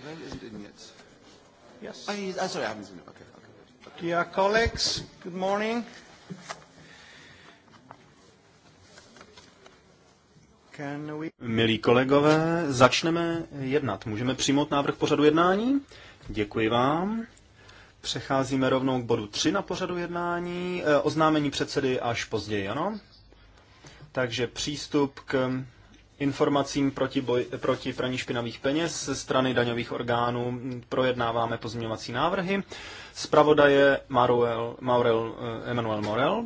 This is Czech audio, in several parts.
Wo gehen Sie denn Yes. Oh, he's, oh ah, sorry, I haven't seen it. Okay, okay. Dear colleagues, good morning. Milí kolegové, začneme jednat. Můžeme přijmout návrh pořadu jednání? Děkuji vám. Přecházíme rovnou k bodu 3 na pořadu jednání. Eh, oznámení předsedy až později, ano? Takže přístup k informacím proti, boj, proti praní špinavých peněz ze strany daňových orgánů projednáváme pozměňovací návrhy. Zpravodaje Maruel, Maurel, Emanuel eh, Morel.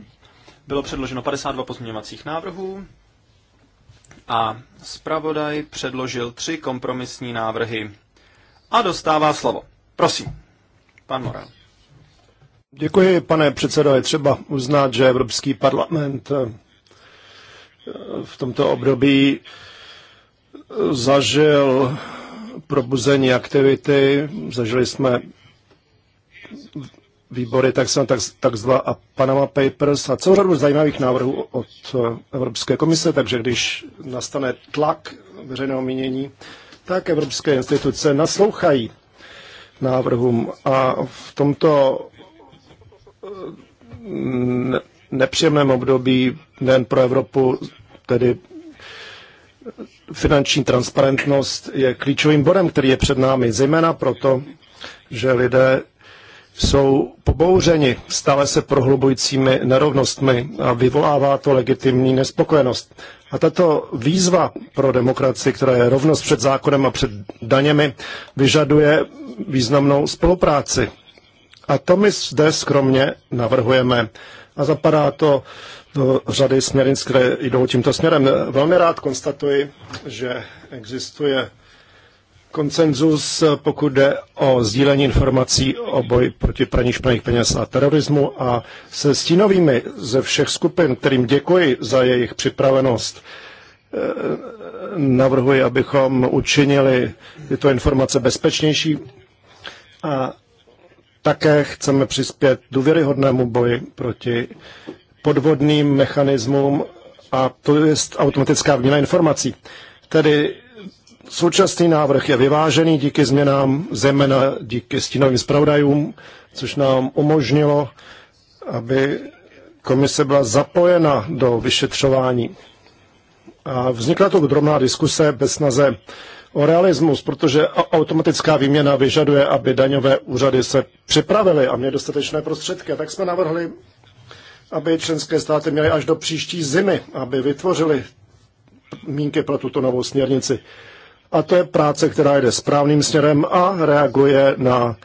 Bylo předloženo 52 pozměňovacích návrhů a zpravodaj předložil tři kompromisní návrhy a dostává slovo. Prosím, pan Morel. Děkuji, pane předsedo. Je třeba uznat, že Evropský parlament v tomto období zažil probuzení aktivity, zažili jsme výbory tak tak, tak zva a Panama Papers a celou řadu zajímavých návrhů od Evropské komise, takže když nastane tlak veřejného mínění, tak evropské instituce naslouchají návrhům a v tomto eh, nepříjemném období nejen pro Evropu, tedy finanční transparentnost je klíčovým bodem, který je před námi, zejména proto, že lidé jsou pobouřeni stále se prohlubujícími nerovnostmi a vyvolává to legitimní nespokojenost. A tato výzva pro demokracii, která je rovnost před zákonem a před daněmi, vyžaduje významnou spolupráci. A to my zde skromně navrhujeme a zapadá to do řady směrnic, které jdou tímto směrem. Velmi rád konstatuji, že existuje koncenzus, pokud jde o sdílení informací o boji proti praní špinavých peněz a terorismu a se stínovými ze všech skupin, kterým děkuji za jejich připravenost, navrhuji, abychom učinili tyto informace bezpečnější a také chceme přispět důvěryhodnému boji proti podvodným mechanismům a to je automatická výměna informací. Tedy současný návrh je vyvážený díky změnám, zejména díky stínovým zpravodajům, což nám umožnilo, aby komise byla zapojena do vyšetřování. A vznikla tu drobná diskuse bez snaze o realismus, protože automatická výměna vyžaduje, aby daňové úřady se připravily a měly dostatečné prostředky. Tak jsme navrhli, aby členské státy měly až do příští zimy, aby vytvořili mínky pro tuto novou směrnici. A to je práce, která jde správným směrem a reaguje na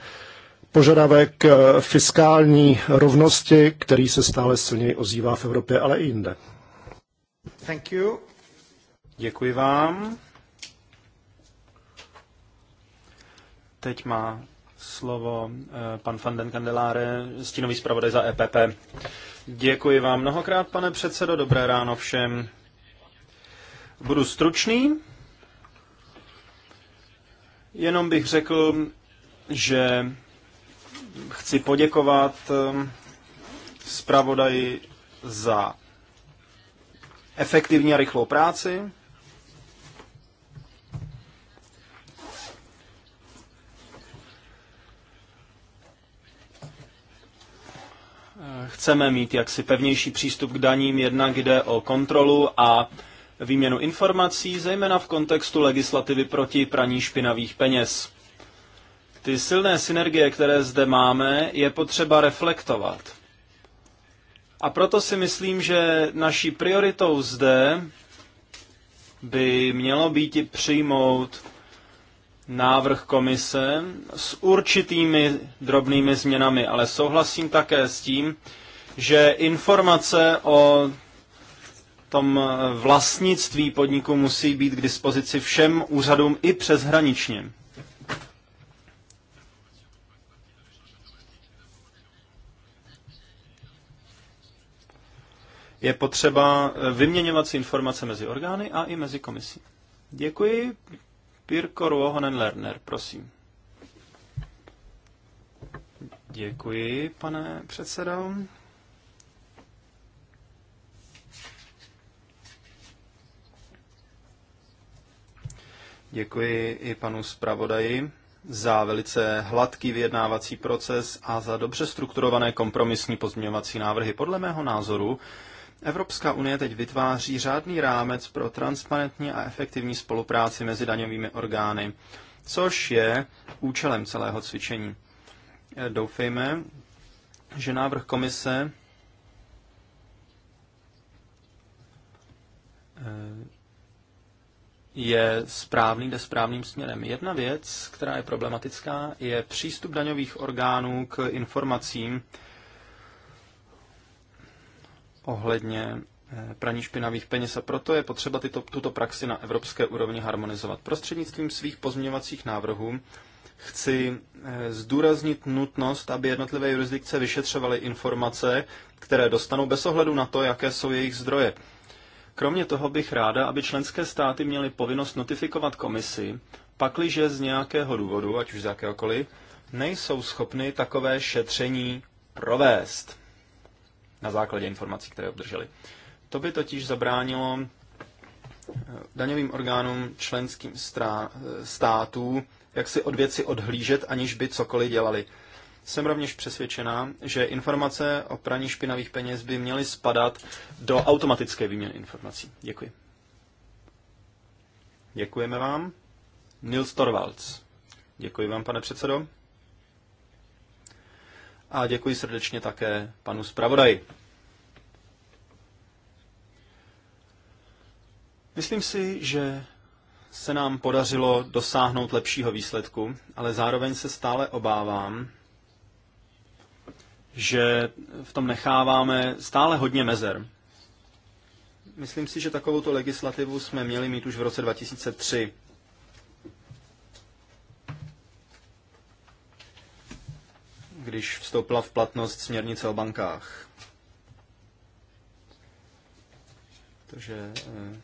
požadavek eh, fiskální rovnosti, který se stále silněji ozývá v Evropě, ale i jinde. Thank you. Děkuji vám. Teď má slovo eh, pan van den Kandeláre, stínový zpravodaj za EPP. Děkuji vám mnohokrát, pane předsedo. Dobré ráno všem. Budu stručný. Jenom bych řekl, že chci poděkovat eh, zpravodaji za efektivní a rychlou práci. chceme mít jaksi pevnější přístup k daním, jednak jde o kontrolu a výměnu informací, zejména v kontextu legislativy proti praní špinavých peněz. Ty silné synergie, které zde máme, je potřeba reflektovat. A proto si myslím, že naší prioritou zde by mělo být přijmout návrh komise s určitými drobnými změnami, ale souhlasím také s tím, že informace o tom vlastnictví podniku musí být k dispozici všem úřadům i přeshraničně. Je potřeba vyměňovat si informace mezi orgány a i mezi komisí. Děkuji. Pirko Ruohonen Lerner, prosím. Děkuji, pane předsedo. Děkuji i panu zpravodaji za velice hladký vyjednávací proces a za dobře strukturované kompromisní pozměňovací návrhy. Podle mého názoru Evropská unie teď vytváří řádný rámec pro transparentní a efektivní spolupráci mezi daňovými orgány, což je účelem celého cvičení. Eh, doufejme, že návrh komise eh, je správný, jde správným směrem. Jedna věc, která je problematická, je přístup daňových orgánů k informacím, ohledně eh, praní špinavých peněz a proto je potřeba tyto, tuto praxi na evropské úrovni harmonizovat. Prostřednictvím svých pozměňovacích návrhů chci eh, zdůraznit nutnost, aby jednotlivé jurisdikce vyšetřovaly informace, které dostanou bez ohledu na to, jaké jsou jejich zdroje. Kromě toho bych ráda, aby členské státy měly povinnost notifikovat komisi, pakliže z nějakého důvodu, ať už z jakéhokoliv, nejsou schopny takové šetření provést na základě informací, které obdrželi. To by totiž zabránilo eh, daňovým orgánům členským eh, států, jak si od věci odhlížet, aniž by cokoliv dělali. Jsem rovněž přesvědčená, že informace o praní špinavých peněz by měly spadat do automatické výměny informací. Děkuji. Děkujeme vám. Nils Torvalds. Děkuji vám, pane předsedo a děkuji srdečně také panu zpravodaji. Myslím si, že se nám podařilo dosáhnout lepšího výsledku, ale zároveň se stále obávám, že v tom necháváme stále hodně mezer. Myslím si, že takovouto legislativu jsme měli mít už v roce 2003. když vstoupila v platnost směrnice o bankách. Protože eh,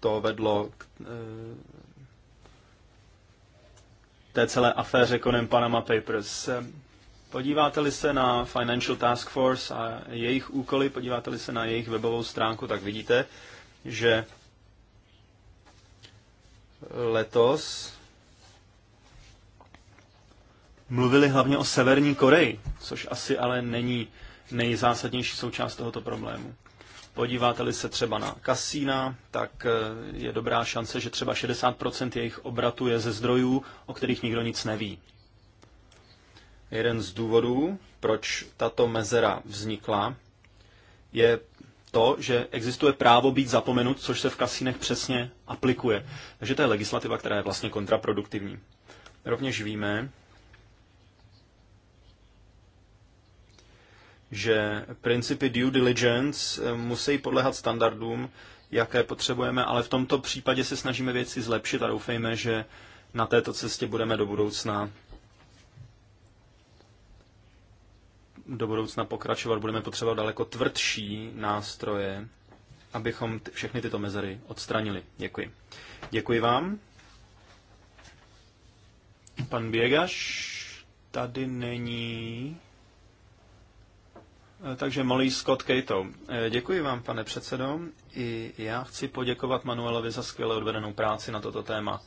to vedlo k eh, té celé aféře konem Panama Papers. Podíváte-li se na Financial Task Force a jejich úkoly, podíváte-li se na jejich webovou stránku, tak vidíte, že letos mluvili hlavně o Severní Koreji, což asi ale není nejzásadnější součást tohoto problému. Podíváte-li se třeba na kasína, tak eh, je dobrá šance, že třeba 60% jejich obratu je ze zdrojů, o kterých nikdo nic neví. Jeden z důvodů, proč tato mezera vznikla, je to, že existuje právo být zapomenut, což se v kasínech přesně aplikuje. Takže to je legislativa, která je vlastně kontraproduktivní. Rovněž víme, že principy due diligence eh, musí podlehat standardům, jaké potřebujeme, ale v tomto případě se snažíme věci zlepšit a doufejme, že na této cestě budeme do budoucna do budoucna pokračovat, budeme potřebovat daleko tvrdší nástroje, abychom všechny tyto mezery odstranili. Děkuji. Děkuji vám. Pan Běgaš tady není. Eh, takže malý Scott Kejtou. Eh, děkuji vám, pane předsedo. I já chci poděkovat Manuelovi za skvěle odvedenou práci na toto téma.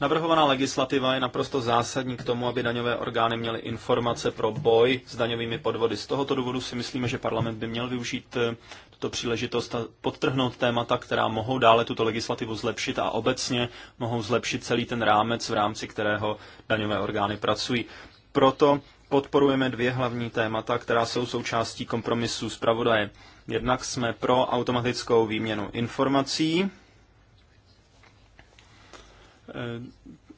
Navrhovaná legislativa je naprosto zásadní k tomu, aby daňové orgány měly informace pro boj s daňovými podvody. Z tohoto důvodu si myslíme, že parlament by měl využít eh, tuto příležitost a podtrhnout témata, která mohou dále tuto legislativu zlepšit a obecně mohou zlepšit celý ten rámec, v rámci kterého daňové orgány pracují. Proto podporujeme dvě hlavní témata, která jsou součástí kompromisu zpravodaje. Jednak jsme pro automatickou výměnu informací, Eh,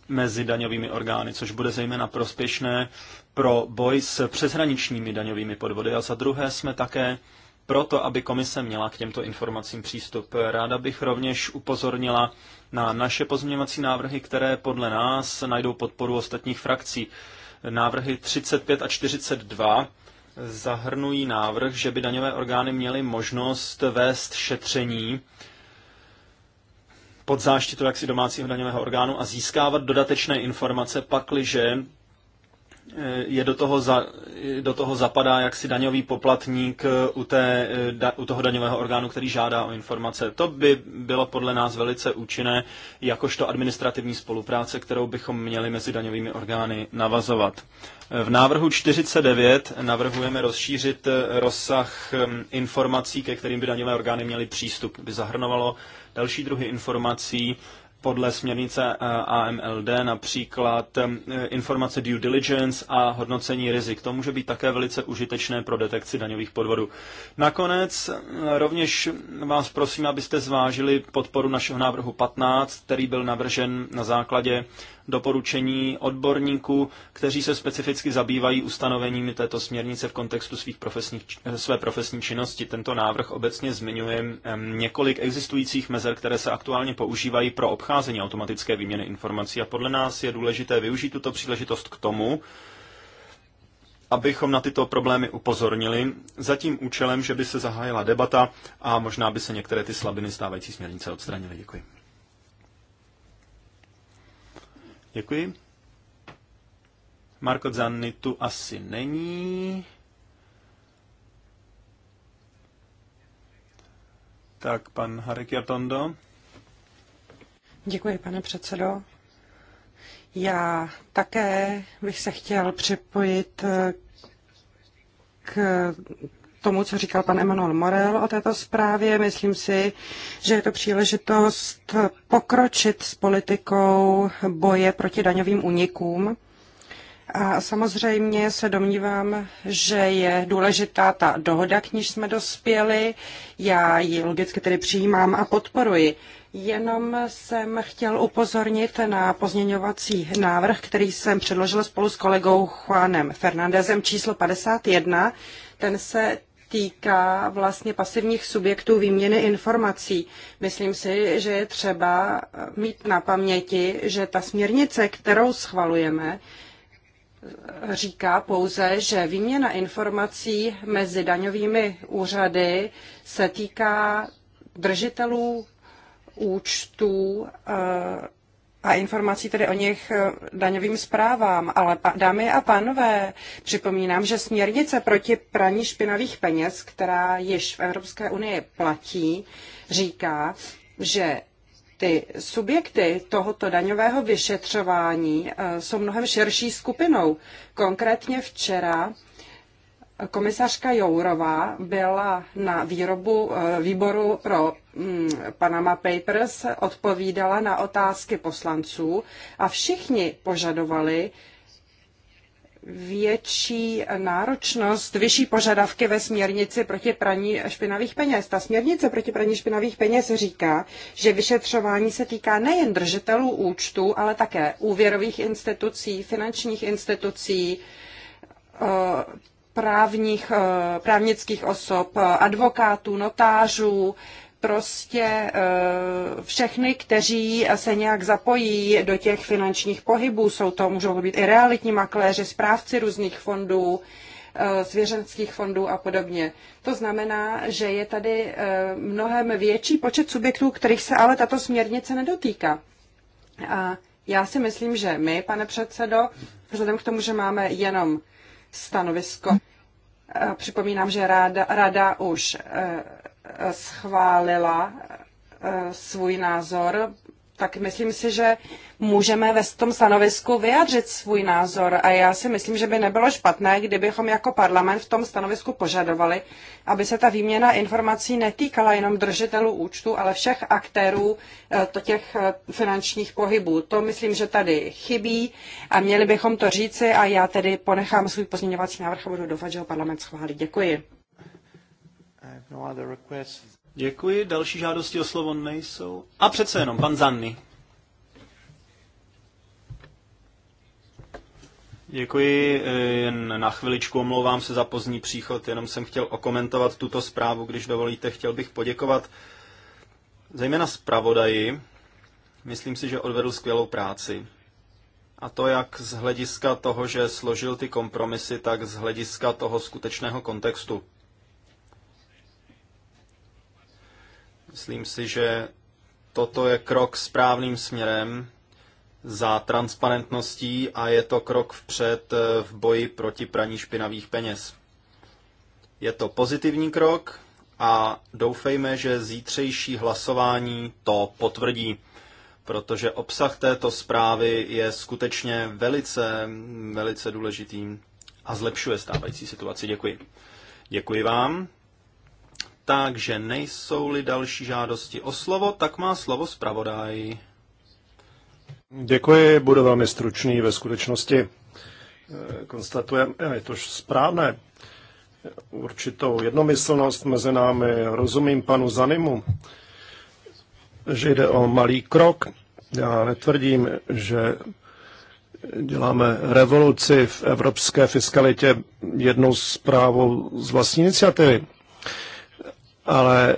mezi daňovými orgány, což bude zejména prospěšné pro boj s přeshraničními daňovými podvody. A za druhé jsme také proto, aby komise měla k těmto informacím přístup. Ráda bych rovněž upozornila na naše pozměňovací návrhy, které podle nás najdou podporu ostatních frakcí. Návrhy 35 a 42 zahrnují návrh, že by daňové orgány měly možnost vést šetření pod záštitu jaksi domácího daňového orgánu a získávat dodatečné informace, pakliže Eh, je do toho, za, eh, do toho zapadá jaksi daňový poplatník eh, u, té, da, u toho daňového orgánu, který žádá o informace. To by bylo podle nás velice účinné, jakožto administrativní spolupráce, kterou bychom měli mezi daňovými orgány navazovat. V návrhu 49 navrhujeme rozšířit rozsah hm, informací, ke kterým by daňové orgány měly přístup. By zahrnovalo další druhy informací, podle směrnice eh, AMLD, například eh, informace due diligence a hodnocení rizik. To může být také velice užitečné pro detekci daňových podvodů. Nakonec eh, rovněž vás prosím, abyste zvážili podporu našeho návrhu 15, který byl navržen na základě doporučení odborníků, kteří se specificky zabývají ustanoveními této směrnice v kontextu svých profesních, eh, své profesní činnosti. Tento návrh obecně zmiňuje několik existujících mezer, které se aktuálně používají pro obcházení automatické výměny informací a podle nás je důležité využít tuto příležitost k tomu, abychom na tyto problémy upozornili, za tím účelem, že by se zahájila debata a možná by se některé ty slabiny stávající směrnice odstranily. Děkuji. Děkuji. Marko Zanny tu asi není. Tak, pan Harek Jatondo. Děkuji, pane předsedo. Já také bych se chtěl připojit k tomu, co říkal pan Emanuel Morel o této zprávě. Myslím si, že je to příležitost pokročit s politikou boje proti daňovým únikům. A samozřejmě se domnívám, že je důležitá ta dohoda, k níž jsme dospěli. Já ji logicky tedy přijímám a podporuji. Jenom jsem chtěl upozornit na pozměňovací návrh, který jsem předložil spolu s kolegou Juanem Fernandezem číslo 51. Ten se týká vlastně pasivních subjektů výměny informací. Myslím si, že je třeba mít na paměti, že ta směrnice, kterou schvalujeme, říká pouze, že výměna informací mezi daňovými úřady se týká držitelů účtů eh, a informací tedy o nich eh, daňovým zprávám. Ale dámy a pánové, připomínám, že směrnice proti praní špinavých peněz, která již v Evropské unii platí, říká, že ty subjekty tohoto daňového vyšetřování eh, jsou mnohem širší skupinou. Konkrétně včera komisařka Jourová byla na výrobu eh, výboru pro Mm, Panama Papers odpovídala na otázky poslanců a všichni požadovali větší náročnost, vyšší požadavky ve směrnici proti praní špinavých peněz. Ta směrnice proti praní špinavých peněz říká, že vyšetřování se týká nejen držitelů účtů, ale také úvěrových institucí, finančních institucí, eh, právních, eh, právnických osob, advokátů, notářů, prostě eh, všechny, kteří se nějak zapojí do těch finančních pohybů, jsou to, můžou být i realitní makléři, správci různých fondů, eh, svěřenských fondů a podobně. To znamená, že je tady eh, mnohem větší počet subjektů, kterých se ale tato směrnice nedotýká. A já si myslím, že my, pane předsedo, vzhledem k tomu, že máme jenom stanovisko, připomínám, že ráda, rada už schválila eh, svůj názor, tak myslím si, že můžeme ve tom stanovisku vyjádřit svůj názor. A já si myslím, že by nebylo špatné, kdybychom jako parlament v tom stanovisku požadovali, aby se ta výměna informací netýkala jenom držitelů účtu, ale všech aktérů eh, to těch eh, finančních pohybů. To myslím, že tady chybí a měli bychom to říci a já tedy ponechám svůj pozměňovací návrh a budu doufat, že ho parlament schválí. Děkuji. No Děkuji, další žádosti o slovo nejsou. A přece jenom, pan Zanny. Děkuji, e, jen na chviličku omlouvám se za pozdní příchod, jenom jsem chtěl okomentovat tuto zprávu, když dovolíte, chtěl bych poděkovat zejména zpravodaji. Myslím si, že odvedl skvělou práci. A to jak z hlediska toho, že složil ty kompromisy, tak z hlediska toho skutečného kontextu. Myslím si, že toto je krok správným směrem za transparentností a je to krok vpřed eh, v boji proti praní špinavých peněz. Je to pozitivní krok a doufejme, že zítřejší hlasování to potvrdí, protože obsah této zprávy je skutečně velice, velice důležitý a zlepšuje stávající situaci. Děkuji. Děkuji vám. Takže nejsou-li další žádosti o slovo, tak má slovo zpravodaj. Děkuji, budu velmi stručný ve skutečnosti. E, konstatujeme, je to správné, určitou jednomyslnost mezi námi. Rozumím panu Zanimu, že jde o malý krok. Já netvrdím, že děláme revoluci v evropské fiskalitě jednou zprávou z vlastní iniciativy ale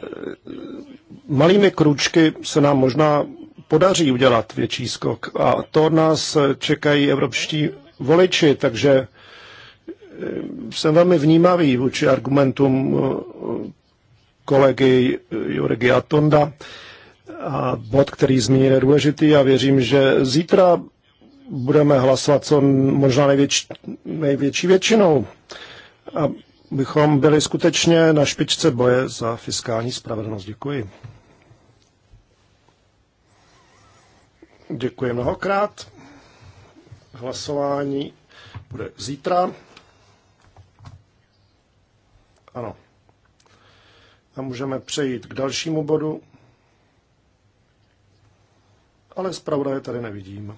malými kručky se nám možná podaří udělat větší skok. A to nás čekají evropští voliči, takže eh, jsem velmi vnímavý vůči argumentům eh, kolegy eh, Juregy Atonda. A bod, který zmínil, je důležitý a věřím, že zítra budeme hlasovat co možná největší, největší většinou. A bychom byli skutečně na špičce boje za fiskální spravedlnost. Děkuji. Děkuji mnohokrát. Hlasování bude zítra. Ano. A můžeme přejít k dalšímu bodu. Ale zpravodaje tady nevidím.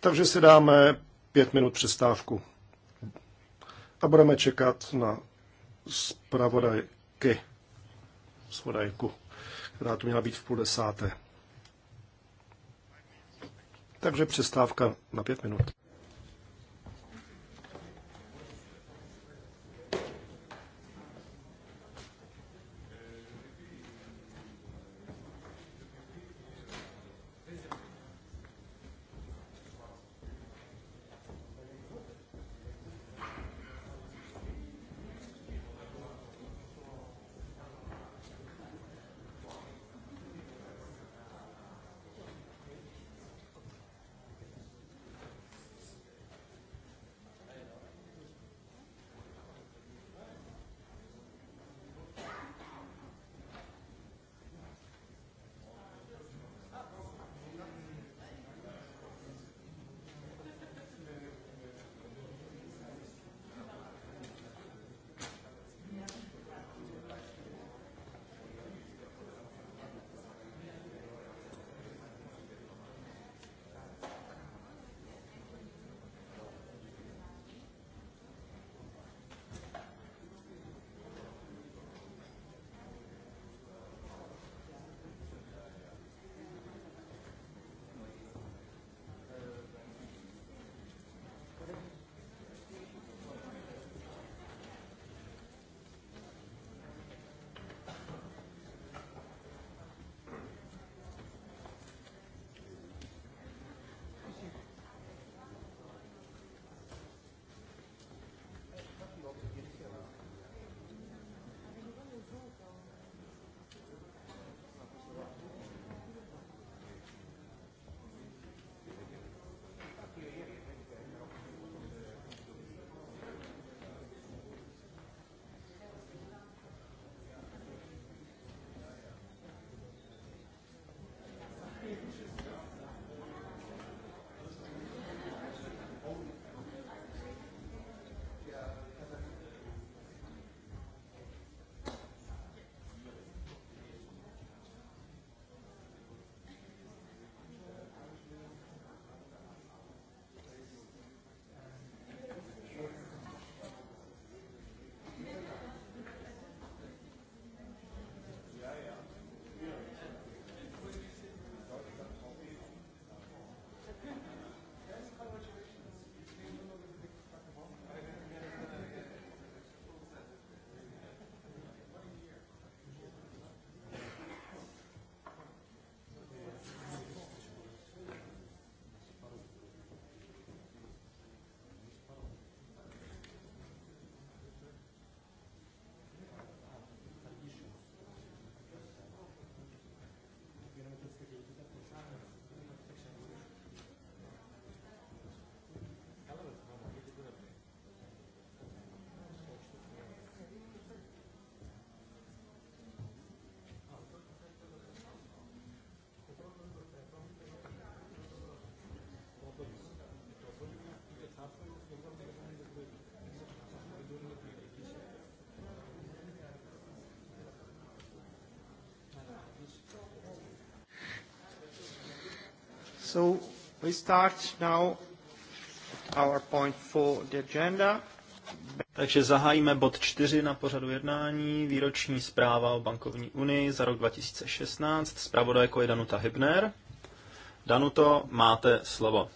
Takže si dáme pět minut přestávku a budeme čekat na zpravodajky, zpravodajku, která tu měla být v půl desáté. Takže přestávka na pět minut. So we start now our point for the agenda. Takže zahájíme bod 4 na pořadu jednání, výroční zpráva o bankovní unii za rok 2016. Zpravodajko je Danuta Hybner. Danuto, máte slovo.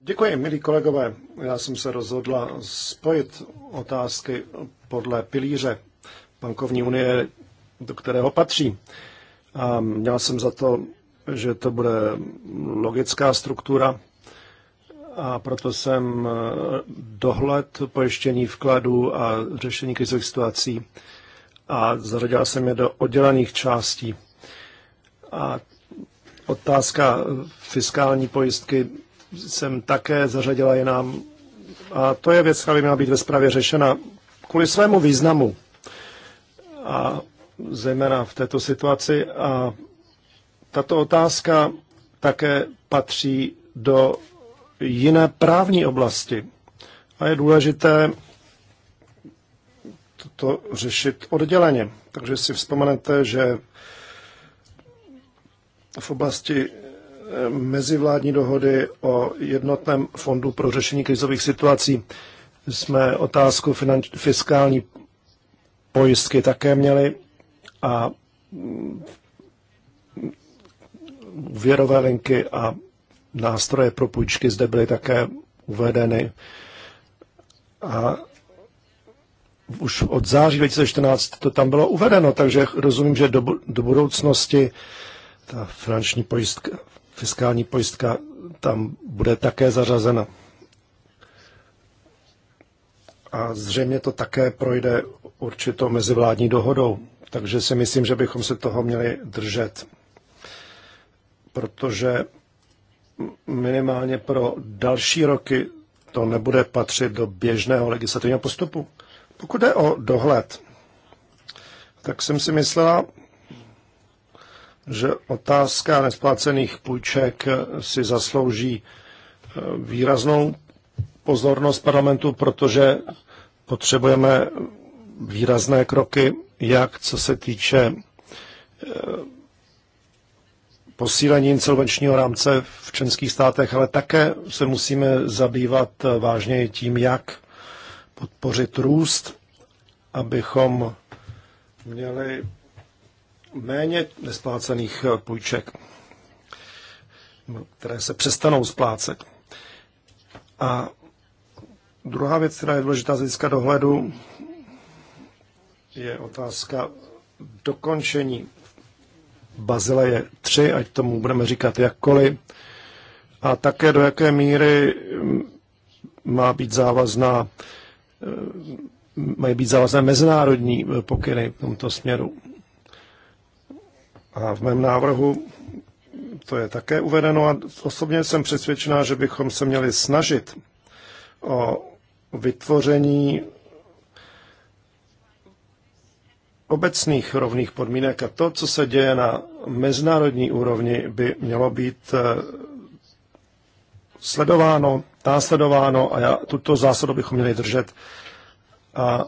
Děkuji, milí kolegové. Já jsem se rozhodla spojit otázky podle pilíře bankovní unie, do kterého patří. A měla jsem za to že to bude logická struktura a proto jsem eh, dohled pojištění vkladů a řešení krizových situací a zařadil jsem je do oddělených částí. A otázka eh, fiskální pojistky jsem také zařadila jinam. A to je věc, která by měla být ve zprávě řešena kvůli svému významu. A zejména v této situaci a tato otázka také patří do jiné právní oblasti a je důležité toto řešit odděleně. Takže si vzpomenete, že v oblasti eh, mezivládní dohody o jednotném fondu pro řešení krizových situací jsme otázku finanč- fiskální pojistky také měli a úvěrové linky a nástroje pro půjčky zde byly také uvedeny. A už od září 2014 to tam bylo uvedeno, takže rozumím, že do, do budoucnosti ta finanční pojistka, fiskální pojistka tam bude také zařazena. A zřejmě to také projde určitou mezivládní dohodou, takže si myslím, že bychom se toho měli držet protože minimálně pro další roky to nebude patřit do běžného legislativního postupu. Pokud jde o dohled, tak jsem si myslela, že otázka nesplacených půjček si zaslouží eh, výraznou pozornost parlamentu, protože potřebujeme výrazné kroky, jak co se týče eh, posílení insolvenčního rámce v členských státech, ale také se musíme zabývat vážně tím, jak podpořit růst, abychom měli méně nesplácených půjček, které se přestanou splácet. A druhá věc, která je důležitá z hlediska dohledu, je otázka dokončení Bazileje 3, ať tomu budeme říkat jakkoliv, a také do jaké míry mm, má být závazná, mm, mají být závazné mezinárodní eh, pokyny v tomto směru. A v mém návrhu to je také uvedeno a osobně jsem přesvědčená, že bychom se měli snažit o vytvoření obecných rovných podmínek a to, co se děje na mezinárodní úrovni, by mělo být eh, sledováno, následováno a já, tuto zásadu bychom měli držet. A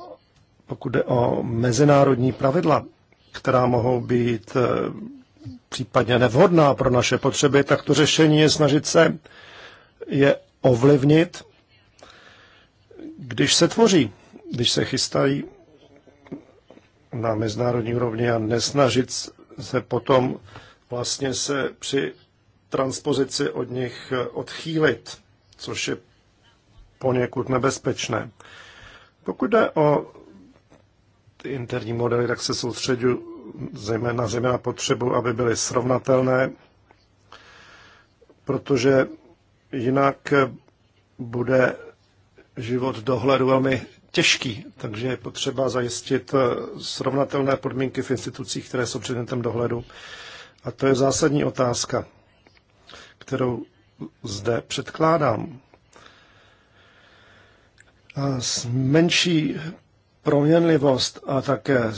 pokud jde o mezinárodní pravidla, která mohou být eh, případně nevhodná pro naše potřeby, tak to řešení je snažit se je ovlivnit, když se tvoří, když se chystají na mezinárodní úrovni a nesnažit se potom vlastně se při transpozici od nich odchýlit, což je poněkud nebezpečné. Pokud jde o ty interní modely, tak se soustředu zejména, zejména potřebu, aby byly srovnatelné, protože jinak bude život dohledu velmi těžký, takže je potřeba zajistit eh, srovnatelné podmínky v institucích, které jsou předmětem dohledu. A to je zásadní otázka, kterou zde předkládám. A s menší proměnlivost a také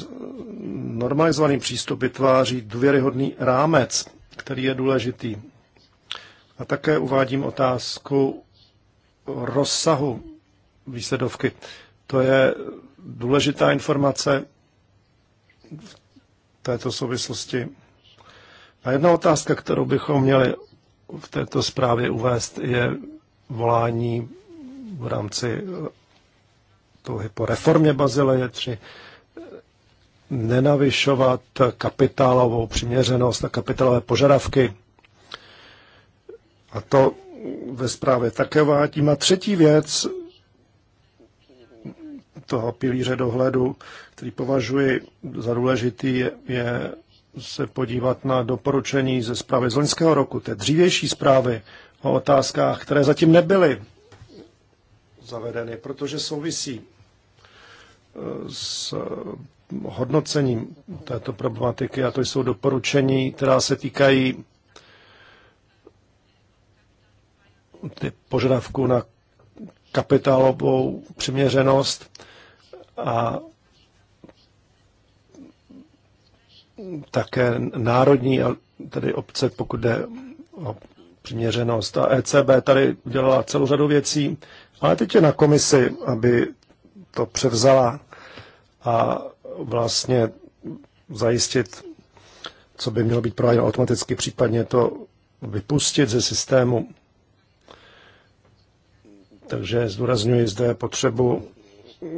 normalizovaný přístup vytváří důvěryhodný rámec, který je důležitý. A také uvádím otázku rozsahu výsledovky. To je důležitá informace v této souvislosti. A jedna otázka, kterou bychom měli v této zprávě uvést, je volání v rámci touhy po reformě Bazileje 3 nenavyšovat kapitálovou přiměřenost a kapitálové požadavky. A to ve zprávě také vádím. A třetí věc, toho pilíře dohledu, který považuji za důležitý, je se podívat na doporučení ze zprávy z loňského roku, té dřívější zprávy o otázkách, které zatím nebyly zavedeny, protože souvisí e, s hodnocením této problematiky a to jsou doporučení, která se týkají ty požadavku na kapitálovou přiměřenost a také národní, tedy obce, pokud jde o přiměřenost. A ECB tady udělala celou řadu věcí, ale teď je na komisi, aby to převzala a vlastně zajistit, co by mělo být prováděno automaticky, případně to vypustit ze systému. Takže zdůraznuju zde potřebu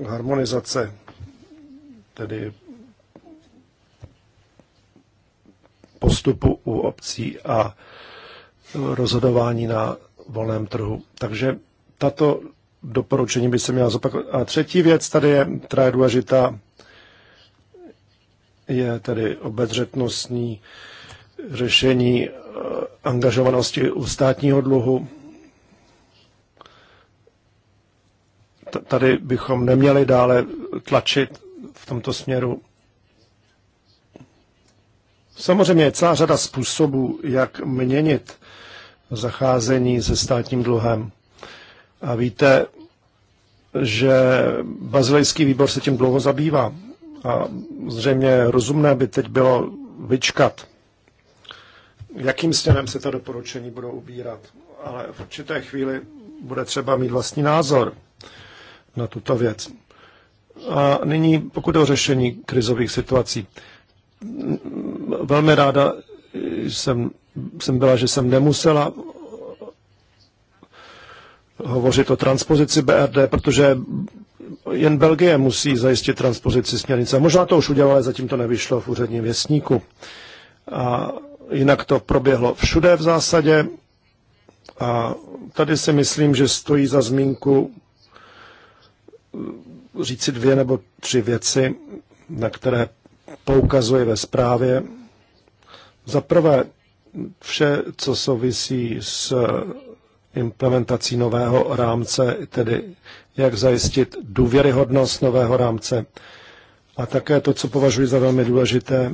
harmonizace, tedy postupu u obcí a rozhodování na volném trhu. Takže tato doporučení by se měla zopakovat. A třetí věc tady je, která je důležitá, je tedy obezřetnostní řešení eh, angažovanosti u státního dluhu tady bychom neměli dále tlačit v tomto směru. Samozřejmě je celá řada způsobů, jak měnit zacházení se státním dluhem. A víte, že bazilejský výbor se tím dlouho zabývá. A zřejmě rozumné by teď bylo vyčkat, jakým směrem se ta doporučení budou ubírat. Ale v určité chvíli bude třeba mít vlastní názor na tuto věc. A nyní, pokud o řešení krizových situací, velmi ráda jsem, jsem byla, že jsem nemusela hovořit o transpozici BRD, protože jen Belgie musí zajistit transpozici směrnice. Možná to už udělala, ale zatím to nevyšlo v úředním věstníku. A jinak to proběhlo všude v zásadě. A tady si myslím, že stojí za zmínku říci dvě nebo tři věci, na které poukazuje ve zprávě. Za prvé, vše, co souvisí s implementací nového rámce, tedy jak zajistit důvěryhodnost nového rámce. A také to, co považuji za velmi důležité,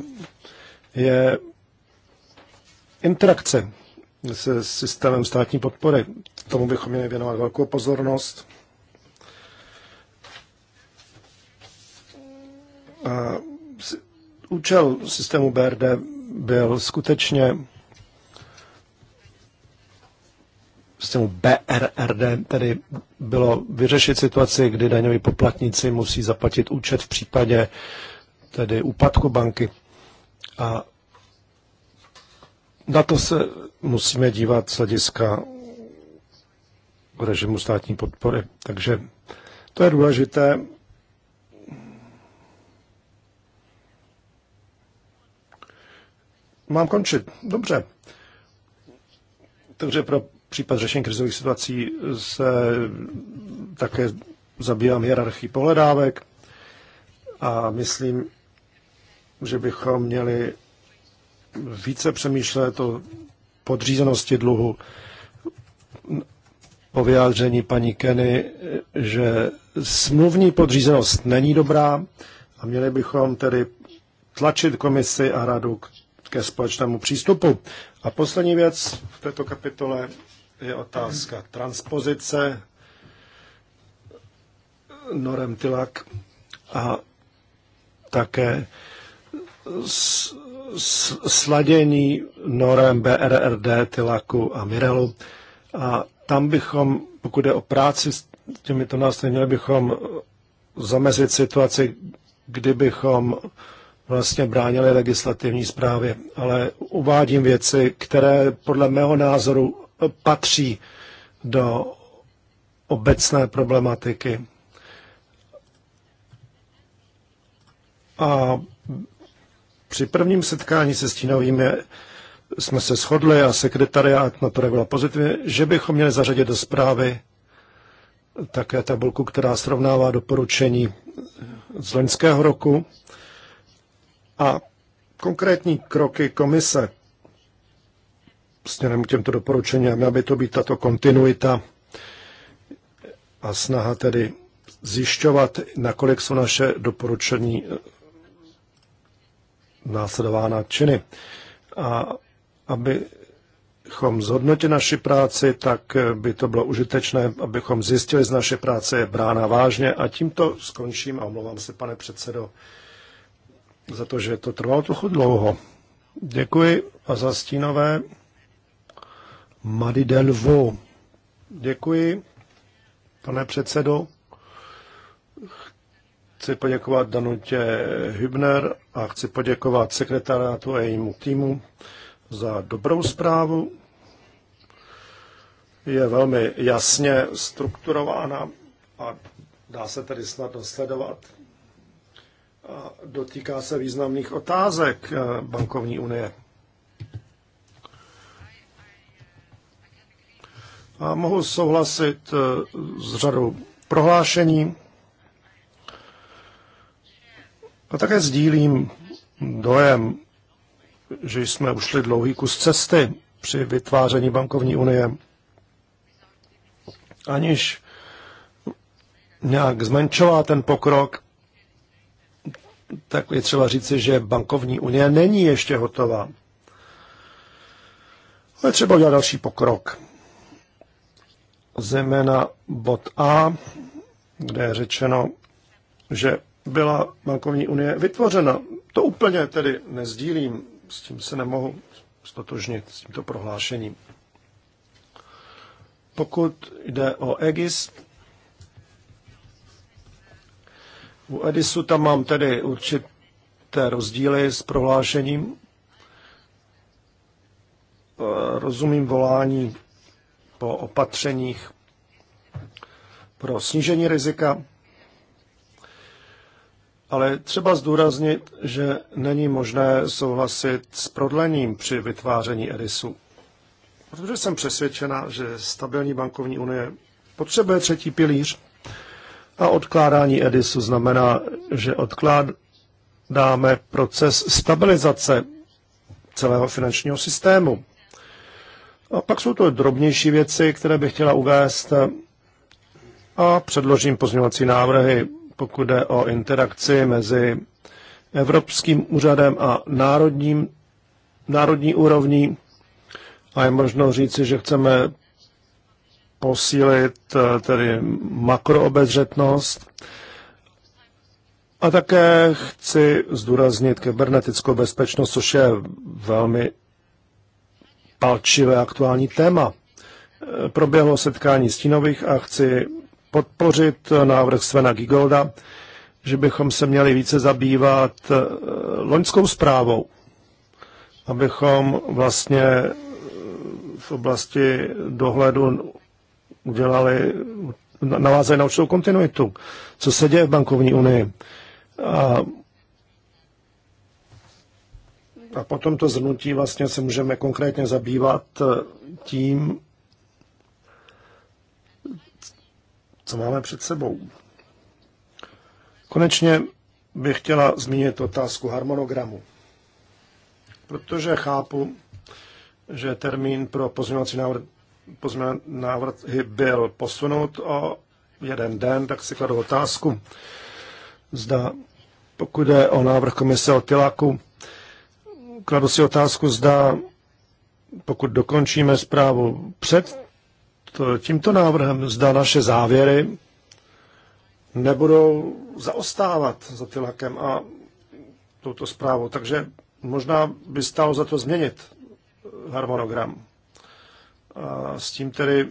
je interakce se systémem státní podpory. Tomu bychom měli věnovat velkou pozornost. účel systému BRD byl skutečně systému BRRD, tedy bylo vyřešit situaci, kdy daňoví poplatníci musí zaplatit účet v případě tedy úpadku banky. A na to se musíme dívat z hlediska režimu státní podpory. Takže to je důležité Mám končit. Dobře. Takže pro případ řešení krizových situací se také zabývám hierarchii pohledávek a myslím, že bychom měli více přemýšlet o podřízenosti dluhu. Po vyjádření paní Kenny, že smluvní podřízenost není dobrá a měli bychom tedy tlačit komisi a radu k ke společnému přístupu. A poslední věc v této kapitole je otázka transpozice norem Tilak a také sladění norem BRRD, Tilaku a Mirelu. A tam bychom, pokud je o práci s těmito nástroji, měli bychom zamezit situaci, kdybychom vlastně bránili legislativní zprávě, ale uvádím věci, které podle mého názoru patří do obecné problematiky. A při prvním setkání se stínovými jsme se shodli a sekretariát na to byla pozitivně, že bychom měli zařadit do zprávy také tabulku, která srovnává doporučení z loňského roku a konkrétní kroky komise směrem k těmto doporučením, měla by to být tato kontinuita a snaha tedy zjišťovat, nakolik jsou naše doporučení eh, následována činy. A abychom zhodnotili naši práci, tak eh, by to bylo užitečné, abychom zjistili, že naše práce je brána vážně. A tímto skončím a omlouvám se, pane předsedo, za to, že to trvalo trochu dlouho. Děkuji a za stínové Mady Delvo. Děkuji, pane předsedo. Chci poděkovat Danutě Hübner a chci poděkovat sekretariátu a jejímu týmu za dobrou zprávu. Je velmi jasně strukturována a dá se tedy snadno sledovat a dotýká se významných otázek eh, bankovní unie. A mohu souhlasit eh, s řadou prohlášení. A také sdílím dojem, že jsme ušli dlouhý kus cesty při vytváření bankovní unie, aniž nějak zmenšoval ten pokrok tak je třeba říci, že bankovní unie není ještě hotová. Ale třeba udělat další pokrok. Zejména bod A, kde je řečeno, že byla bankovní unie vytvořena. To úplně tedy nezdílím, s tím se nemohu stotožnit, s tímto prohlášením. Pokud jde o EGIS, U Edisu tam mám tedy určité rozdíly s prohlášením. Rozumím volání po opatřeních pro snížení rizika, ale třeba zdůraznit, že není možné souhlasit s prodlením při vytváření Edisu. Protože jsem přesvědčena, že stabilní bankovní unie potřebuje třetí pilíř, a odkládání Edisu znamená, že odkládáme proces stabilizace celého finančního systému. A pak jsou to drobnější věci, které bych chtěla uvést a předložím pozměňovací návrhy, pokud jde o interakci mezi Evropským úřadem a národním, národní úrovní. A je možno říci, že chceme posílit eh, tedy makroobezřetnost. A také chci zdůraznit kybernetickou bezpečnost, což je velmi palčivé aktuální téma. Eh, proběhlo setkání stínových a chci podpořit eh, návrh Svena Gigolda, že bychom se měli více zabývat loňskou zprávou, abychom vlastně v oblasti dohledu udělali, navázali na určitou kontinuitu, co se děje v bankovní unii. A, a po tomto zhrnutí vlastně se můžeme konkrétně zabývat eh, tím, co máme před sebou. Konečně bych chtěla zmínit otázku harmonogramu. Protože chápu, že termín pro pozměňovací návrh pozměn návrh byl posunut o jeden den, tak si kladu otázku. Zda, pokud je o návrh komise o Tiláku, kladu si otázku, zda, pokud dokončíme zprávu před tímto návrhem, zda naše závěry nebudou zaostávat za Tilakem a touto zprávou. Takže možná by stalo za to změnit harmonogram s tím tedy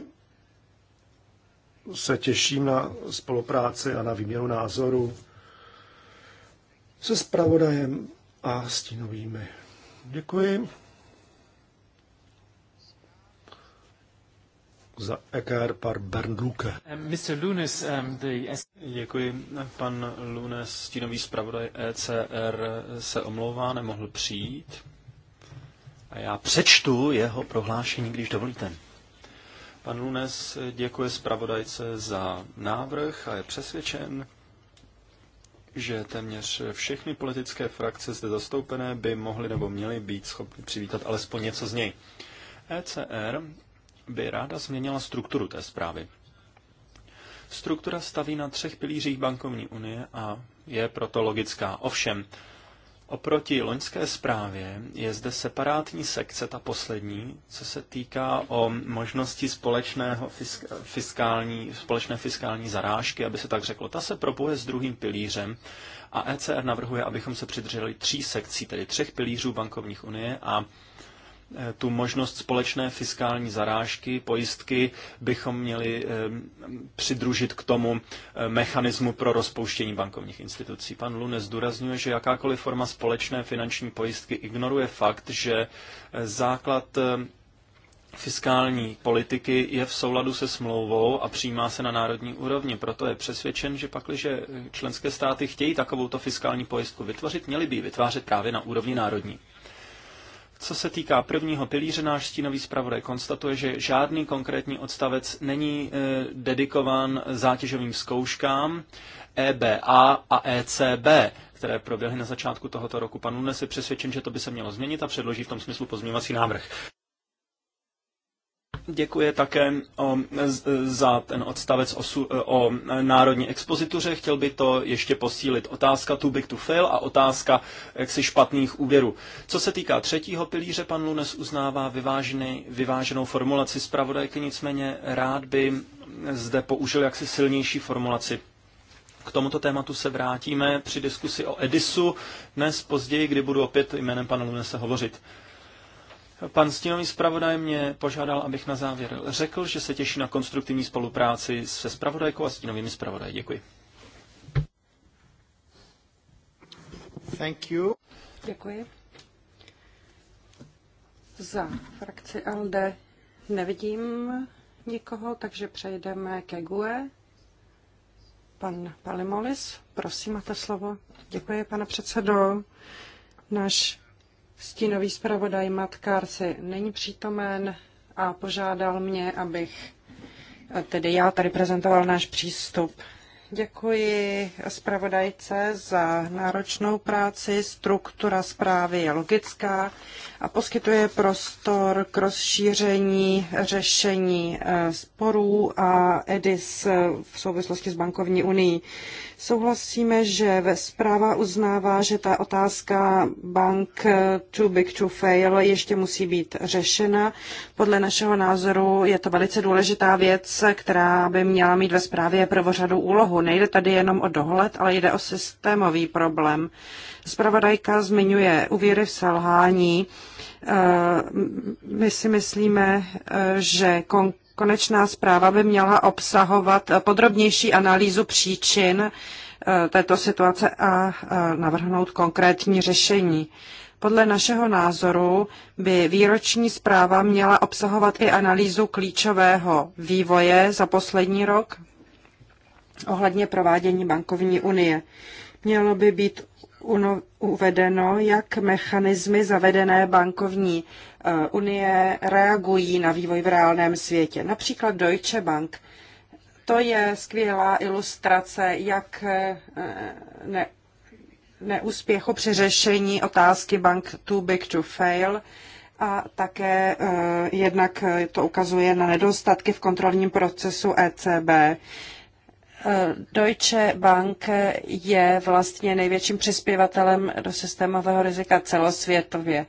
se těším na spolupráci a na výměnu názorů se spravodajem a stínovými. Děkuji. za EKR par Bernduke. Mr. Um, um, Děkuji. Pan Lunes, stínový zpravodaj ECR, se omlouvá, nemohl přijít. A já přečtu jeho prohlášení, když dovolíte. Pan Lunes děkuje zpravodajce za návrh a je přesvědčen, že téměř všechny politické frakce zde zastoupené by mohly nebo měly být schopny přivítat alespoň něco z něj. ECR by ráda změnila strukturu té zprávy. Struktura staví na třech pilířích bankovní unie a je proto logická. Ovšem, Oproti loňské zprávě je zde separátní sekce, ta poslední, co se týká o možnosti společného fisk, fiskální, společné fiskální zarážky, aby se tak řeklo. Ta se propuje s druhým pilířem a ECR navrhuje, abychom se přidrželi tří sekcí, tedy třech pilířů bankovních unie a tu možnost společné fiskální zarážky, pojistky bychom měli eh, přidružit k tomu eh, mechanismu pro rozpouštění bankovních institucí. Pan Lunes zdůrazňuje, že jakákoliv forma společné finanční pojistky ignoruje fakt, že eh, základ fiskální politiky je v souladu se smlouvou a přijímá se na národní úrovni. Proto je přesvědčen, že pakliže členské státy chtějí takovouto fiskální pojistku vytvořit, měly by ji vytvářet právě na úrovni národní. Co se týká prvního pilíře, náš stínový zpravodaj konstatuje, že žádný konkrétní odstavec není e, dedikován zátěžovým zkouškám EBA a ECB, které proběhly na začátku tohoto roku. Pan Lunes je přesvědčen, že to by se mělo změnit a předloží v tom smyslu pozměňovací návrh. Děkuji také o, za ten odstavec o, o národní expozituře. Chtěl by to ještě posílit. Otázka too big to fail a otázka jaksi špatných úvěrů. Co se týká třetího pilíře, pan Lunes uznává vyvážený, vyváženou formulaci zpravodajky, nicméně rád by zde použil jaksi silnější formulaci. K tomuto tématu se vrátíme při diskusi o Edisu dnes později, kdy budu opět jménem pana Lunese hovořit. Pan stínový zpravodaj mě požádal, abych na závěr řekl, že se těší na konstruktivní spolupráci se zpravodajkou a stínovými zpravodaji. Děkuji. Thank you. Děkuji. Za frakci LD nevidím nikoho, takže přejdeme ke GUE. Pan Palimolis, prosím, máte slovo. Děkuji, pane předsedo. Náš Stínový zpravodaj Matkárci není přítomen a požádal mě, abych eh, tedy já tady prezentoval náš přístup Děkuji zpravodajce za náročnou práci. Struktura zprávy je logická a poskytuje prostor k rozšíření řešení eh, sporů a EDIS eh, v souvislosti s bankovní unii. Souhlasíme, že ve zpráva uznává, že ta otázka bank eh, too big to fail ještě musí být řešena. Podle našeho názoru je to velice důležitá věc, která by měla mít ve zprávě prvořadou úlohu trhu. Nejde tady jenom o dohled, ale jde o systémový problém. Spravodajka zmiňuje uvěry v selhání. Eh, my si myslíme, eh, že konečná zpráva by měla obsahovat podrobnější analýzu příčin eh, této situace a navrhnout konkrétní řešení. Podle našeho názoru by výroční zpráva měla obsahovat i analýzu klíčového vývoje za poslední rok, ohledně provádění bankovní unie. Mělo by být uvedeno, jak mechanismy zavedené bankovní eh, unie reagují na vývoj v reálném světě. Například Deutsche Bank. To je skvělá ilustrace, jak eh, ne, neúspěchu při řešení otázky bank too big to fail a také eh, jednak to ukazuje na nedostatky v kontrolním procesu ECB. Deutsche Bank je vlastně největším přispěvatelem do systémového rizika celosvětově.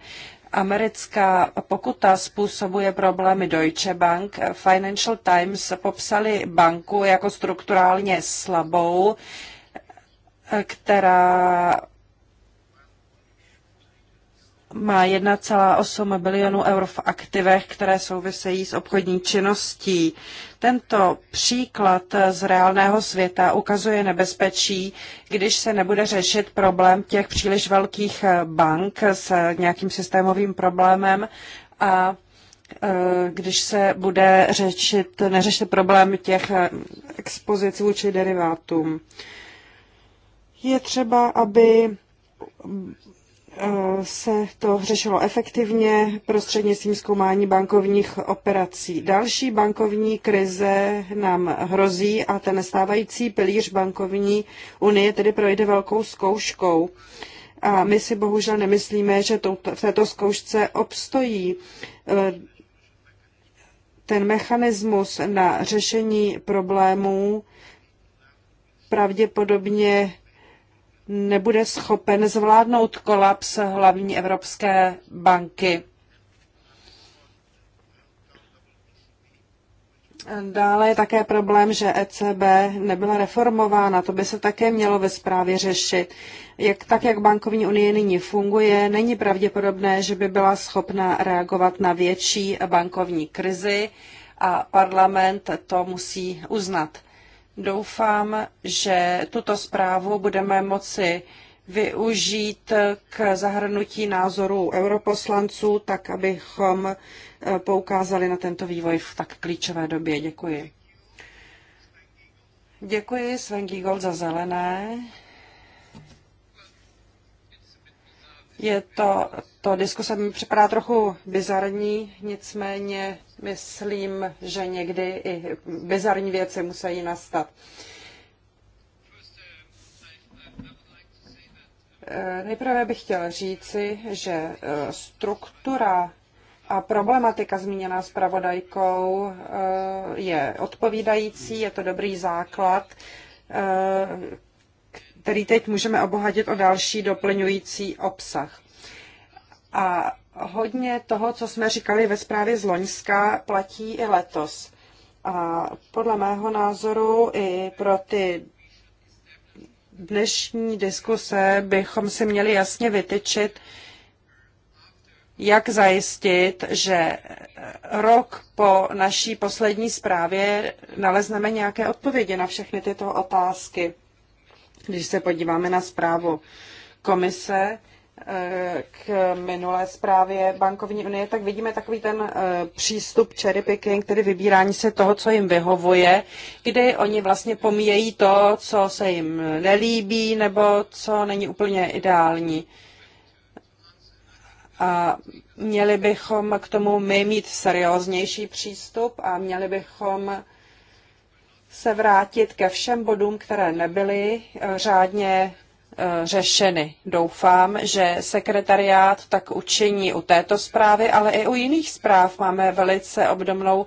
Americká pokuta způsobuje problémy Deutsche Bank. Financial Times popsali banku jako strukturálně slabou, která má 1,8 bilionů eur v aktivech, které souvisejí s obchodní činností. Tento příklad z reálného světa ukazuje nebezpečí, když se nebude řešit problém těch příliš velkých eh, bank s nějakým systémovým problémem a eh, když se bude řešit, neřešit problém těch eh, expozic vůči derivátům. Je třeba, aby Eh, se to řešilo efektivně prostřednictvím zkoumání bankovních operací. Další bankovní krize nám hrozí a ten stávající pilíř bankovní unie tedy projde velkou zkouškou. A my si bohužel nemyslíme, že v této zkoušce obstojí eh, ten mechanismus na řešení problémů pravděpodobně nebude schopen zvládnout kolaps hlavní Evropské banky. Dále je také problém, že ECB nebyla reformována. To by se také mělo ve zprávě řešit. Jak, tak, jak bankovní unie nyní funguje, není pravděpodobné, že by byla schopna reagovat na větší bankovní krizi a parlament to musí uznat. Doufám, že tuto zprávu budeme moci využít k zahrnutí názorů europoslanců, tak abychom eh, poukázali na tento vývoj v tak klíčové době. Děkuji. Děkuji Sven Giegold za zelené. Je to, to diskuse mi připadá trochu bizarní, nicméně myslím, že někdy i bizarní věci musí nastat. Eh, nejprve bych chtěl říci, že eh, struktura a problematika zmíněná zpravodajkou eh, je odpovídající, je to dobrý základ, který teď můžeme obohatit o další doplňující obsah. A hodně toho, co jsme říkali ve zprávě z Loňska, platí i letos. A podle mého názoru i pro ty dnešní diskuse bychom si měli jasně vytyčit, jak zajistit, že rok po naší poslední zprávě nalezneme nějaké odpovědi na všechny tyto otázky. Když se podíváme na zprávu komise eh, k minulé zprávě bankovní unie, tak vidíme takový ten eh, přístup cherry picking, tedy vybírání se toho, co jim vyhovuje, kdy oni vlastně pomíjejí to, co se jim nelíbí nebo co není úplně ideální. A měli bychom k tomu my mít serióznější přístup a měli bychom se vrátit ke všem bodům, které nebyly eh, řádně eh, řešeny. Doufám, že sekretariát tak učiní u této zprávy, ale i u jiných zpráv máme velice obdobnou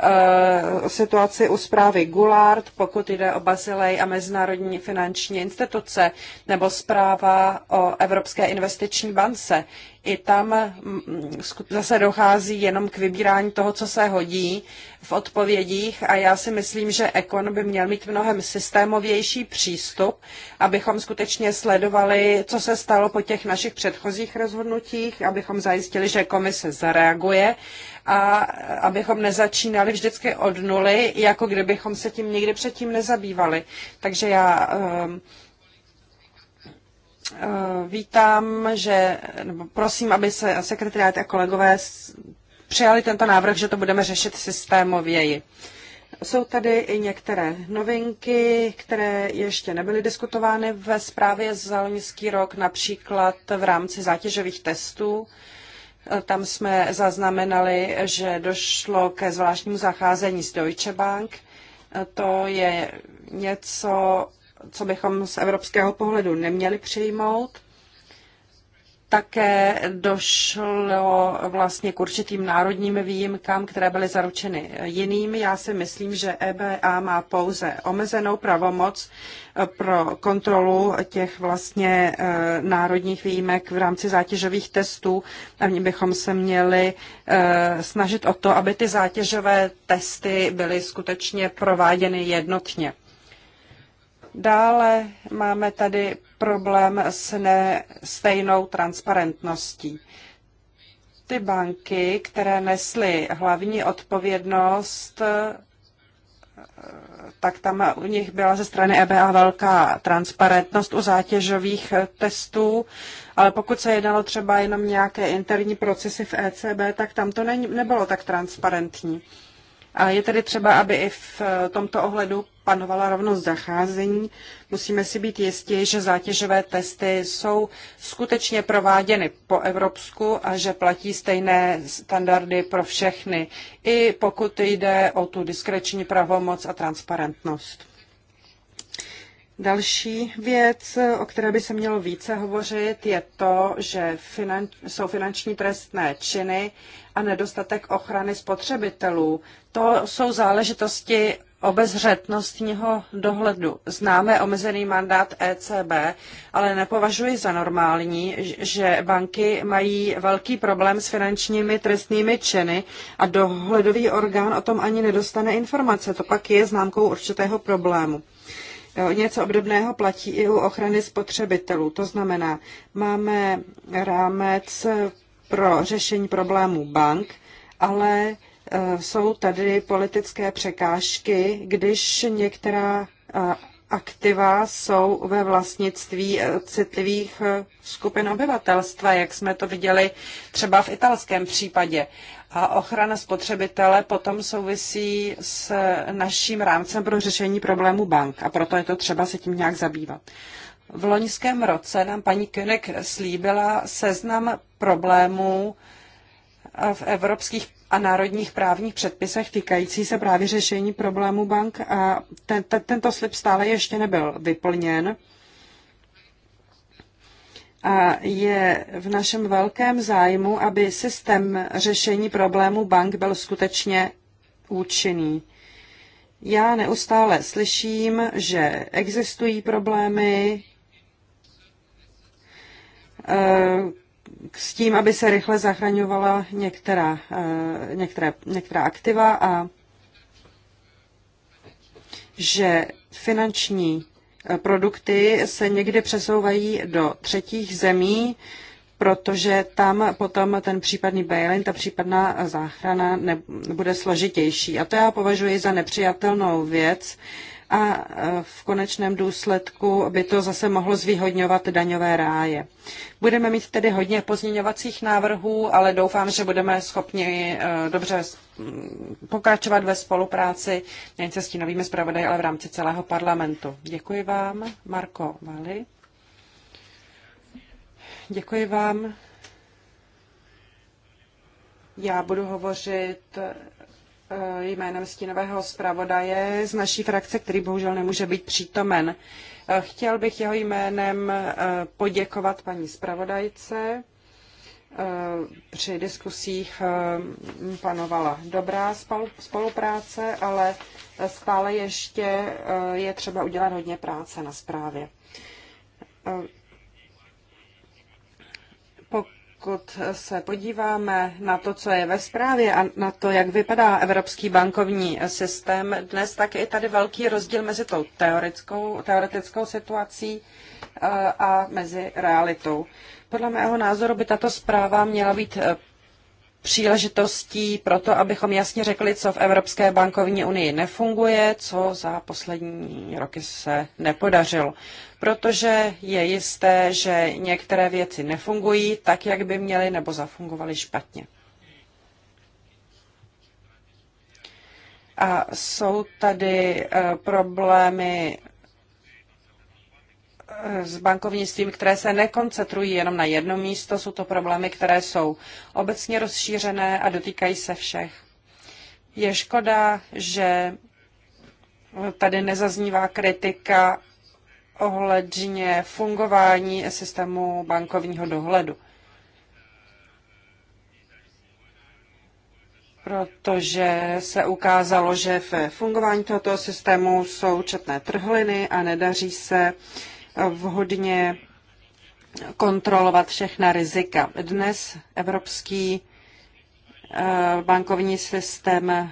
Eh, situaci u zprávy Gulard, pokud jde o Bazilej a mezinárodní finanční instituce, nebo zpráva o Evropské investiční bance. I tam mm, zase dochází jenom k vybírání toho, co se hodí v odpovědích a já si myslím, že Ekon by měl mít mnohem systémovější přístup, abychom skutečně sledovali, co se stalo po těch našich předchozích rozhodnutích, abychom zajistili, že komise zareaguje a abychom nezačínali vždycky od nuly, jako kdybychom se tím nikdy předtím nezabývali. Takže já ehm, ehm, vítám, že, nebo prosím, aby se sekretariát a kolegové přijali tento návrh, že to budeme řešit systémověji. Jsou tady i některé novinky, které ještě nebyly diskutovány ve zprávě za loňský rok, například v rámci zátěžových testů. Tam jsme zaznamenali, že došlo ke zvláštnímu zacházení s Deutsche Bank. To je něco, co bychom z evropského pohledu neměli přijmout také došlo vlastně k určitým národním výjimkám, které byly zaručeny jiným. Já si myslím, že EBA má pouze omezenou pravomoc pro kontrolu těch vlastně eh, národních výjimek v rámci zátěžových testů a my bychom se měli eh, snažit o to, aby ty zátěžové testy byly skutečně prováděny jednotně. Dále máme tady problém s nestejnou transparentností. Ty banky, které nesly hlavní odpovědnost, eh, tak tam u nich byla ze strany EBA velká transparentnost u zátěžových testů, ale pokud se jednalo třeba jenom nějaké interní procesy v ECB, tak tam to nebylo tak transparentní. A je tedy třeba, aby i v eh, tomto ohledu panovala rovnost zacházení. Musíme si být jistí, že zátěžové testy jsou skutečně prováděny po Evropsku a že platí stejné standardy pro všechny, i pokud jde o tu diskreční pravomoc a transparentnost. Další věc, o které by se mělo více hovořit, je to, že finan, jsou finanční trestné činy a nedostatek ochrany spotřebitelů. To jsou záležitosti obezřetnostního dohledu. Známe omezený mandát ECB, ale nepovažuji za normální, že banky mají velký problém s finančními trestnými činy a dohledový orgán o tom ani nedostane informace. To pak je známkou určitého problému. Něco obdobného platí i u ochrany spotřebitelů. To znamená, máme rámec pro řešení problémů bank, ale e, jsou tady politické překážky, když některá e, aktiva jsou ve vlastnictví e, citlivých skupin obyvatelstva, jak jsme to viděli třeba v italském případě. A ochrana spotřebitele potom souvisí s naším rámcem pro řešení problémů bank a proto je to třeba se tím nějak zabývat. V loňském roce nám paní Kynek slíbila seznam problémů eh, v evropských a národních právních předpisech týkající se právě řešení problémů bank a ten, ten, tento slib stále ještě nebyl vyplněn. A je v našem velkém zájmu, aby systém řešení problémů bank byl skutečně účinný. Já neustále slyším, že existují problémy eh, s tím, aby se rychle zachraňovala některá, eh, některé, některá aktiva a že finanční produkty se někdy přesouvají do třetích zemí, protože tam potom ten případný bail-in, ta případná záchrana nebude složitější. A to já považuji za nepřijatelnou věc a e, v konečném důsledku by to zase mohlo zvýhodňovat daňové ráje. Budeme mít tedy hodně pozměňovacích návrhů, ale doufám, že budeme schopni e, dobře mm, pokračovat ve spolupráci nejen se stínovými zpravodaji, ale v rámci celého parlamentu. Děkuji vám, Marko Vali. Děkuji vám. Já budu hovořit Eh, jménem stínového zpravodaje z naší frakce, který bohužel nemůže být přítomen. Eh, chtěl bych jeho jménem eh, poděkovat paní zpravodajce. Při diskusích panovala dobrá spolupráce, ale stále ještě je třeba udělat hodně práce na zprávě. Pokud se podíváme na to, co je ve zprávě a na to, jak vypadá evropský bankovní systém dnes, tak je tady velký rozdíl mezi tou teoretickou, teoretickou situací eh, a mezi realitou. Podle mého názoru by tato zpráva měla být eh, příležitostí pro to, abychom jasně řekli, co v Evropské bankovní unii nefunguje, co za poslední roky se nepodařilo protože je jisté, že některé věci nefungují tak, jak by měly, nebo zafungovaly špatně. A jsou tady eh, problémy eh, s bankovnictvím, které se nekoncentrují jenom na jedno místo, jsou to problémy, které jsou obecně rozšířené a dotýkají se všech. Je škoda, že tady nezaznívá kritika ohledně fungování systému bankovního dohledu. protože se ukázalo, že v fungování tohoto systému jsou četné trhliny a nedaří se vhodně kontrolovat všechna rizika. Dnes evropský eh, bankovní systém eh,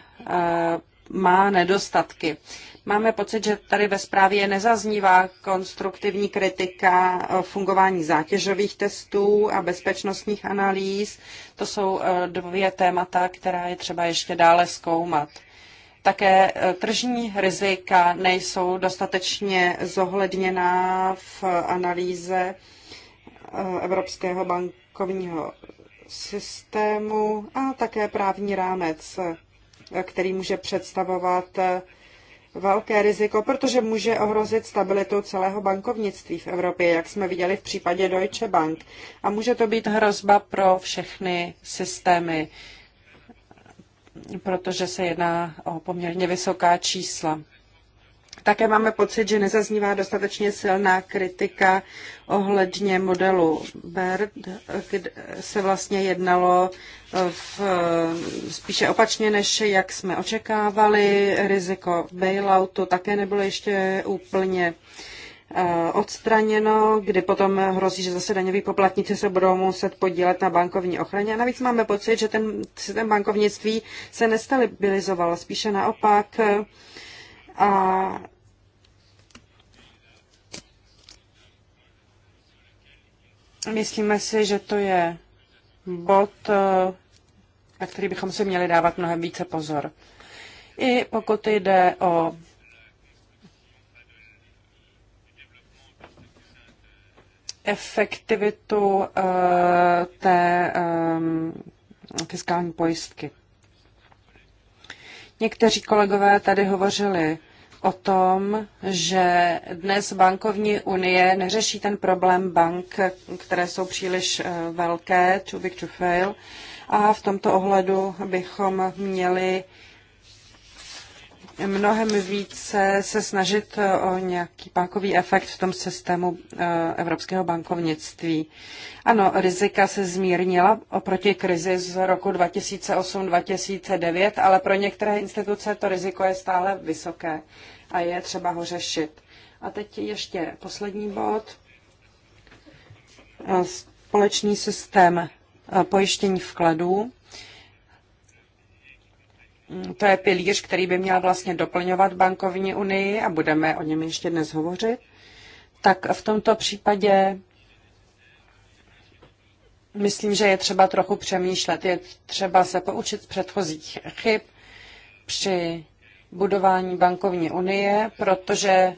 má nedostatky. Máme pocit, že tady ve zprávě nezaznívá konstruktivní kritika fungování zátěžových testů a bezpečnostních analýz. To jsou eh, dvě témata, která je třeba ještě dále zkoumat. Také eh, tržní rizika nejsou dostatečně zohledněná v analýze eh, Evropského bankovního systému a také právní rámec který může představovat eh, velké riziko, protože může ohrozit stabilitu celého bankovnictví v Evropě, jak jsme viděli v případě Deutsche Bank. A může to být hrozba pro všechny systémy, protože se jedná o poměrně vysoká čísla. Také máme pocit, že nezaznívá dostatečně silná kritika ohledně modelu BERD, kde se vlastně jednalo eh, v, eh, spíše opačně, než jak jsme očekávali. Riziko bailoutu také nebylo ještě úplně eh, odstraněno, kdy potom hrozí, že zase daňoví poplatníci se budou muset podílet na bankovní ochraně. A navíc máme pocit, že ten systém bankovnictví se nestabilizoval, spíše naopak a myslíme si, že to je bod, eh, na který bychom si měli dávat mnohem více pozor. I pokud jde o efektivitu eh, té eh, fiskální pojistky. Někteří kolegové tady hovořili o tom, že dnes bankovní unie neřeší ten problém bank, které jsou příliš eh, velké, too big to fail, a v tomto ohledu bychom měli mnohem více se snažit eh, o nějaký pákový efekt v tom systému eh, evropského bankovnictví. Ano, rizika se zmírnila oproti krizi z roku 2008-2009, ale pro některé instituce to riziko je stále vysoké a je třeba ho řešit. A teď ještě poslední bod. Eh, společný systém eh, pojištění vkladů. Mm, to je pilíř, který by měl vlastně doplňovat bankovní unii a budeme o něm ještě dnes hovořit. Tak v tomto případě myslím, že je třeba trochu přemýšlet, je třeba se poučit z předchozích chyb při budování bankovní unie, protože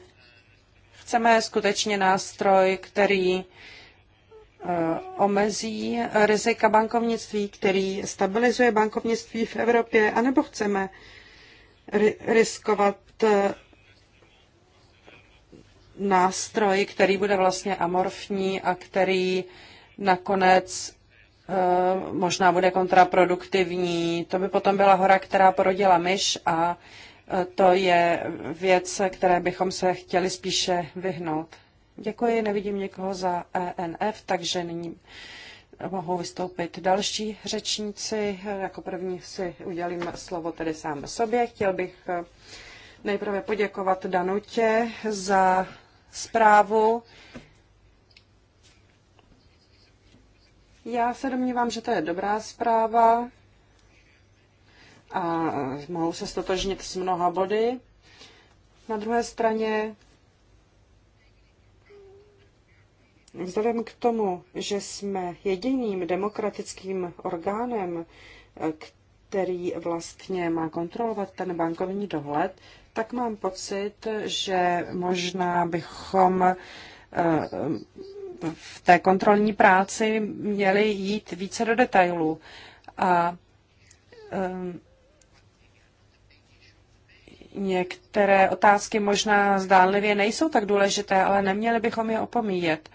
chceme skutečně nástroj, který eh, omezí rizika bankovnictví, který stabilizuje bankovnictví v Evropě, anebo chceme riskovat eh, nástroj, který bude vlastně amorfní a který nakonec eh, možná bude kontraproduktivní. To by potom byla hora, která porodila myš a to je věc, které bychom se chtěli spíše vyhnout. Děkuji, nevidím někoho za ENF, takže nyní mohou vystoupit další řečníci. Jako první si udělím slovo tedy sám sobě. Chtěl bych eh, nejprve poděkovat Danutě za zprávu. Já se domnívám, že to je dobrá zpráva a mohou se stotožnit s mnoha body. Na druhé straně, vzhledem k tomu, že jsme jediným demokratickým orgánem, který vlastně má kontrolovat ten bankovní dohled, tak mám pocit, že možná bychom eh, v té kontrolní práci měli jít více do detailů. A eh, Některé otázky možná zdánlivě nejsou tak důležité, ale neměli bychom je opomíjet.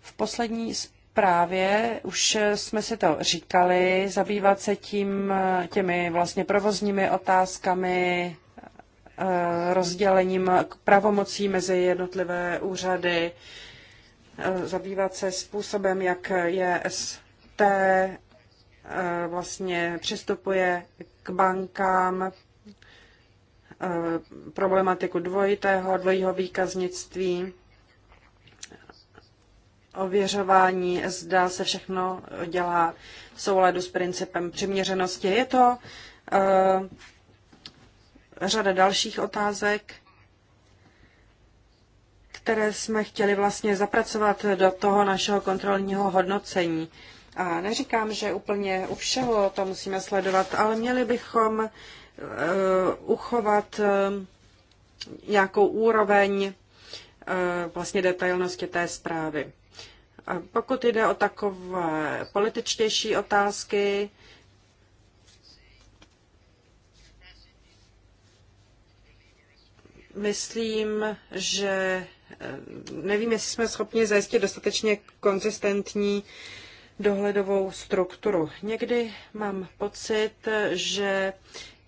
V poslední zprávě už jsme si to říkali, zabývat se tím těmi vlastně provozními otázkami, eh, rozdělením pravomocí mezi jednotlivé úřady, eh, zabývat se způsobem, jak je ST eh, vlastně přistupuje k bankám, Eh, problematiku dvojitého, dvojího výkaznictví, ověřování, zda se všechno dělá v souladu s principem přiměřenosti. Je to eh, řada dalších otázek, které jsme chtěli vlastně zapracovat do toho našeho kontrolního hodnocení. A neříkám, že úplně u všeho to musíme sledovat, ale měli bychom Eh, uchovat eh, nějakou úroveň eh, vlastně detailnosti té zprávy. A pokud jde o takové političtější otázky, myslím, že nevím, jestli jsme schopni zajistit dostatečně konzistentní dohledovou strukturu. Někdy mám pocit, že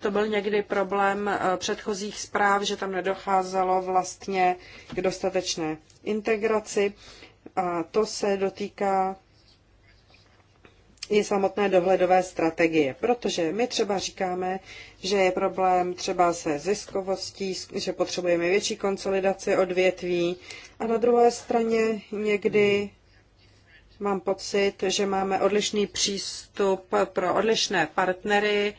to byl někdy problém eh, předchozích zpráv, že tam nedocházelo vlastně k dostatečné integraci a to se dotýká i samotné dohledové strategie, protože my třeba říkáme, že je problém třeba se ziskovostí, že potřebujeme větší konsolidaci odvětví a na druhé straně někdy mám pocit, že máme odlišný přístup pro odlišné partnery,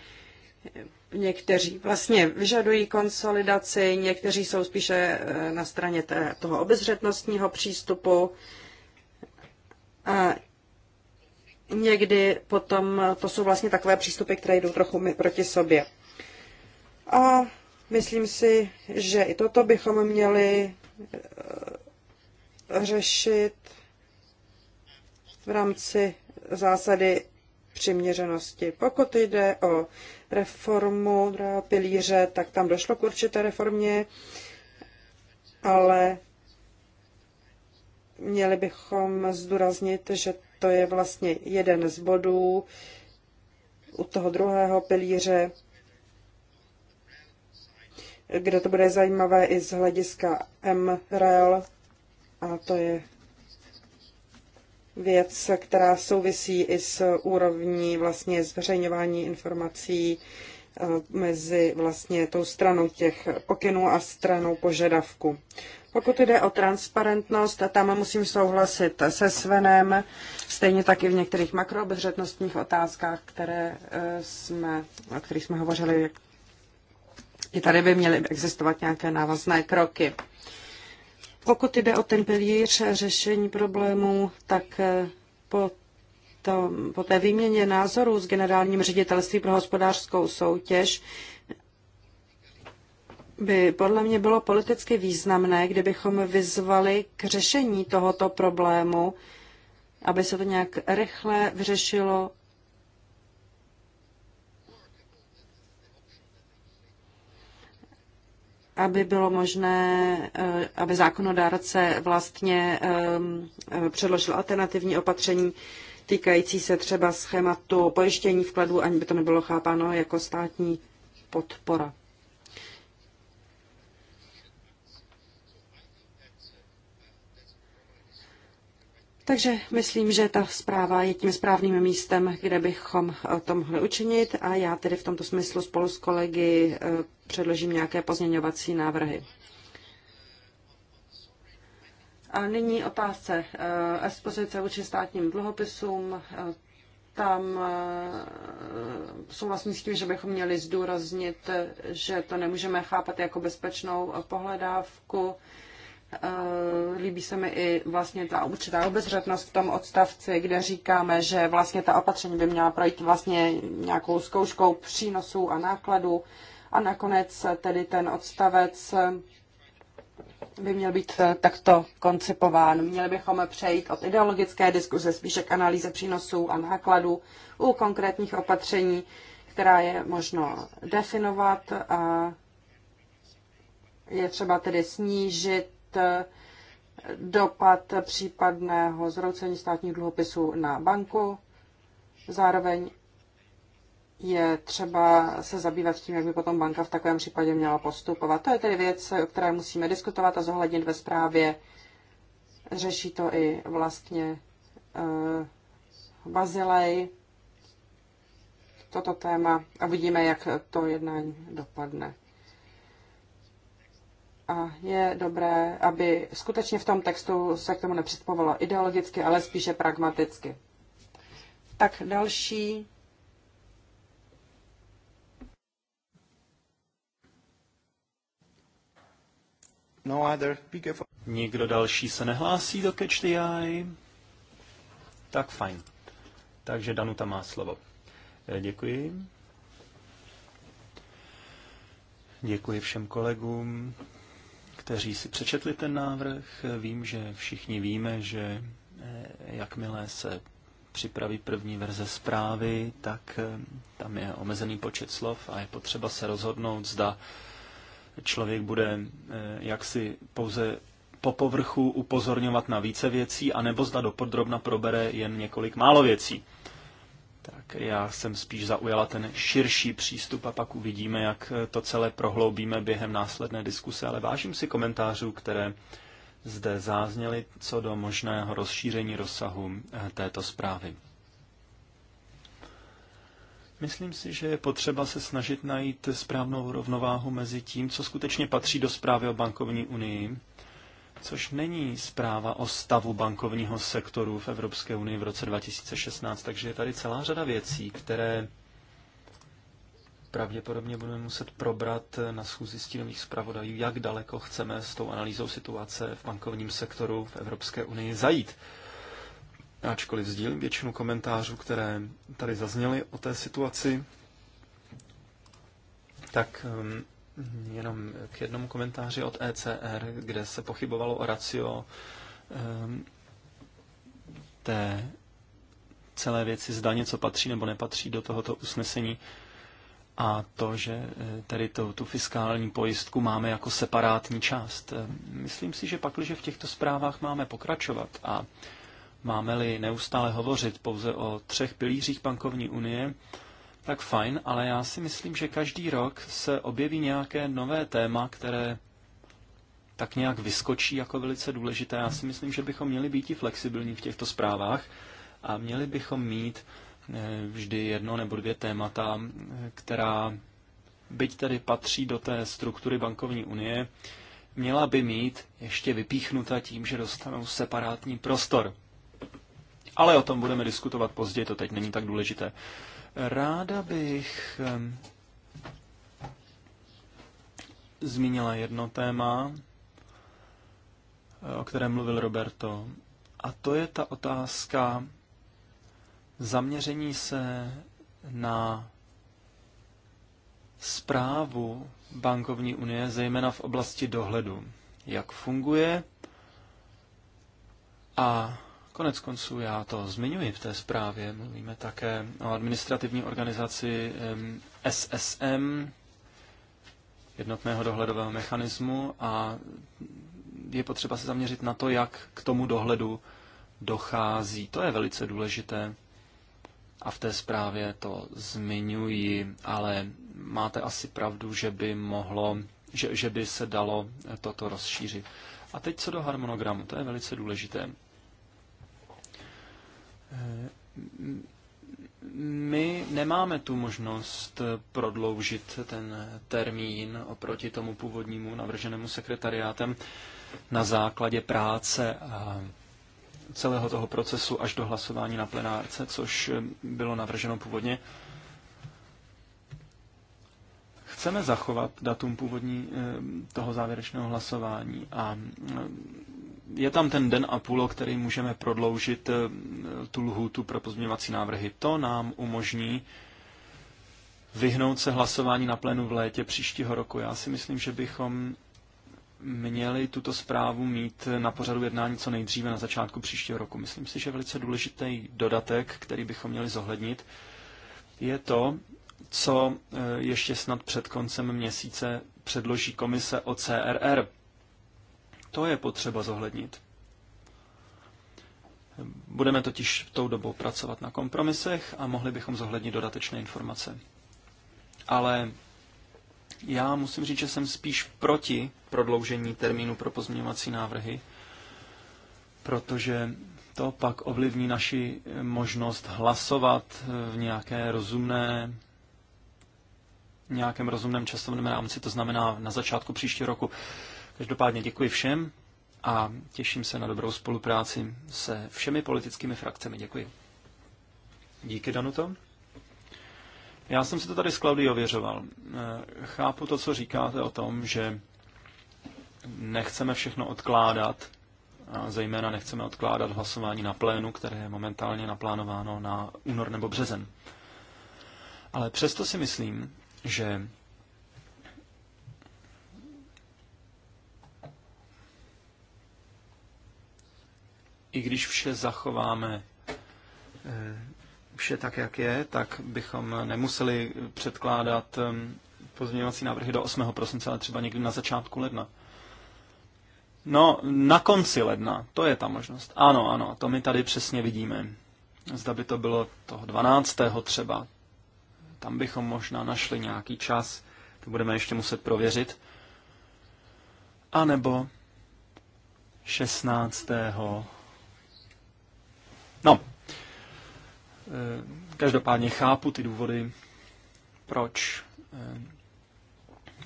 Někteří vlastně vyžadují konsolidaci, někteří jsou spíše eh, na straně té, toho obezřetnostního přístupu. A někdy potom eh, to jsou vlastně takové přístupy, které jdou trochu proti sobě. A myslím si, že i toto bychom měli eh, řešit v rámci zásady přiměřenosti. Pokud jde o reformu druhého pilíře, tak tam došlo k určité reformě, ale měli bychom zdůraznit, že to je vlastně jeden z bodů u toho druhého pilíře, kde to bude zajímavé i z hlediska MREL, a to je věc, která souvisí i s úrovní vlastně zveřejňování informací eh, mezi vlastně tou stranou těch pokynů a stranou požadavku. Pokud jde o transparentnost, tam musím souhlasit se Svenem, stejně tak i v některých makroobezřetnostních otázkách, které eh, jsme, o kterých jsme hovořili, i tady by měly existovat nějaké návazné kroky. Pokud jde o ten pilíř řešení problémů, tak eh, po, to, po té výměně názorů s generálním ředitelství pro hospodářskou soutěž by podle mě bylo politicky významné, kdybychom vyzvali k řešení tohoto problému, aby se to nějak rychle vyřešilo aby bylo možné, eh, aby zákonodárce vlastně eh, předložil alternativní opatření týkající se třeba schématu pojištění vkladů, ani by to nebylo chápáno jako státní podpora. Takže myslím, že ta zpráva je tím správným místem, kde bychom eh, to mohli učinit a já tedy v tomto smyslu spolu s kolegy eh, předložím nějaké pozměňovací návrhy. A nyní otázce eh, expozice vůči státním dluhopisům. Tam souhlasím s tím, že bychom měli zdůraznit, že to nemůžeme chápat jako bezpečnou pohledávku Eh, líbí se mi i vlastně ta určitá obezřetnost v tom odstavci, kde říkáme, že vlastně ta opatření by měla projít vlastně nějakou zkouškou přínosů a nákladů. A nakonec tedy ten odstavec eh, by měl být eh, takto koncipován. Měli bychom přejít od ideologické diskuze spíše k analýze přínosů a nákladů u konkrétních opatření, která je možno definovat a je třeba tedy snížit Eh, dopad případného zroucení státních dluhopisů na banku. Zároveň je třeba se zabývat tím, jak by potom banka v takovém případě měla postupovat. To je tedy věc, o které musíme diskutovat a zohlednit ve zprávě. Řeší to i vlastně uh, eh, Bazilej, toto téma a vidíme, jak to jednání dopadne. A je dobré, aby skutečně v tom textu se k tomu nepřistupovalo ideologicky, ale spíše pragmaticky. Tak další. No other. Nikdo další se nehlásí do Catch the Eye? Tak fajn. Takže Danuta má slovo. Eh, děkuji. Děkuji všem kolegům kteří si přečetli ten návrh. Vím, že všichni víme, že eh, jakmile se připraví první verze zprávy, tak eh, tam je omezený počet slov a je potřeba se rozhodnout, zda člověk bude eh, jaksi pouze po povrchu upozorňovat na více věcí, anebo zda dopodrobna probere jen několik málo věcí. Tak já jsem spíš zaujala ten širší přístup a pak uvidíme, jak to celé prohloubíme během následné diskuse, ale vážím si komentářů, které zde zázněly co do možného rozšíření rozsahu eh, této zprávy. Myslím si, že je potřeba se snažit najít správnou rovnováhu mezi tím, co skutečně patří do zprávy o bankovní unii což není zpráva o stavu bankovního sektoru v Evropské unii v roce 2016, takže je tady celá řada věcí, které pravděpodobně budeme muset probrat na schůzi stínových zpravodajů, jak daleko chceme s tou analýzou situace v bankovním sektoru v Evropské unii zajít. Ačkoliv sdílím většinu komentářů, které tady zazněly o té situaci, tak um, Jenom k jednomu komentáři od ECR, kde se pochybovalo o ratio ehm, té celé věci, zda něco patří nebo nepatří do tohoto usnesení a to, že eh, tedy tu, tu fiskální pojistku máme jako separátní část. Ehm, myslím si, že pak, když v těchto zprávách máme pokračovat a máme-li neustále hovořit pouze o třech pilířích bankovní unie, tak fajn, ale já si myslím, že každý rok se objeví nějaké nové téma, které tak nějak vyskočí jako velice důležité. Já si myslím, že bychom měli být i flexibilní v těchto zprávách a měli bychom mít eh, vždy jedno nebo dvě témata, eh, která byť tedy patří do té struktury bankovní unie, měla by mít ještě vypíchnuta tím, že dostanou separátní prostor. Ale o tom budeme diskutovat později, to teď není tak důležité. Ráda bych zmínila jedno téma, o kterém mluvil Roberto, a to je ta otázka zaměření se na zprávu bankovní unie, zejména v oblasti dohledu. Jak funguje a Konec konců já to zmiňuji v té zprávě. Mluvíme také o administrativní organizaci SSM, jednotného dohledového mechanismu a je potřeba se zaměřit na to, jak k tomu dohledu dochází. To je velice důležité a v té zprávě to zmiňuji, ale máte asi pravdu, že by mohlo, že, že by se dalo toto rozšířit. A teď co do harmonogramu, to je velice důležité my nemáme tu možnost prodloužit ten termín oproti tomu původnímu navrženému sekretariátem na základě práce a celého toho procesu až do hlasování na plenárce, což bylo navrženo původně. Chceme zachovat datum původní eh, toho závěrečného hlasování a eh, je tam ten den a půl, o který můžeme prodloužit eh, tu lhůtu pro pozměňovací návrhy. To nám umožní vyhnout se hlasování na plénu v létě příštího roku. Já si myslím, že bychom měli tuto zprávu mít na pořadu jednání co nejdříve na začátku příštího roku. Myslím si, že velice důležitý dodatek, který bychom měli zohlednit, je to, co eh, ještě snad před koncem měsíce předloží komise o CRR. To je potřeba zohlednit. Budeme totiž tou dobou pracovat na kompromisech a mohli bychom zohlednit dodatečné informace. Ale já musím říct, že jsem spíš proti prodloužení termínu pro pozměňovací návrhy, protože to pak ovlivní naši možnost hlasovat v nějaké rozumné nějakém rozumném časovném rámci, to znamená na začátku příštího roku. Každopádně děkuji všem a těším se na dobrou spolupráci se všemi politickými frakcemi. Děkuji. Díky, Danuto. Já jsem si to tady s Klaudí ověřoval. Eh, chápu to, co říkáte o tom, že nechceme všechno odkládat, a zejména nechceme odkládat hlasování na plénu, které je momentálně naplánováno na únor nebo březen. Ale přesto si myslím, že i když vše zachováme eh, vše tak, jak je, tak bychom nemuseli předkládat pozměňovací návrhy do 8. prosince, ale třeba někdy na začátku ledna. No, na konci ledna, to je ta možnost. Ano, ano, to my tady přesně vidíme. Zda by to bylo toho 12. třeba. Tam bychom možná našli nějaký čas, to budeme ještě muset prověřit. A nebo 16. No, eh, každopádně chápu ty důvody, proč eh,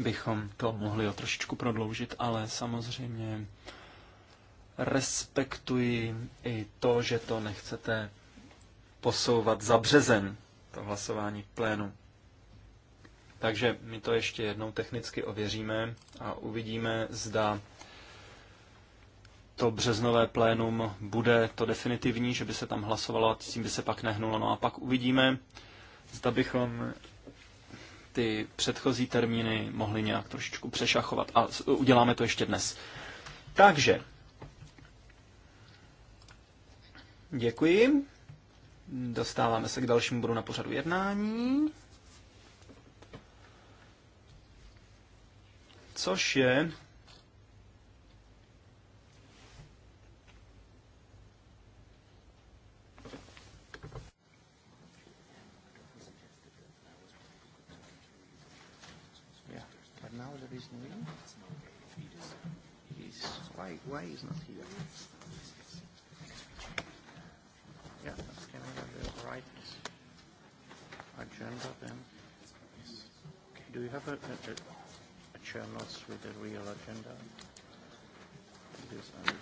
bychom to mohli o trošičku prodloužit, ale samozřejmě respektuji i to, že to nechcete posouvat za březen, to hlasování v plénu. Takže my to ještě jednou technicky ověříme a uvidíme, zda to březnové plénum bude to definitivní, že by se tam hlasovalo a s tím by se pak nehnulo. No a pak uvidíme, zda bychom ty předchozí termíny mohli nějak trošičku přešachovat. A uděláme to ještě dnes. Takže. Děkuji. Dostáváme se k dalšímu bodu na pořadu jednání. Což je Why is not here? Yeah, can I have the right agenda then? Do you have a, a, a, a chair notes with a real agenda? This,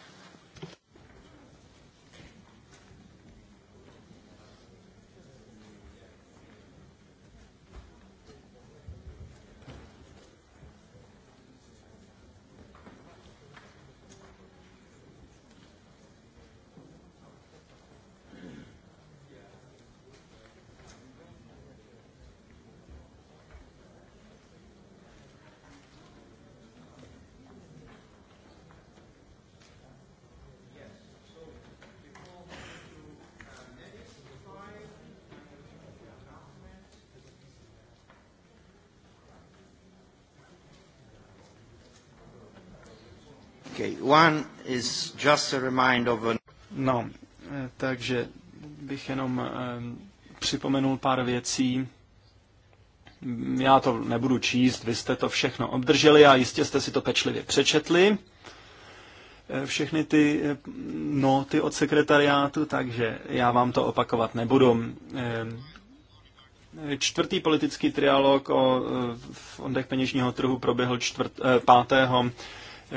Okay, one is just a of a... No, eh, takže bych jenom eh, připomenul pár věcí. Já to nebudu číst, vy jste to všechno obdrželi a jistě jste si to pečlivě přečetli. Eh, všechny ty noty od sekretariátu, takže já vám to opakovat nebudu. Čtvrtý politický trialog o fondech peněžního trhu proběhl čtvrt, 5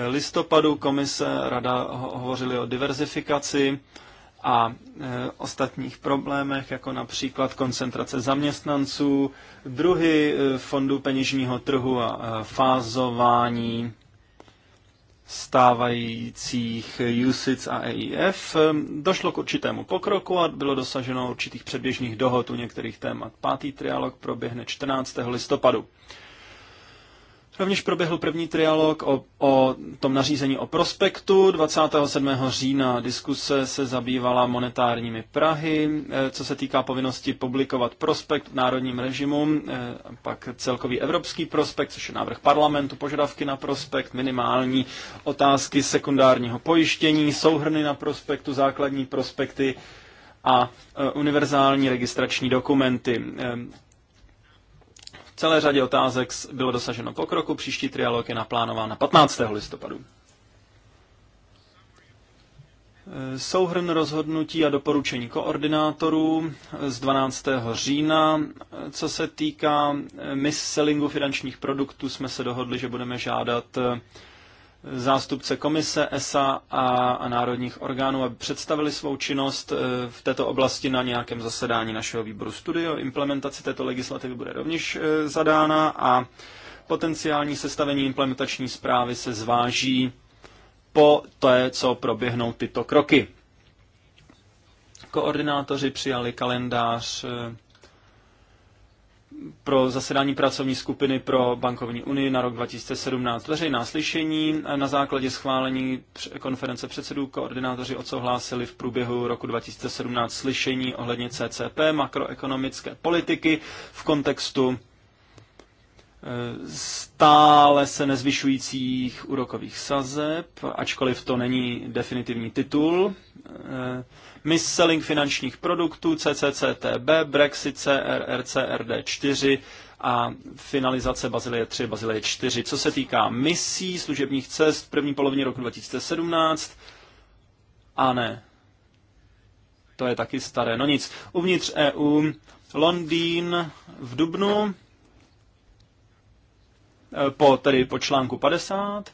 listopadu komise rada hovořili o diverzifikaci a e, ostatních problémech, jako například koncentrace zaměstnanců, druhy e, fondů peněžního trhu a e, fázování stávajících USIC a EIF. Došlo k určitému pokroku a bylo dosaženo určitých předběžných dohod u některých témat. Pátý trialog proběhne 14. listopadu. Rovněž proběhl první trialog o, o tom nařízení o prospektu. 27. října diskuse se zabývala monetárními Prahy, eh, co se týká povinnosti publikovat prospekt v národním režimu, eh, pak celkový evropský prospekt, což je návrh parlamentu, požadavky na prospekt, minimální otázky sekundárního pojištění, souhrny na prospektu, základní prospekty a eh, univerzální registrační dokumenty. Ehm, celé řadě otázek bylo dosaženo pokroku, příští trialog je naplánován na 15. listopadu. Souhrn rozhodnutí a doporučení koordinátorů z 12. října. Co se týká eh, mis sellingu finančních produktů, jsme se dohodli, že budeme žádat eh, zástupce komise ESA a, a národních orgánů, aby představili svou činnost eh, v této oblasti na nějakém zasedání našeho výboru studio. Implementace této legislativy bude rovněž eh, zadána a potenciální sestavení implementační zprávy se zváží po té, co proběhnou tyto kroky. Koordinátoři přijali kalendář eh, pro zasedání pracovní skupiny pro bankovní unii na rok 2017 veřejná slyšení. Na základě schválení konference předsedů koordinátoři odsouhlásili v průběhu roku 2017 slyšení ohledně CCP, makroekonomické politiky v kontextu stále se nezvyšujících úrokových sazeb, ačkoliv to není definitivní titul, eh, mis-selling finančních produktů, CCCTB, Brexit, CRR, CRD4 a finalizace Bazilie 3, Bazilie 4. Co se týká misí, služebních cest v první polovině roku 2017, a ne, to je taky staré. No nic, uvnitř EU, Londýn v Dubnu, po, tedy po článku 50.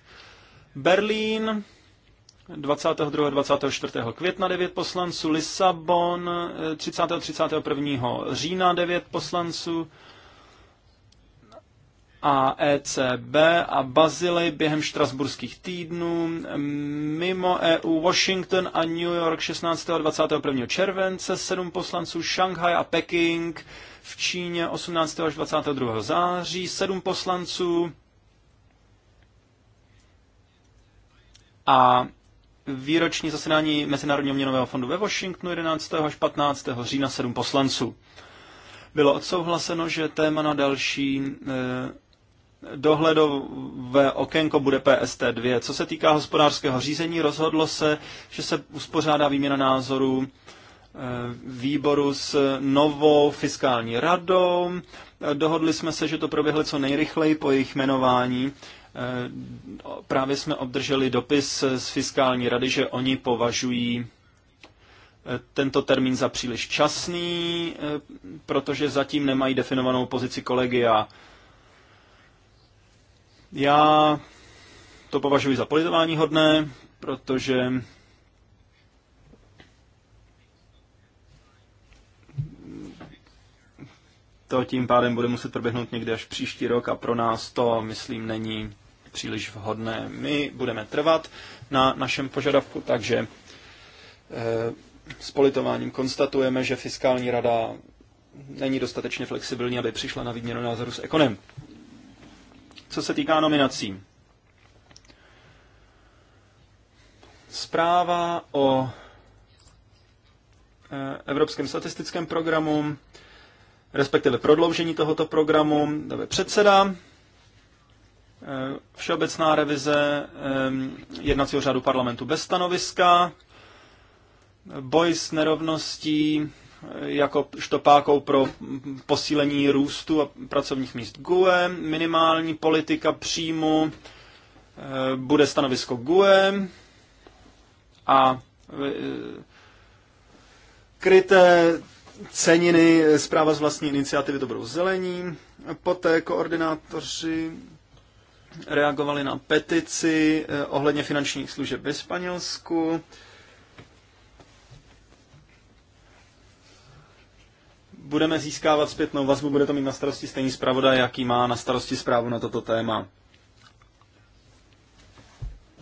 Berlín 22. 24. května 9 poslanců, Lisabon 30. Eh, 31. října 9 poslanců a ECB a Bazily během štrasburských týdnů, mimo EU Washington a New York 16. a 21. července 7 poslanců, Šanghaj a Peking v Číně 18. až 22. září, sedm poslanců a výroční zasedání Mezinárodního měnového fondu ve Washingtonu 11. až 15. října sedm poslanců. Bylo odsouhlaseno, že téma na další eh, dohledové okénko bude PST2. Co se týká hospodářského řízení, rozhodlo se, že se uspořádá výměna názorů Eh, výboru s novou fiskální radou. Dohodli jsme se, že to proběhlo co nejrychleji po jejich jmenování. Eh, právě jsme obdrželi dopis z fiskální rady, že oni považují eh, tento termín za příliš časný, protože zatím nemají definovanou pozici kolegia. Já to považuji za politování hodné, protože to tím pádem bude muset proběhnout někde až příští rok a pro nás to, myslím, není příliš vhodné. My budeme trvat na našem požadavku, takže eh, s politováním konstatujeme, že fiskální rada není dostatečně flexibilní, aby přišla na výměnu názoru s ekonem. Co se týká nominací. Zpráva o eh, Evropském statistickém programu respektive prodloužení tohoto programu předseda, eh, všeobecná revize eh, jednacího řádu parlamentu bez stanoviska, boj s nerovností eh, jako štopákou pro posílení růstu a pracovních míst GUE, minimální politika příjmu, bude stanovisko GUE a kryté ceniny, eh, zpráva z vlastní iniciativy to budou zelení. Poté koordinátoři reagovali na petici eh, ohledně finančních služeb ve Španělsku. Budeme získávat zpětnou vazbu, bude to mít na starosti stejný zpravodaj, jaký má na starosti zprávu na toto téma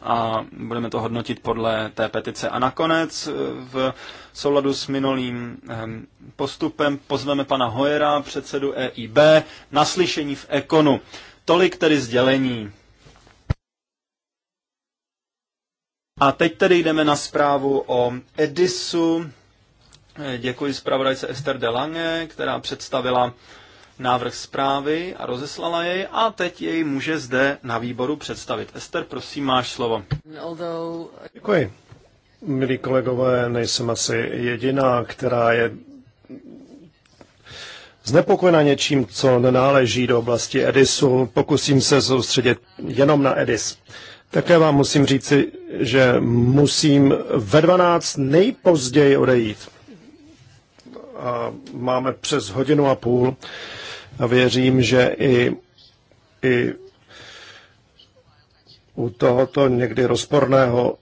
a budeme to hodnotit podle té petice. A nakonec eh, v souladu s minulým ehm, postupem pozveme pana Hojera, předsedu EIB, na slyšení v Ekonu. Tolik tedy sdělení. A teď tedy jdeme na zprávu o Edisu. Eh, děkuji zpravodajce Esther Delange, která představila návrh zprávy a rozeslala jej a teď jej může zde na výboru představit. Ester, prosím, máš slovo. Děkuji. Milí kolegové, nejsem asi jediná, která je znepokojena něčím, co nenáleží do oblasti Edisu. Pokusím se soustředit jenom na Edis. Také vám musím říci, že musím ve 12 nejpozději odejít. A máme přes hodinu a půl a věřím, že i, i u tohoto někdy rozporného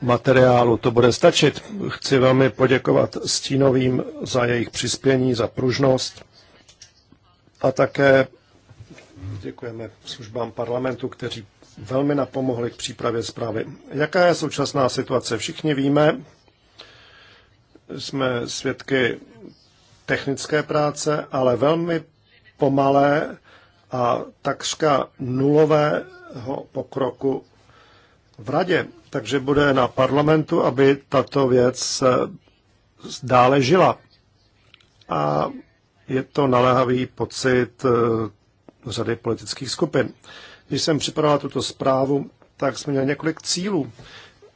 materiálu to bude stačit. Chci velmi poděkovat stínovým za jejich přispění, za pružnost a také děkujeme službám parlamentu, kteří velmi napomohli k přípravě zprávy. Jaká je současná situace? Všichni víme, jsme svědky technické práce, ale velmi pomalé a takřka nulového pokroku v radě. Takže bude na parlamentu, aby tato věc dále žila. A je to naléhavý pocit eh, řady politických skupin. Když jsem připravoval tuto zprávu, tak jsme měli několik cílů.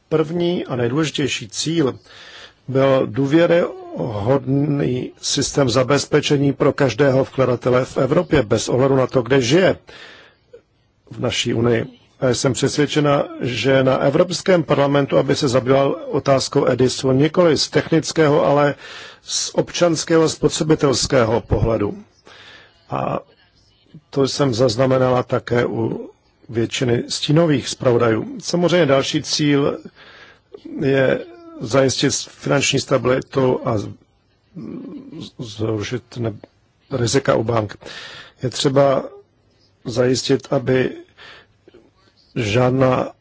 První a nejdůležitější cíl byl důvěry hodný systém zabezpečení pro každého vkladatele v Evropě, bez ohledu na to, kde žije v naší unii. A jsem přesvědčena, že na Evropském parlamentu, aby se zabýval otázkou Edisu, nikoli z technického, ale z občanského spotřebitelského pohledu. A to jsem zaznamenala také u většiny stínových zpravodajů. Samozřejmě další cíl je zajistit finanční stabilitu a zrušit ne- rizika u bank. Je třeba zajistit, aby žádná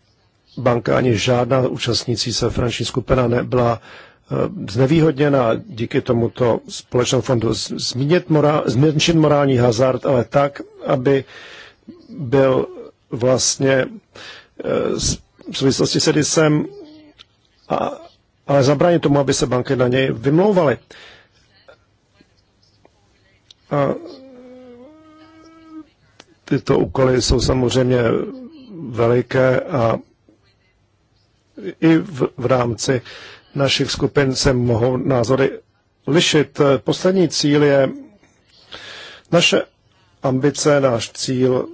banka ani žádná účastnící se finanční skupina nebyla eh, znevýhodněna díky tomuto společnému fondu. Zmínit morál, zmenšit morální hazard, ale tak, aby byl vlastně eh, v souvislosti s Edisem a ale zabránit tomu, aby se banky na něj vymlouvaly. A tyto úkoly jsou samozřejmě veliké a i v, v rámci našich skupin se mohou názory lišit. Poslední cíl je naše ambice, náš cíl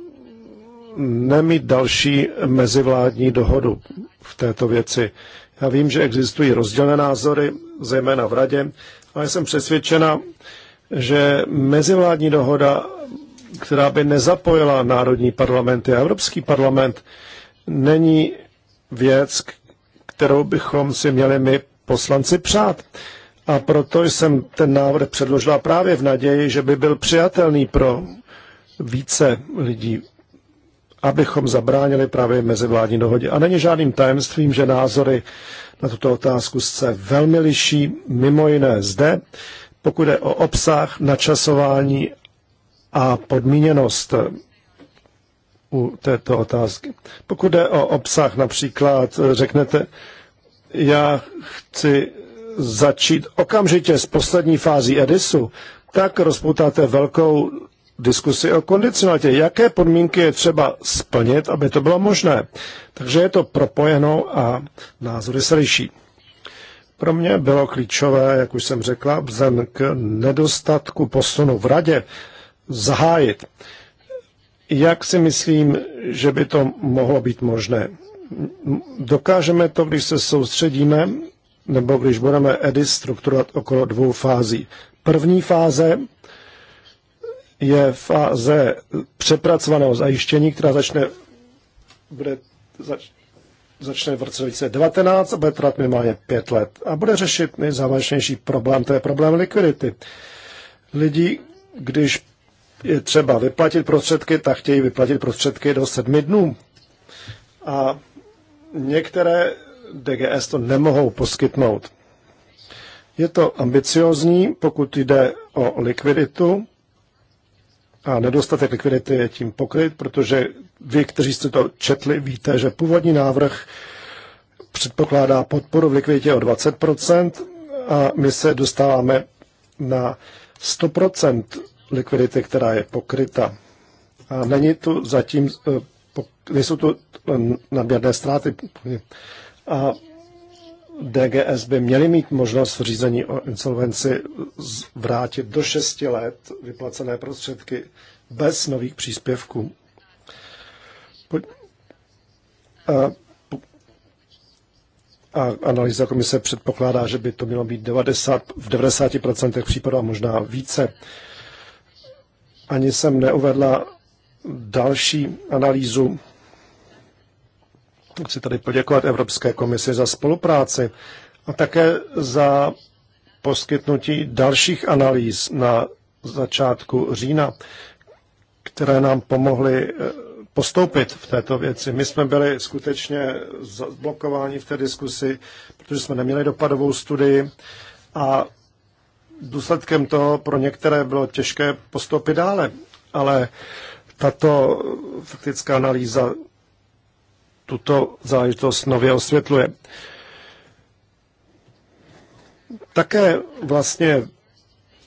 nemít další mezivládní dohodu v této věci. Já vím, že existují rozdělené názory, zejména v radě, ale jsem přesvědčena, že mezivládní dohoda, která by nezapojila národní parlamenty a Evropský parlament, není věc, kterou bychom si měli my poslanci přát. A proto jsem ten návrh předložila právě v naději, že by byl přijatelný pro více lidí abychom zabránili právě mezivládní dohodě. A není žádným tajemstvím, že názory na tuto otázku se velmi liší, mimo jiné zde, pokud je o obsah, načasování a podmíněnost u této otázky. Pokud jde o obsah, například řeknete, já chci začít okamžitě s poslední fází Edisu, tak rozpoutáte velkou diskusi o kondicionalitě. Jaké podmínky je třeba splnit, aby to bylo možné? Takže je to propojeno a názory se liší. Pro mě bylo klíčové, jak už jsem řekla, vzhledem k nedostatku posunu v radě zahájit. Jak si myslím, že by to mohlo být možné? Dokážeme to, když se soustředíme, nebo když budeme edit strukturovat okolo dvou fází. První fáze je fáze přepracovaného zajištění, která začne, bude, zač, začne v roce 2019 a bude trvat minimálně pět let a bude řešit nejzávažnější problém, to je problém likvidity. Lidi, když je třeba vyplatit prostředky, tak chtějí vyplatit prostředky do sedmi dnů. A některé DGS to nemohou poskytnout. Je to ambiciozní, pokud jde o likviditu, a nedostatek likvidity je tím pokryt, protože vy, kteří jste to četli, víte, že původní návrh předpokládá podporu v likviditě o 20% a my se dostáváme na 100% likvidity, která je pokryta. A není tu zatím, eh, nejsou tu eh, nadměrné ztráty. A DGS by měli mít možnost v řízení o insolvenci vrátit do 6 let vyplacené prostředky bez nových příspěvků. A, a analýza komise předpokládá, že by to mělo být 90, v 90% případů a možná více. Ani jsem neuvedla další analýzu chci tady poděkovat Evropské komisi za spolupráci a také za poskytnutí dalších analýz na začátku října, které nám pomohly eh, postoupit v této věci. My jsme byli skutečně zblokováni v té diskusi, protože jsme neměli dopadovou studii a důsledkem toho pro některé bylo těžké postoupit dále, ale tato faktická analýza tuto záležitost nově osvětluje. Také vlastně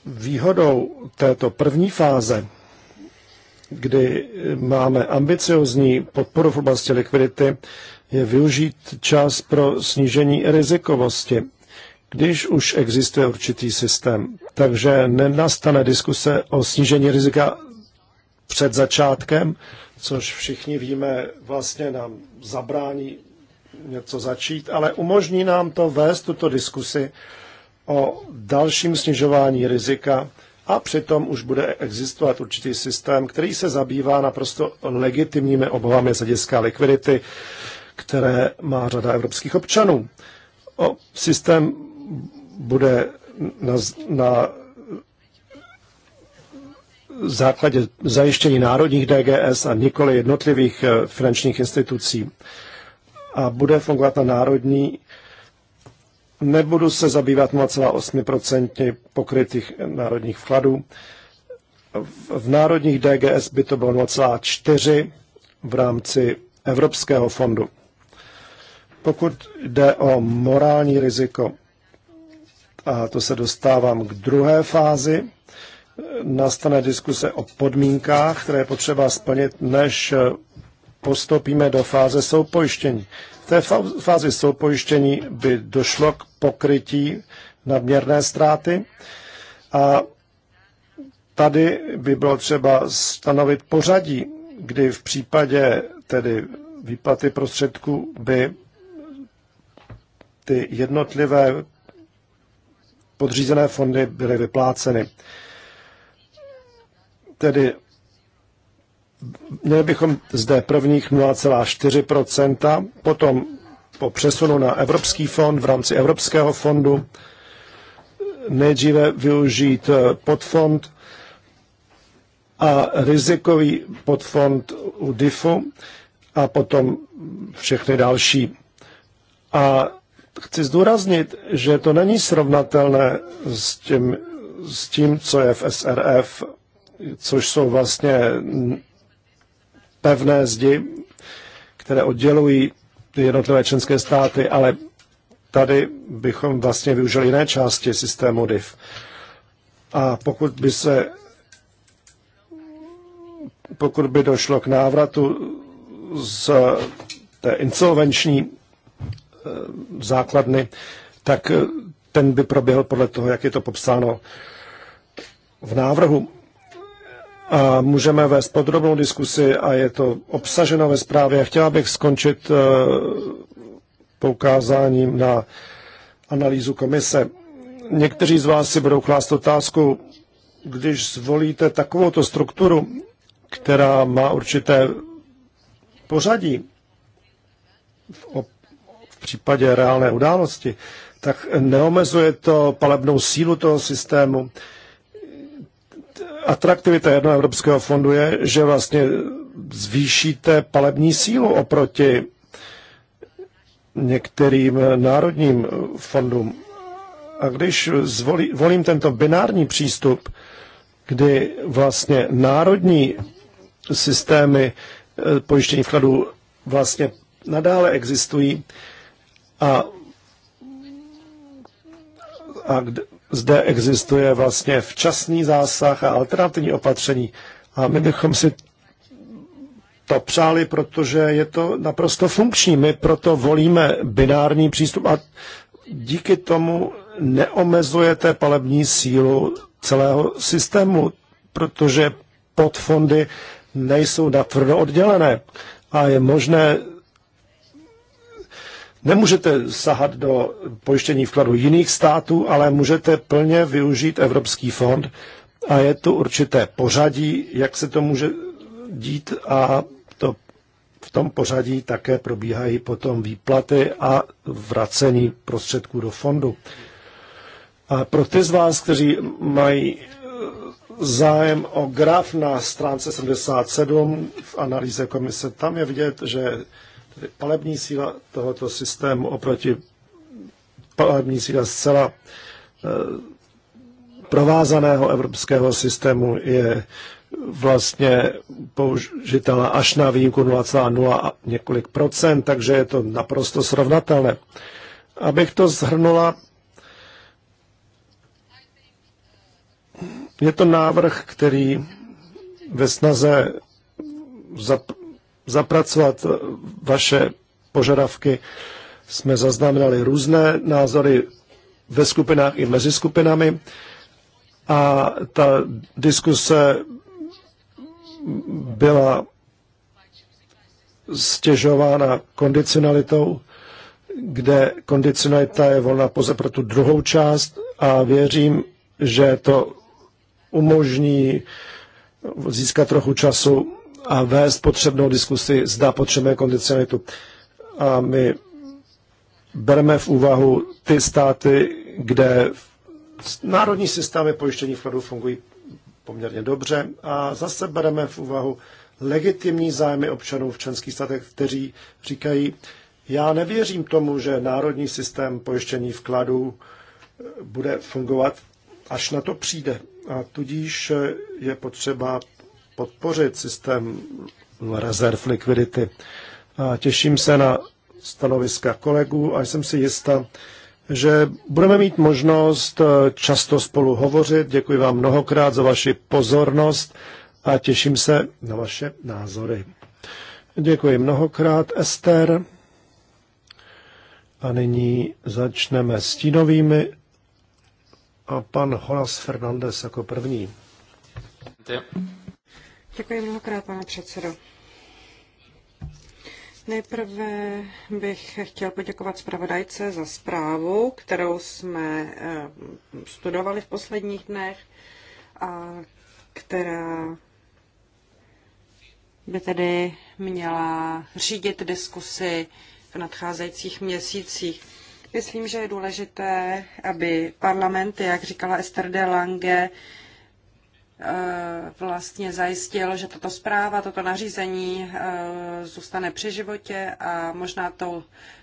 výhodou této první fáze, kdy máme ambiciozní podporu v oblasti likvidity, je využít čas pro snížení rizikovosti, když už existuje určitý systém. Takže nenastane diskuse o snížení rizika před začátkem, což všichni víme, vlastně nám zabrání něco začít, ale umožní nám to vést tuto diskusi o dalším snižování rizika a přitom už bude existovat určitý systém, který se zabývá naprosto legitimními obavami z hlediska likvidity, které má řada evropských občanů. O systém bude na, na základě zajištění národních DGS a nikoli jednotlivých eh, finančních institucí a bude fungovat na národní. Nebudu se zabývat 0,8% pokrytých eh, národních vkladů. V národních DGS by to bylo 0,4 v rámci Evropského fondu. Pokud jde o morální riziko, a to se dostávám k druhé fázi, nastane diskuse o podmínkách, které je potřeba splnit, než postoupíme do fáze soupojištění. V té fázi soupojištění by došlo k pokrytí nadměrné ztráty a tady by bylo třeba stanovit pořadí, kdy v případě tedy výplaty prostředků by ty jednotlivé podřízené fondy byly vypláceny. Tedy měli bychom zde prvních 0,4%, potom po přesunu na Evropský fond v rámci Evropského fondu nejdříve využít eh, podfond a rizikový podfond u DIFu a potom všechny další. A chci zdůraznit, že to není srovnatelné s tím, s tím co je v SRF což jsou vlastně pevné zdi, které oddělují ty jednotlivé členské státy, ale tady bychom vlastně využili jiné části systému DIF. A pokud by se pokud by došlo k návratu z té insolvenční eh, základny, tak ten by proběhl podle toho, jak je to popsáno v návrhu a můžeme vést podrobnou diskusi a je to obsaženo ve zprávě. Chtěla bych skončit eh, poukázáním na analýzu komise. Někteří z vás si budou klást otázku, když zvolíte takovouto strukturu, která má určité pořadí v, v případě reálné události, tak neomezuje to palebnou sílu toho systému atraktivita jednoho evropského fondu je, že vlastně zvýšíte palební sílu oproti některým národním fondům. A když zvolí, volím tento binární přístup, kdy vlastně národní systémy eh, pojištění vkladů vlastně nadále existují a, a zde existuje vlastně včasný zásah a alternativní opatření. A my bychom si to přáli, protože je to naprosto funkční. My proto volíme binární přístup a díky tomu neomezujete palební sílu celého systému, protože podfondy nejsou natvrdo oddělené a je možné Nemůžete sahat do pojištění vkladu jiných států, ale můžete plně využít Evropský fond a je tu určité pořadí, jak se to může dít a to v tom pořadí také probíhají potom výplaty a vracení prostředků do fondu. A pro ty z vás, kteří mají eh, zájem o graf na stránce 77 v analýze komise, tam je vidět, že palební síla tohoto systému oproti palební síla zcela eh, provázaného evropského systému je vlastně použitelná až na výjimku 0,0 a několik procent, takže je to naprosto srovnatelné. Abych to zhrnula, je to návrh, který ve snaze zapracovat eh, vaše požadavky. Jsme zaznamenali různé názory ve skupinách i mezi skupinami a ta diskuse byla stěžována kondicionalitou, kde kondicionalita je volná pouze pro tu druhou část a věřím, že to umožní získat trochu času a vést potřebnou diskusi, zda potřebujeme kondicionalitu. A my bereme v úvahu ty státy, kde národní systémy pojištění vkladů fungují poměrně dobře a zase bereme v úvahu legitimní zájmy občanů v členských státech, kteří říkají, já nevěřím tomu, že národní systém pojištění vkladů eh, bude fungovat, až na to přijde. A tudíž eh, je potřeba podpořit systém rezerv likvidity. těším se na stanoviska kolegů a jsem si jista, že budeme mít možnost eh, často spolu hovořit. Děkuji vám mnohokrát za vaši pozornost a těším se na vaše názory. Děkuji mnohokrát, Ester. A nyní začneme stínovými a pan Holas Fernandez jako první. Děkuji mnohokrát, pane předsedo. Nejprve bych chtěl poděkovat zpravodajce za zprávu, kterou jsme eh, studovali v posledních dnech a která by tedy měla řídit diskusy v nadcházejících měsících. Myslím, že je důležité, aby parlament, jak říkala Esther de Lange, Eh, vlastně zajistil, že tato zpráva, toto nařízení eh, zůstane při životě a možná tou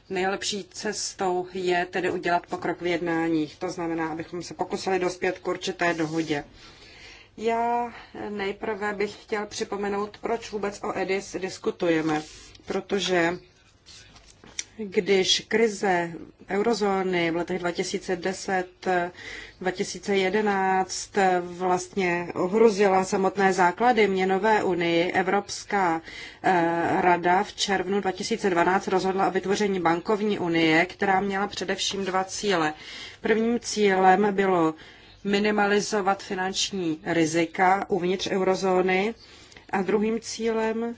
nejlepší cestou je tedy udělat pokrok v jednáních. To znamená, abychom se pokusili dospět k určité dohodě. Já nejprve bych chtěl připomenout, proč vůbec o EDIS diskutujeme, protože když krize eurozóny v letech 2010, 2011 vlastně ohrozila samotné základy měnové unii, Evropská eh, rada v červnu 2012 rozhodla o vytvoření bankovní unie, která měla především dva cíle. Prvním cílem bylo minimalizovat finanční rizika uvnitř eurozóny a druhým cílem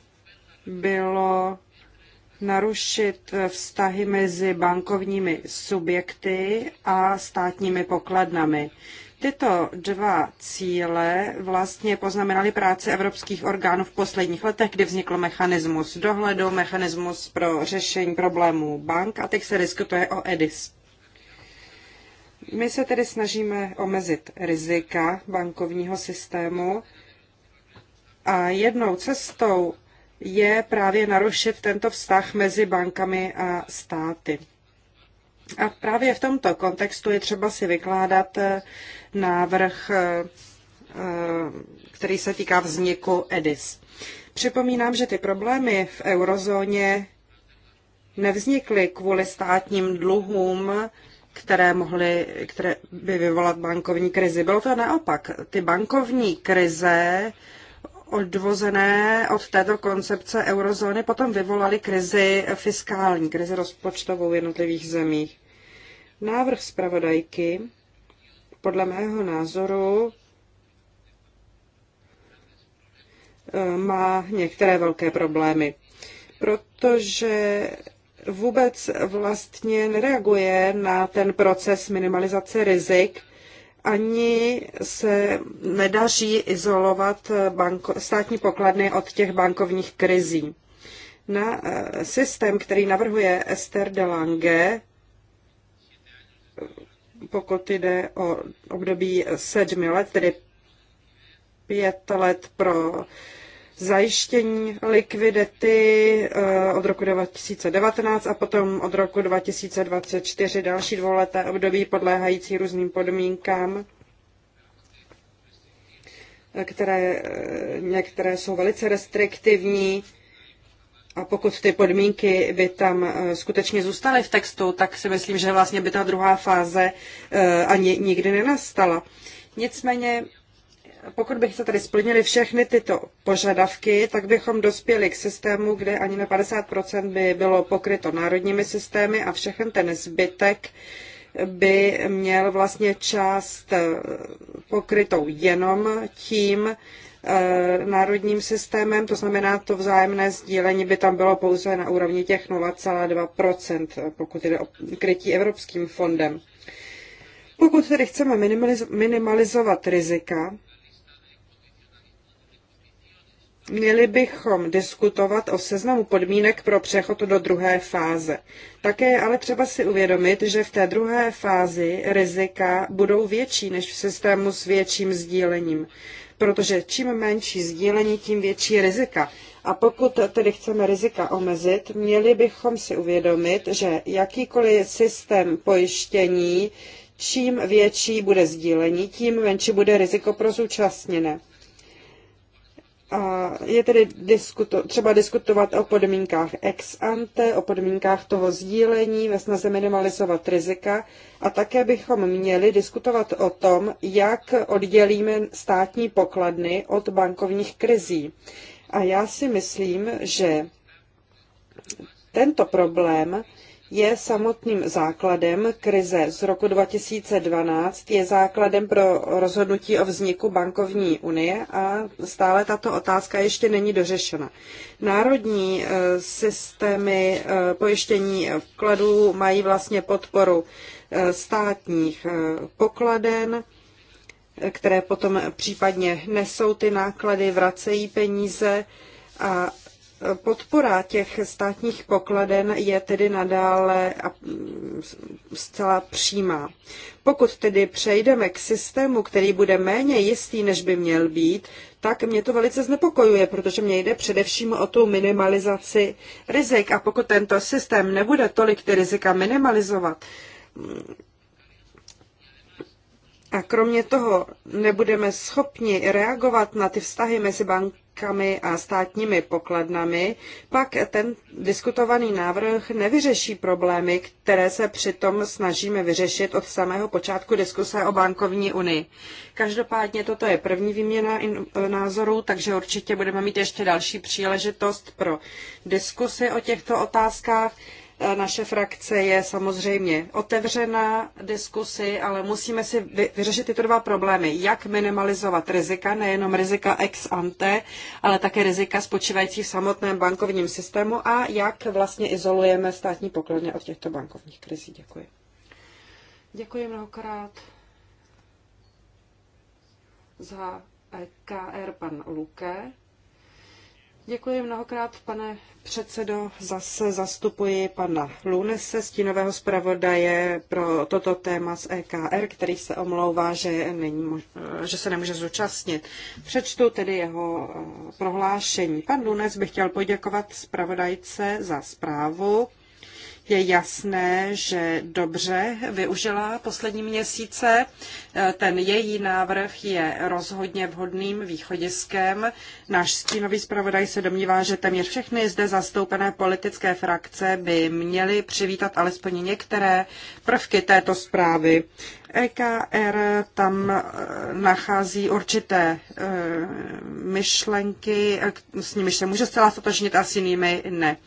bylo narušit eh, vztahy mezi bankovními subjekty a státními pokladnami. Tyto dva cíle vlastně poznamenaly práce evropských orgánů v posledních letech, kdy vznikl mechanismus dohledu, mechanismus pro řešení problémů bank a teď se diskutuje o EDIS. My se tedy snažíme omezit rizika bankovního systému a jednou cestou je právě narušit tento vztah mezi bankami a státy. A právě v tomto kontextu je třeba si vykládat eh, návrh, eh, eh, který se týká vzniku EDIS. Připomínám, že ty problémy v eurozóně nevznikly kvůli státním dluhům, které, mohly, které by vyvolat bankovní krizi. Bylo to naopak. Ty bankovní krize odvozené od této koncepce eurozóny potom vyvolaly krizi fiskální, krizi rozpočtovou v jednotlivých zemích. Návrh zpravodajky podle mého názoru eh, má některé velké problémy, protože vůbec vlastně nereaguje na ten proces minimalizace rizik, ani se nedaří izolovat banko, státní pokladny od těch bankovních krizí. Na eh, systém, který navrhuje Esther de Lange, pokud jde o období sedmi let, tedy pět let pro zajištění likvidity eh, od roku 2019 a potom od roku 2024 další dvouleté období podléhající různým podmínkám, eh, které eh, některé jsou velice restriktivní. A pokud ty podmínky by tam skutečně zůstaly v textu, tak si myslím, že vlastně by ta druhá fáze ani nikdy nenastala. Nicméně pokud bych se tedy splnili všechny tyto požadavky, tak bychom dospěli k systému, kde ani na 50% by bylo pokryto národními systémy a všechen ten zbytek by měl vlastně část eh, pokrytou jenom tím eh, národním systémem, to znamená, to vzájemné sdílení by tam bylo pouze na úrovni těch 0,2%, pokud jde o krytí Evropským fondem. Pokud tedy chceme minimalizovat rizika, Měli bychom diskutovat o seznamu podmínek pro přechod do druhé fáze. Také je ale třeba si uvědomit, že v té druhé fázi rizika budou větší než v systému s větším sdílením, protože čím menší sdílení, tím větší rizika. A pokud tedy chceme rizika omezit, měli bychom si uvědomit, že jakýkoliv systém pojištění, čím větší bude sdílení, tím menší bude riziko pro zúčastněné je tedy diskuto, třeba diskutovat o podmínkách ex ante, o podmínkách toho sdílení ve snaze minimalizovat rizika a také bychom měli diskutovat o tom, jak oddělíme státní pokladny od bankovních krizí. A já si myslím, že tento problém je samotným základem krize z roku 2012, je základem pro rozhodnutí o vzniku bankovní unie a stále tato otázka ještě není dořešena. Národní eh, systémy eh, pojištění vkladů mají vlastně podporu eh, státních pokladen, které potom případně nesou ty náklady, vracejí peníze a Podpora těch státních pokladen je tedy nadále zcela přímá. Pokud tedy přejdeme k systému, který bude méně jistý, než by měl být, tak mě to velice znepokojuje, protože mě jde především o tu minimalizaci rizik. A pokud tento systém nebude tolik ty rizika minimalizovat, a kromě toho nebudeme schopni reagovat na ty vztahy mezi bankami a státními pokladnami, pak ten diskutovaný návrh nevyřeší problémy, které se přitom snažíme vyřešit od samého počátku diskuse o bankovní unii. Každopádně toto je první výměna názorů, takže určitě budeme mít ještě další příležitost pro diskusy o těchto otázkách. Naše frakce je samozřejmě otevřená diskusi, ale musíme si vyřešit tyto dva problémy. Jak minimalizovat rizika, nejenom rizika ex ante, ale také rizika spočívající v samotném bankovním systému a jak vlastně izolujeme státní pokladně od těchto bankovních krizí. Děkuji. Děkuji mnohokrát za KR pan Luke. Děkuji mnohokrát, pane předsedo. Zase zastupuji pana Lunese, stínového zpravodaje pro toto téma z EKR, který se omlouvá, že, není, že se nemůže zúčastnit. Přečtu tedy jeho eh, prohlášení. Pan Lunes by chtěl poděkovat zpravodajce za zprávu je jasné, že dobře využila poslední měsíce. Ten její návrh je rozhodně vhodným východiskem. Náš stínový zpravodaj se domnívá, že téměř všechny zde zastoupené politické frakce by měly přivítat alespoň některé prvky této zprávy. EKR tam e, nachází určité e, myšlenky, e, s nimiž se může zcela stotožnit a s jinými ne.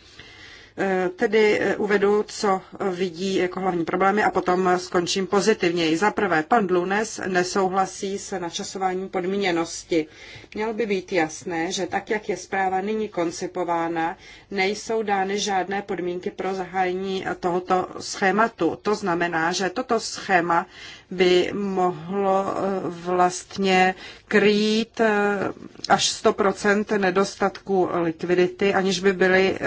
Eh, tedy eh, uvedu, co vidí jako hlavní problémy a potom skončím pozitivněji. Za prvé, pan Lunes nesouhlasí s načasováním podmíněnosti. Mělo by být jasné, že tak, jak je zpráva nyní koncipována, nejsou dány žádné podmínky pro zahájení tohoto schématu. To znamená, že toto schéma by mohlo eh, vlastně krýt až 100% nedostatku likvidity, aniž by byly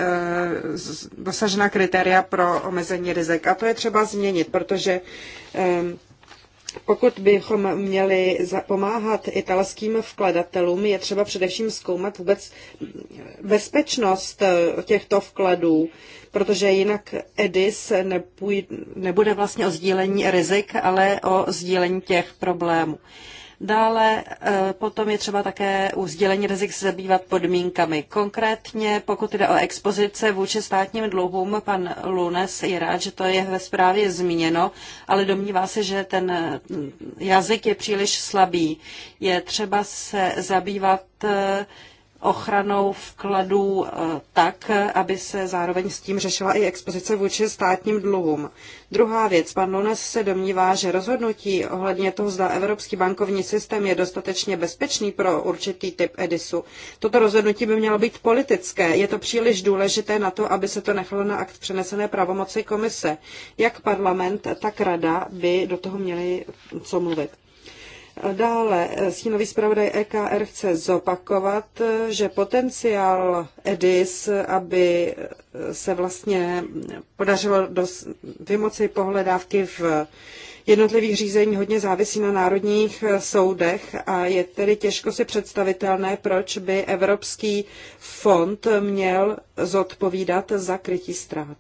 dosažena kritéria pro omezení rizik. A to je třeba změnit, protože pokud bychom měli pomáhat italským vkladatelům, je třeba především zkoumat vůbec bezpečnost eh, těchto vkladů, protože jinak EDIS nebude vlastně o sdílení rizik, ale o sdílení těch problémů. Dále eh, potom je třeba také u sdělení rizik se zabývat podmínkami. Konkrétně, pokud jde o expozice vůči státním dluhům, pan Lunes je rád, že to je ve zprávě zmíněno, ale domnívá se, že ten eh, jazyk je příliš slabý. Je třeba se zabývat eh, ochranou vkladů eh, tak, aby se zároveň s tím řešila i expozice vůči státním dluhům. Druhá věc, pan Lunes se domnívá, že rozhodnutí ohledně toho, zda evropský bankovní systém je dostatečně bezpečný pro určitý typ Edisu. Toto rozhodnutí by mělo být politické. Je to příliš důležité na to, aby se to nechalo na akt přenesené pravomoci komise. Jak parlament, tak rada by do toho měli co mluvit. Dále eh, stínový zpravodaj EKR chce zopakovat, eh, že potenciál EDIS, eh, aby se vlastně podařilo dos- vymoci pohledávky v jednotlivých řízení hodně závisí na národních soudech a je tedy těžko si představitelné, proč by Evropský fond měl zodpovídat za krytí ztrát.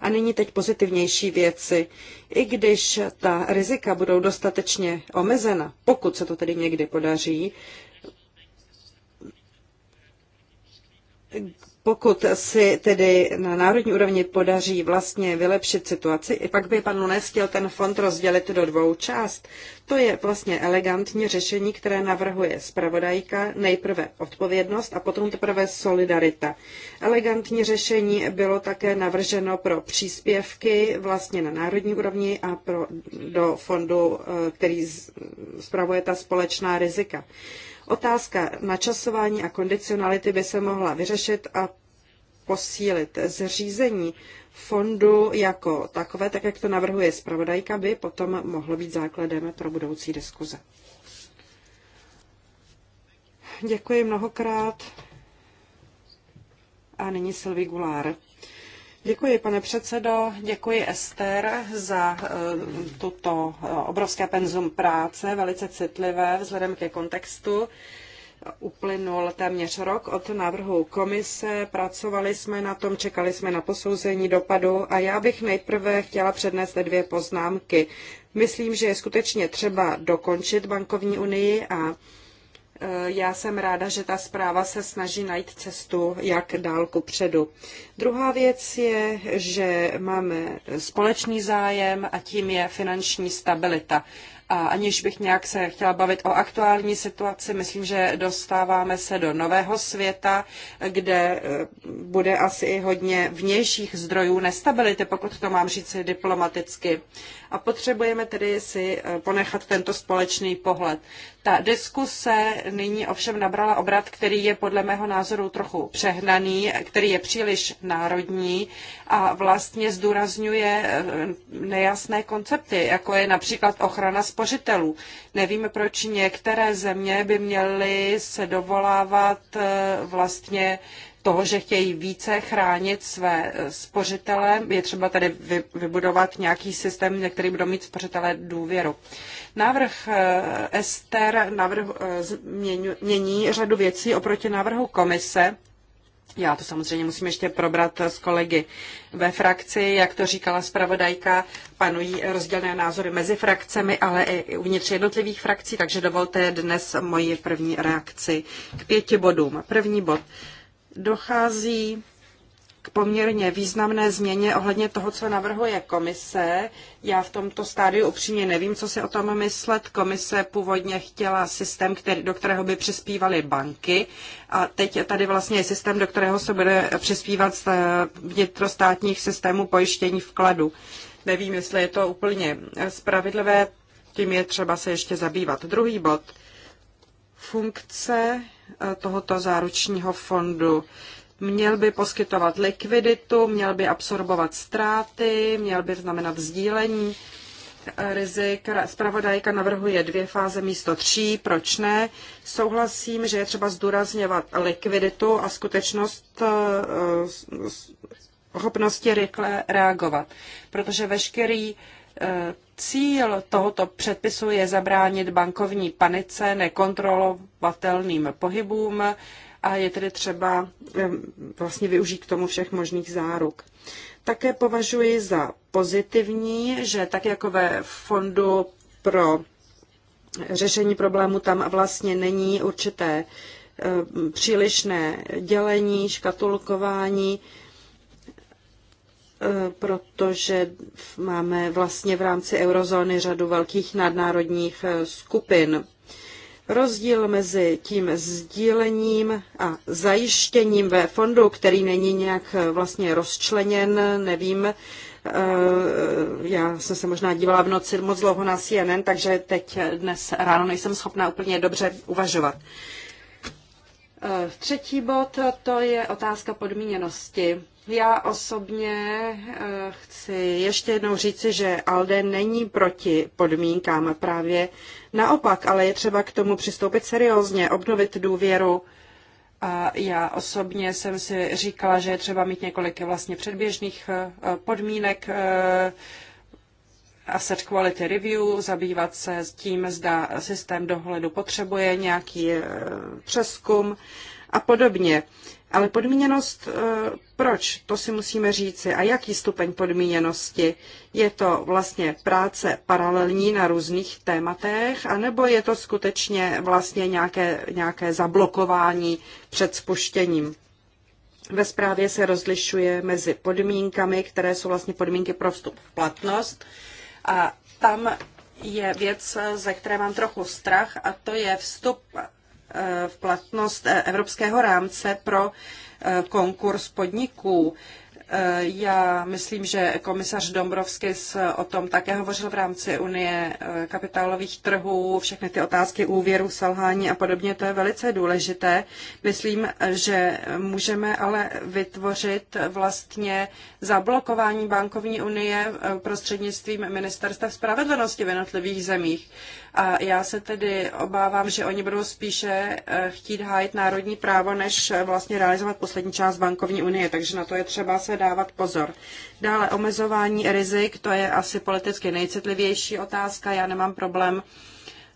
A nyní teď pozitivnější věci. I když ta rizika budou dostatečně omezena, pokud se to tedy někdy podaří, pokud si tedy na národní úrovni podaří vlastně vylepšit situaci, i pak by pan Lunes chtěl ten fond rozdělit do dvou část. To je vlastně elegantní řešení, které navrhuje zpravodajka, nejprve odpovědnost a potom teprve solidarita. Elegantní řešení bylo také navrženo pro příspěvky vlastně na národní úrovni a pro, do fondu, eh, který spravuje ta společná rizika. Otázka načasování a kondicionality by se mohla vyřešit a posílit. Zřízení fondu jako takové, tak jak to navrhuje zpravodajka, by potom mohlo být základem pro budoucí diskuze. Děkuji mnohokrát. A nyní Sylvie Goulart. Děkuji, pane předsedo, děkuji Ester za eh, tuto eh, obrovské penzum práce, velice citlivé vzhledem ke kontextu. Uplynul téměř rok od návrhu komise, pracovali jsme na tom, čekali jsme na posouzení dopadu a já bych nejprve chtěla přednést dvě poznámky. Myslím, že je skutečně třeba dokončit bankovní unii a Eh, já jsem ráda, že ta zpráva se snaží najít cestu, jak dál ku předu. Druhá věc je, že máme společný zájem a tím je finanční stabilita. A aniž bych nějak se chtěla bavit o aktuální situaci, myslím, že dostáváme se do nového světa, kde eh, bude asi i hodně vnějších zdrojů nestability, pokud to mám říci diplomaticky. A potřebujeme tedy si eh, ponechat tento společný pohled. Ta diskuse nyní ovšem nabrala obrat, který je podle mého názoru trochu přehnaný, který je příliš národní a vlastně zdůrazňuje eh, nejasné koncepty, jako je například ochrana spořitelů. Nevím, proč některé země by měly se dovolávat eh, vlastně toho, že chtějí více chránit své eh, spořitele. Je třeba tady vybudovat nějaký systém, který budou mít spořitele důvěru. Návrh eh, Ester návrh, eh, mění řadu věcí oproti návrhu komise. Já to samozřejmě musím ještě probrat eh, s kolegy ve frakci. Jak to říkala zpravodajka, panují rozdílné názory mezi frakcemi, ale i uvnitř jednotlivých frakcí, takže dovolte dnes moji první reakci k pěti bodům. První bod. Dochází k poměrně významné změně ohledně toho, co navrhuje komise. Já v tomto stádiu upřímně nevím, co si o tom myslet. Komise původně chtěla systém, který, do kterého by přispívaly banky a teď tady vlastně je systém, do kterého se bude přispívat z eh, vnitrostátních systémů pojištění vkladu. Nevím, jestli je to úplně spravedlivé, tím je třeba se ještě zabývat. Druhý bod. Funkce eh, tohoto záručního fondu. Měl by poskytovat likviditu, měl by absorbovat ztráty, měl by znamenat sdílení eh, rizik. Spravodajka navrhuje dvě fáze místo tří, proč ne? Souhlasím, že je třeba zdůrazněvat likviditu a skutečnost eh, schopnosti rychle reagovat, protože veškerý eh, Cíl tohoto předpisu je zabránit bankovní panice, nekontrolovatelným pohybům, a je tedy třeba vlastně využít k tomu všech možných záruk. Také považuji za pozitivní, že tak jako ve fondu pro řešení problému tam vlastně není určité přílišné dělení, škatulkování, protože máme vlastně v rámci eurozóny řadu velkých nadnárodních skupin. Rozdíl mezi tím sdílením a zajištěním ve fondu, který není nějak eh, vlastně rozčleněn, nevím, eh, já jsem se možná dívala v noci moc dlouho na CNN, takže teď eh, dnes ráno nejsem schopná úplně dobře uvažovat. Třetí bod, to je otázka podmíněnosti. Já osobně eh, chci ještě jednou říci, že ALDE není proti podmínkám, právě naopak, ale je třeba k tomu přistoupit seriózně, obnovit důvěru. A já osobně jsem si říkala, že je třeba mít několik vlastně předběžných eh, podmínek, eh, asset quality review, zabývat se tím, zda systém dohledu potřebuje nějaký přeskum a podobně. Ale podmíněnost, eh, proč? To si musíme říci. A jaký stupeň podmíněnosti? Je to vlastně práce paralelní na různých tématech, anebo je to skutečně vlastně nějaké, nějaké zablokování před spuštěním? Ve zprávě se rozlišuje mezi podmínkami, které jsou vlastně podmínky pro vstup v platnost. A tam je věc, ze které mám trochu strach, a to je vstup v platnost eh, evropského rámce pro eh, konkurs podniků. Eh, já myslím, že komisař Dombrovskis o tom také hovořil v rámci Unie kapitálových trhů, všechny ty otázky úvěru, selhání a podobně, to je velice důležité. Myslím, že můžeme ale vytvořit vlastně zablokování bankovní unie prostřednictvím ministerstva spravedlnosti v jednotlivých zemích. A já se tedy obávám, že oni budou spíše eh, chtít hájit národní právo, než eh, vlastně realizovat poslední část bankovní unie, takže na to je třeba se dávat pozor. Dále omezování rizik, to je asi politicky nejcitlivější otázka. Já nemám problém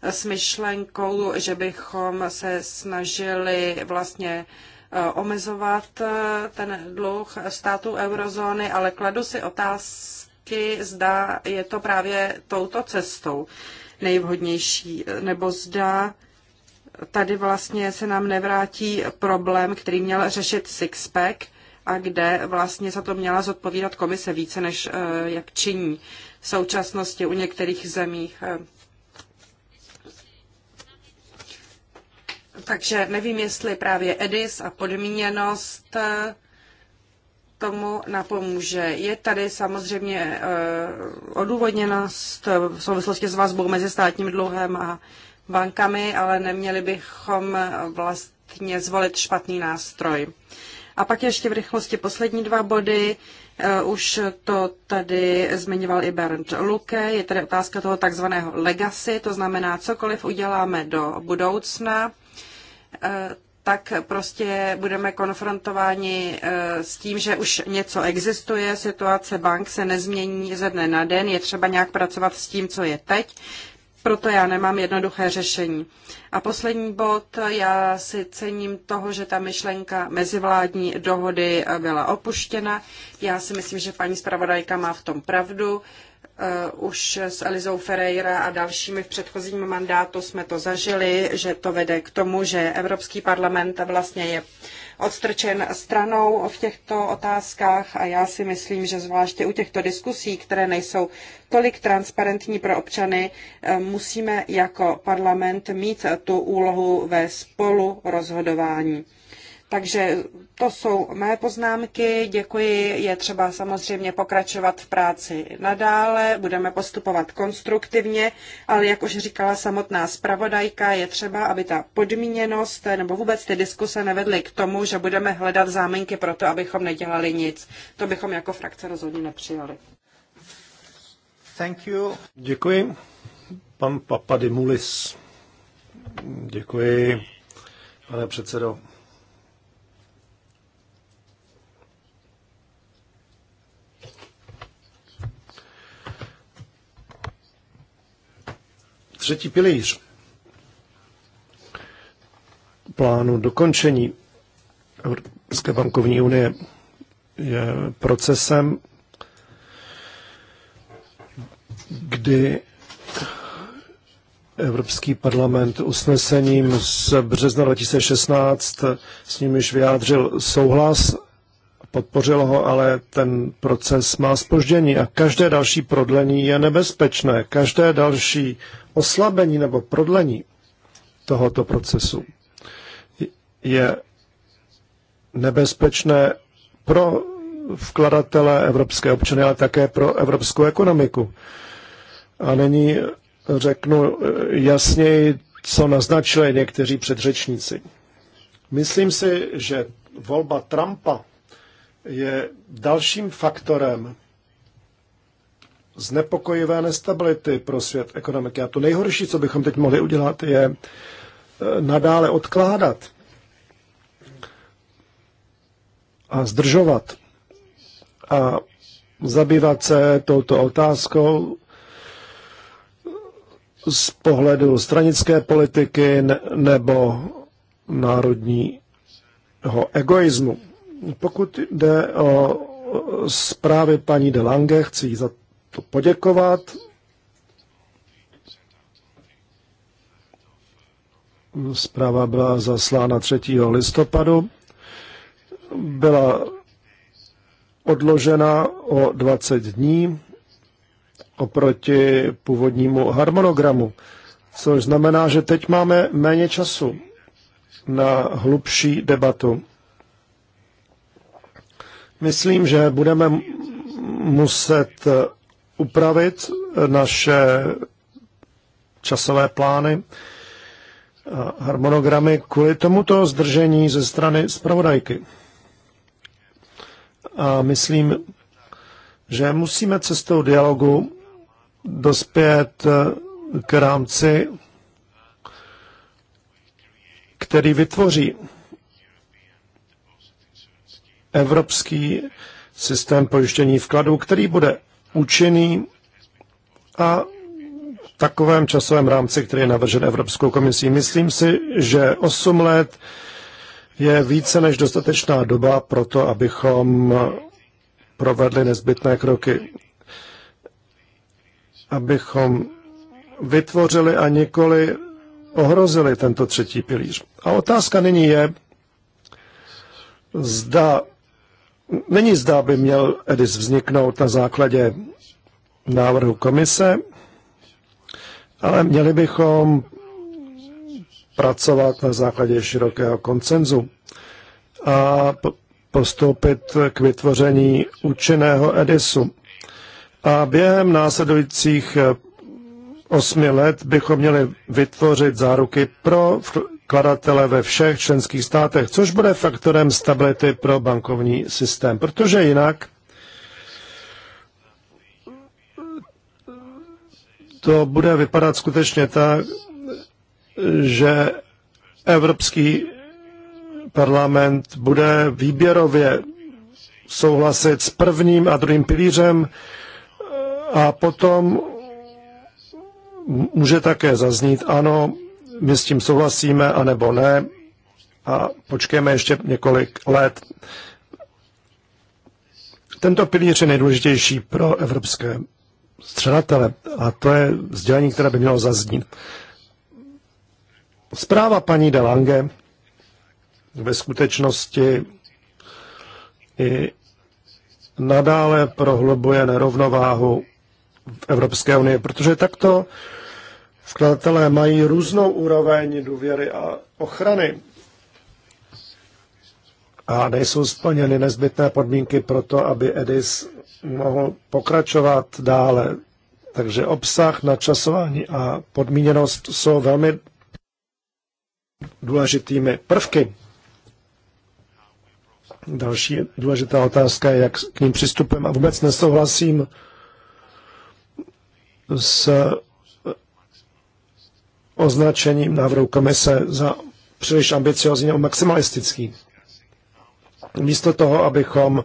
s myšlenkou, že bychom se snažili vlastně eh, omezovat ten dluh států eurozóny, ale kladu si otázky, zda je to právě touto cestou nejvhodnější, nebo zda tady vlastně se nám nevrátí problém, který měl řešit Sixpack a kde vlastně za to měla zodpovídat komise více, než eh, jak činí v současnosti u některých zemích. Eh, takže nevím, jestli právě EDIS a podmíněnost eh, tomu napomůže. Je tady samozřejmě eh, odůvodněnost eh, v souvislosti s vazbou mezi státním dluhem a bankami, ale neměli bychom eh, vlastně zvolit špatný nástroj. A pak ještě v rychlosti poslední dva body. Už to tady zmiňoval i Bernd Luke. Je tady otázka toho takzvaného legacy, to znamená, cokoliv uděláme do budoucna, tak prostě budeme konfrontováni eh, s tím, že už něco existuje, situace bank se nezmění ze dne na den, je třeba nějak pracovat s tím, co je teď. Proto já nemám jednoduché řešení. A poslední bod, já si cením toho, že ta myšlenka mezivládní dohody eh, byla opuštěna. Já si myslím, že paní zpravodajka má v tom pravdu, Eh, už s Elizou Ferreira a dalšími v předchozím mandátu jsme to zažili, že to vede k tomu, že Evropský parlament vlastně je odstrčen stranou v těchto otázkách a já si myslím, že zvláště u těchto diskusí, které nejsou tolik transparentní pro občany, eh, musíme jako parlament mít tu úlohu ve spolurozhodování. Takže to jsou mé poznámky. Děkuji. Je třeba samozřejmě pokračovat v práci nadále. Budeme postupovat konstruktivně, ale jak už říkala samotná zpravodajka, je třeba, aby ta podmíněnost nebo vůbec ty diskuse nevedly k tomu, že budeme hledat záminky pro to, abychom nedělali nic. To bychom jako frakce rozhodně nepřijali. Thank you. Děkuji. Pan Papadimulis. Děkuji, pane předsedo. Třetí pilíř plánu dokončení Evropské bankovní unie je procesem, kdy Evropský parlament usnesením z března 2016 s nimiž vyjádřil souhlas, podpořil ho, ale ten proces má spoždění a každé další prodlení je nebezpečné. Každé další oslabení nebo prodlení tohoto procesu je nebezpečné pro vkladatele evropské občany, ale také pro evropskou ekonomiku. A není, řeknu jasněji, co naznačili někteří předřečníci. Myslím si, že volba Trumpa je dalším faktorem, znepokojivé nestability pro svět ekonomiky. A to nejhorší, co bychom teď mohli udělat, je eh, nadále odkládat a zdržovat a zabývat se touto otázkou z pohledu stranické politiky nebo národního egoismu. Pokud jde o zprávy paní Lange, chci jí za to poděkovat. Zpráva byla zaslána 3. listopadu. Byla odložena o 20 dní oproti původnímu harmonogramu, což znamená, že teď máme méně času na hlubší debatu. Myslím, že budeme muset upravit naše časové plány harmonogramy kvůli tomuto zdržení ze strany zpravodajky. A myslím, že musíme cestou dialogu dospět eh, k rámci, který vytvoří evropský systém pojištění vkladů, který bude účinný a v takovém časovém rámci, který je navržen Evropskou komisí. Myslím si, že 8 let je více než dostatečná doba pro to, abychom provedli nezbytné kroky, abychom vytvořili a nikoli ohrozili tento třetí pilíř. A otázka nyní je, zda Není zda by měl EDIS vzniknout na základě návrhu komise, ale měli bychom pracovat na základě širokého koncenzu a postoupit k vytvoření účinného EDISu. A během následujících eh, osmi let bychom měli vytvořit záruky pro vkladatele ve všech členských státech, což bude faktorem stability pro bankovní systém, protože jinak to bude vypadat skutečně tak, že Evropský parlament bude výběrově souhlasit s prvním a druhým pilířem a potom může také zaznít, ano, my s tím souhlasíme, anebo ne, a počkejme ještě několik let. Tento pilíř je nejdůležitější pro evropské střadatele a to je sdělení, které by mělo zaznít. Zpráva paní Delange ve skutečnosti i nadále prohlubuje nerovnováhu v Evropské unii, protože takto Vkladatelé mají různou úroveň důvěry a ochrany a nejsou splněny nezbytné podmínky pro to, aby EDIS mohl pokračovat dále. Takže obsah, načasování a podmíněnost jsou velmi důležitými prvky. Další důležitá otázka je, jak k ním přistupujeme. A vůbec nesouhlasím s označením návrhu komise za příliš ambiciozní nebo maximalistický. Místo toho, abychom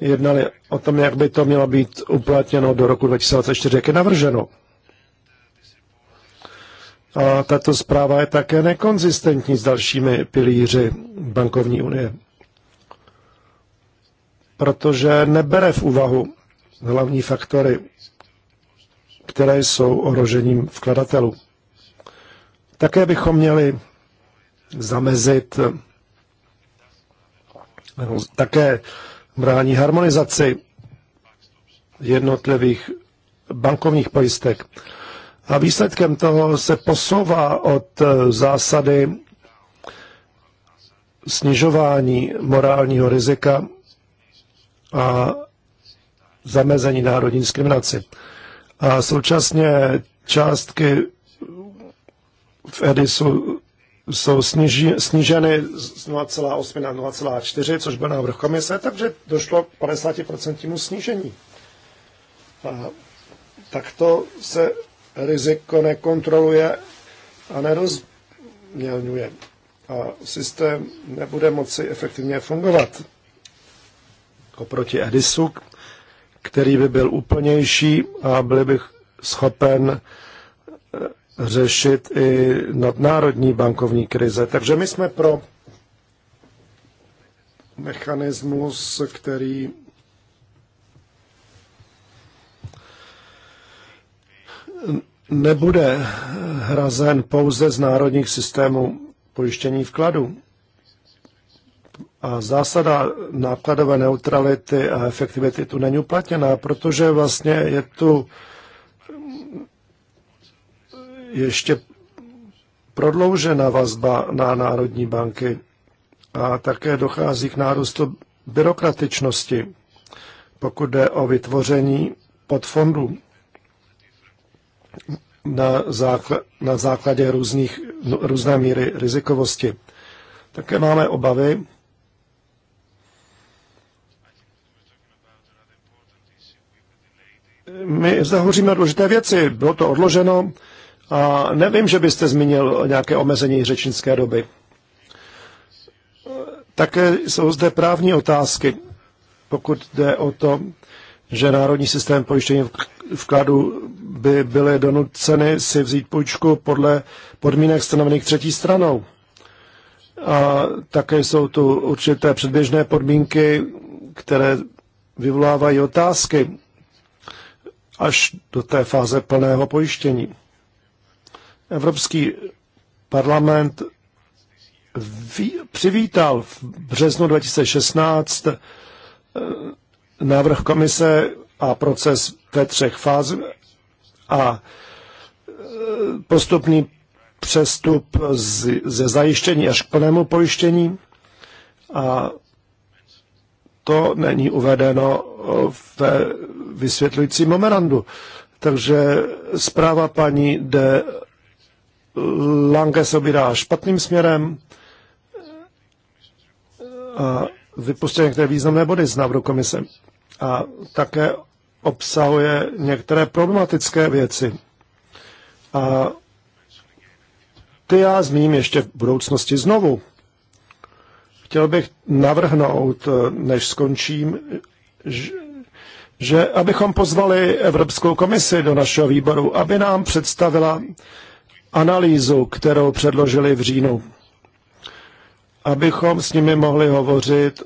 jednali o tom, jak by to mělo být uplatněno do roku 2024, jak je navrženo. A tato zpráva je také nekonzistentní s dalšími pilíři bankovní unie, protože nebere v úvahu hlavní faktory, které jsou ohrožením vkladatelů. Také bychom měli zamezit také brání harmonizaci jednotlivých bankovních pojistek. A výsledkem toho se posouvá od eh, zásady snižování morálního rizika a zamezení národní diskriminaci. A současně částky v Edisu jsou sniži, sníženy z 0,8 na 0,4, což byl návrh komise, takže došlo k 50% snížení. A takto se riziko nekontroluje a nerozmělňuje. A systém nebude moci efektivně fungovat. Oproti Edisu, který by byl úplnější a byl bych schopen eh, řešit i nadnárodní bankovní krize. Takže my jsme pro mechanismus, který nebude hrazen pouze z národních systémů pojištění vkladu. A zásada nákladové neutrality a efektivity tu není uplatněná, protože vlastně je tu ještě prodloužena vazba na národní banky a také dochází k nárůstu byrokratičnosti, pokud jde o vytvoření podfondů na, zákl- na základě různých, různé míry rizikovosti. Také máme obavy, my zahoříme důležité věci. Bylo to odloženo, a nevím, že byste zmínil nějaké omezení řečnické doby. Také jsou zde právní otázky, pokud jde o to, že Národní systém pojištění vkladu by byly donuceny si vzít půjčku podle podmínek stanovených třetí stranou. A také jsou tu určité předběžné podmínky, které vyvolávají otázky až do té fáze plného pojištění. Evropský parlament přivítal v březnu 2016 eh, návrh komise a proces ve třech fáz a eh, postupný přestup z, ze zajištění až k plnému pojištění a to není uvedeno eh, ve vysvětlujícím memorandu. Takže zpráva paní de Lange se obírá špatným směrem a vypustil některé významné body z návrhu komise. A také obsahuje některé problematické věci. A ty já zmíním ještě v budoucnosti znovu. Chtěl bych navrhnout, než skončím, že abychom pozvali Evropskou komisi do našeho výboru, aby nám představila analýzu, kterou předložili v říjnu, abychom s nimi mohli hovořit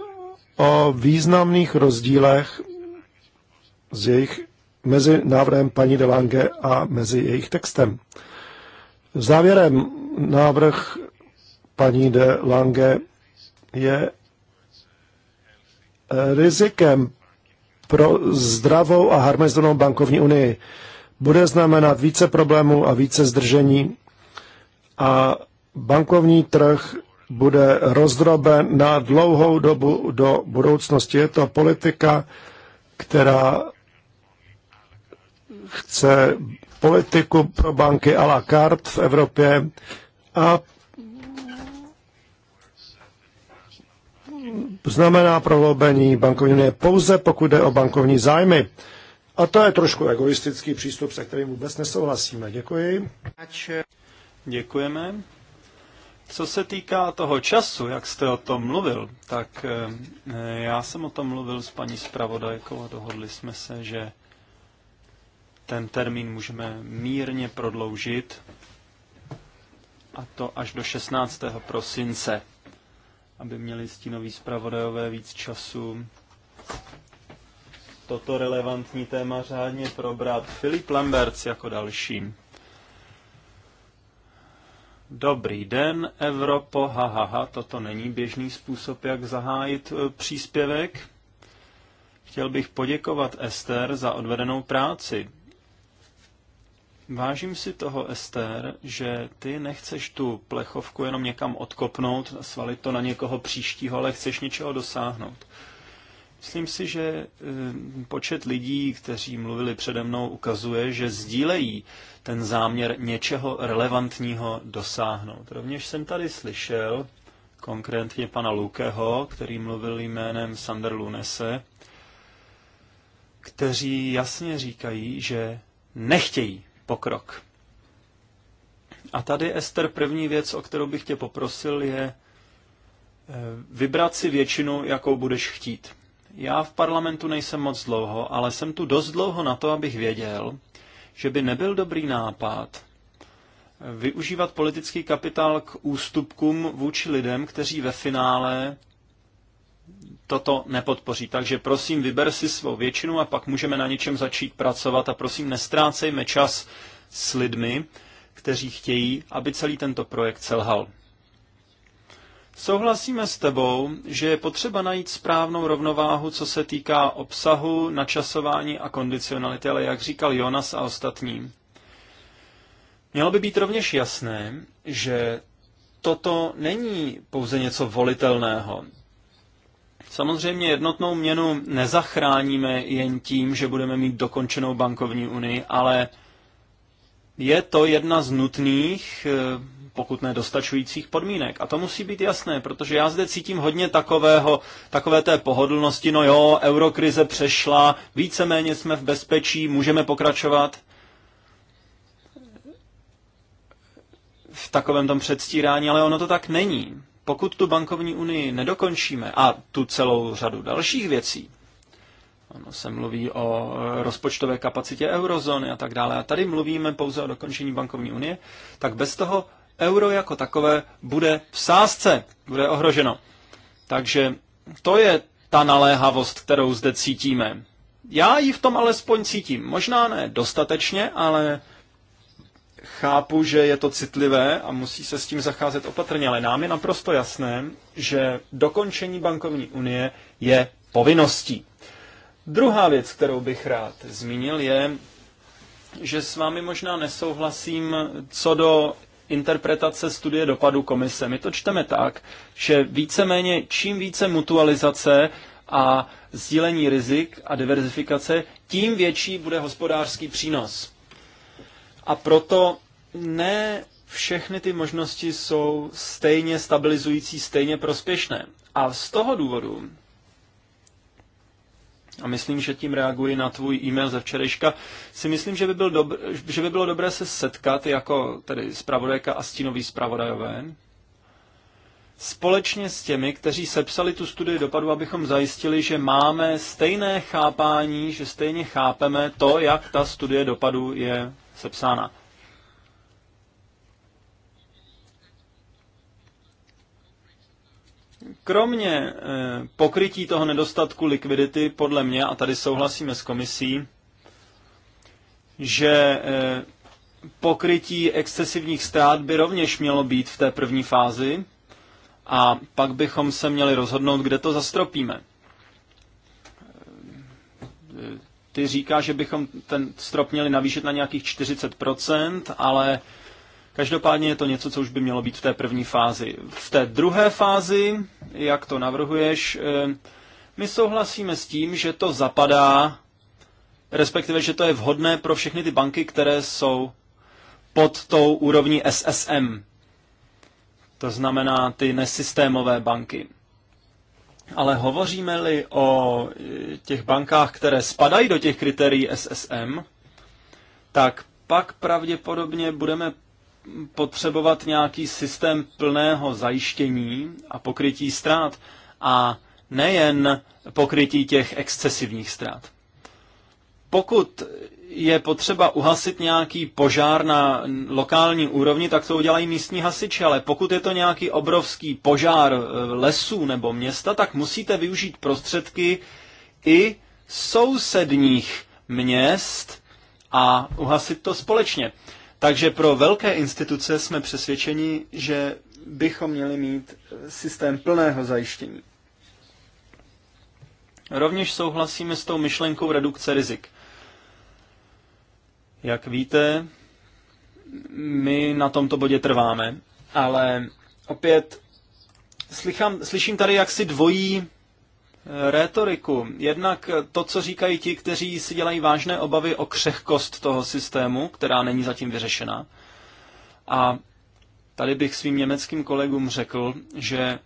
o významných rozdílech z jejich, mezi návrhem paní Delange a mezi jejich textem. Závěrem návrh paní de Lange je eh, rizikem pro zdravou a harmonizovanou bankovní unii bude znamenat více problémů a více zdržení a bankovní trh bude rozdroben na dlouhou dobu do budoucnosti. Je to politika, která chce politiku pro banky à la carte v Evropě a znamená prohloubení bankovní unie pouze pokud jde o bankovní zájmy. A to je trošku egoistický přístup, se kterým vůbec nesouhlasíme. Děkuji. Děkujeme. Co se týká toho času, jak jste o tom mluvil, tak eh, já jsem o tom mluvil s paní zpravodajkou a dohodli jsme se, že ten termín můžeme mírně prodloužit a to až do 16. prosince, aby měli stínoví zpravodajové víc času toto relevantní téma řádně probrat. Filip Lamberts jako další. Dobrý den, Evropo, hahaha, ha, ha. toto není běžný způsob, jak zahájit e, příspěvek. Chtěl bych poděkovat Ester za odvedenou práci. Vážím si toho, Ester, že ty nechceš tu plechovku jenom někam odkopnout a svalit to na někoho příštího, ale chceš něčeho dosáhnout. Myslím si, že eh, počet lidí, kteří mluvili přede mnou, ukazuje, že sdílejí ten záměr něčeho relevantního dosáhnout. Rovněž jsem tady slyšel konkrétně pana Lukeho, který mluvil jménem Sander Lunese, kteří jasně říkají, že nechtějí pokrok. A tady, Ester, první věc, o kterou bych tě poprosil, je eh, vybrat si většinu, jakou budeš chtít. Já v parlamentu nejsem moc dlouho, ale jsem tu dost dlouho na to, abych věděl, že by nebyl dobrý nápad využívat politický kapitál k ústupkům vůči lidem, kteří ve finále toto nepodpoří. Takže prosím, vyber si svou většinu a pak můžeme na něčem začít pracovat a prosím, nestrácejme čas s lidmi, kteří chtějí, aby celý tento projekt selhal. Souhlasíme s tebou, že je potřeba najít správnou rovnováhu, co se týká obsahu, načasování a kondicionality, ale jak říkal Jonas a ostatní. Mělo by být rovněž jasné, že toto není pouze něco volitelného. Samozřejmě jednotnou měnu nezachráníme jen tím, že budeme mít dokončenou bankovní unii, ale je to jedna z nutných eh, pokud dostačujících podmínek. A to musí být jasné, protože já zde cítím hodně takového, takové té pohodlnosti, no jo, eurokrize přešla, víceméně jsme v bezpečí, můžeme pokračovat. v takovém tom předstírání, ale ono to tak není. Pokud tu bankovní unii nedokončíme a tu celou řadu dalších věcí, ono se mluví o rozpočtové kapacitě eurozóny a tak dále, a tady mluvíme pouze o dokončení bankovní unie, tak bez toho euro jako takové bude v sázce, bude ohroženo. Takže to je ta naléhavost, kterou zde cítíme. Já ji v tom alespoň cítím. Možná ne dostatečně, ale chápu, že je to citlivé a musí se s tím zacházet opatrně, ale nám je naprosto jasné, že dokončení bankovní unie je povinností. Druhá věc, kterou bych rád zmínil, je, že s vámi možná nesouhlasím co do interpretace studie dopadu komise. My to čteme tak, že víceméně čím více mutualizace a sdílení rizik a diverzifikace, tím větší bude hospodářský přínos. A proto ne všechny ty možnosti jsou stejně stabilizující, stejně prospěšné. A z toho důvodu a myslím, že tím reaguji na tvůj e-mail ze včerejška, si myslím, že by, byl dob- že by bylo dobré se setkat jako tedy zpravodajka a stínový zpravodajové, společně s těmi, kteří sepsali tu studii dopadu, abychom zajistili, že máme stejné chápání, že stejně chápeme to, jak ta studie dopadu je sepsána. Kromě eh, pokrytí toho nedostatku likvidity, podle mě, a tady souhlasíme s komisí, že eh, pokrytí excesivních ztrát by rovněž mělo být v té první fázi a pak bychom se měli rozhodnout, kde to zastropíme. Eh, ty říká, že bychom ten strop měli navýšit na nějakých 40%, ale Každopádně je to něco, co už by mělo být v té první fázi. V té druhé fázi, jak to navrhuješ, eh, my souhlasíme s tím, že to zapadá, respektive, že to je vhodné pro všechny ty banky, které jsou pod tou úrovní SSM. To znamená ty nesystémové banky. Ale hovoříme-li o eh, těch bankách, které spadají do těch kritérií SSM, tak pak pravděpodobně budeme potřebovat nějaký systém plného zajištění a pokrytí ztrát a nejen pokrytí těch excesivních ztrát. Pokud je potřeba uhasit nějaký požár na lokální úrovni, tak to udělají místní hasiči, ale pokud je to nějaký obrovský požár e, lesů nebo města, tak musíte využít prostředky i sousedních měst a uhasit to společně. Takže pro velké instituce jsme přesvědčeni, že bychom měli mít systém plného zajištění. Rovněž souhlasíme s tou myšlenkou redukce rizik. Jak víte, my na tomto bodě trváme, ale opět slychám, slyším tady jaksi dvojí rétoriku. Jednak to, co říkají ti, kteří si dělají vážné obavy o křehkost toho systému, která není zatím vyřešena. A tady bych svým německým kolegům řekl, že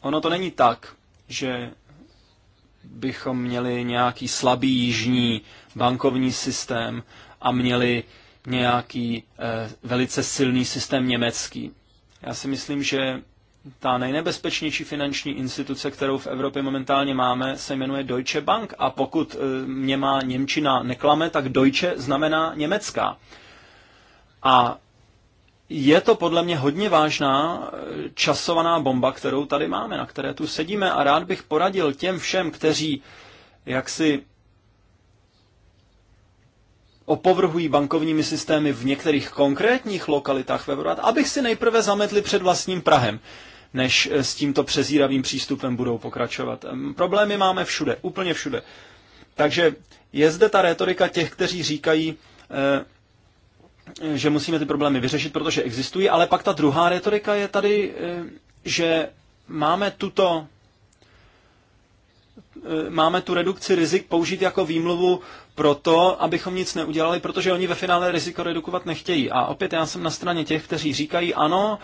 ono to není tak, že bychom měli nějaký slabý jižní bankovní systém a měli nějaký eh, velice silný systém německý. Já si myslím, že ta nejnebezpečnější finanční instituce, kterou v Evropě momentálně máme, se jmenuje Deutsche Bank a pokud eh, mě má Němčina neklame, tak Deutsche znamená německá. A je to podle mě hodně vážná eh, časovaná bomba, kterou tady máme, na které tu sedíme a rád bych poradil těm všem, kteří jaksi opovrhují bankovními systémy v některých konkrétních lokalitách ve Evropě, abych si nejprve zametli před vlastním Prahem než eh, s tímto přezíravým přístupem budou pokračovat. Problémy máme všude, úplně všude. Takže je zde ta retorika těch, kteří říkají, eh, že musíme ty problémy vyřešit, protože existují, ale pak ta druhá retorika je tady, eh, že máme tuto máme tu redukci rizik použít jako výmluvu pro to, abychom nic neudělali, protože oni ve finále riziko redukovat nechtějí. A opět já jsem na straně těch, kteří říkají, ano,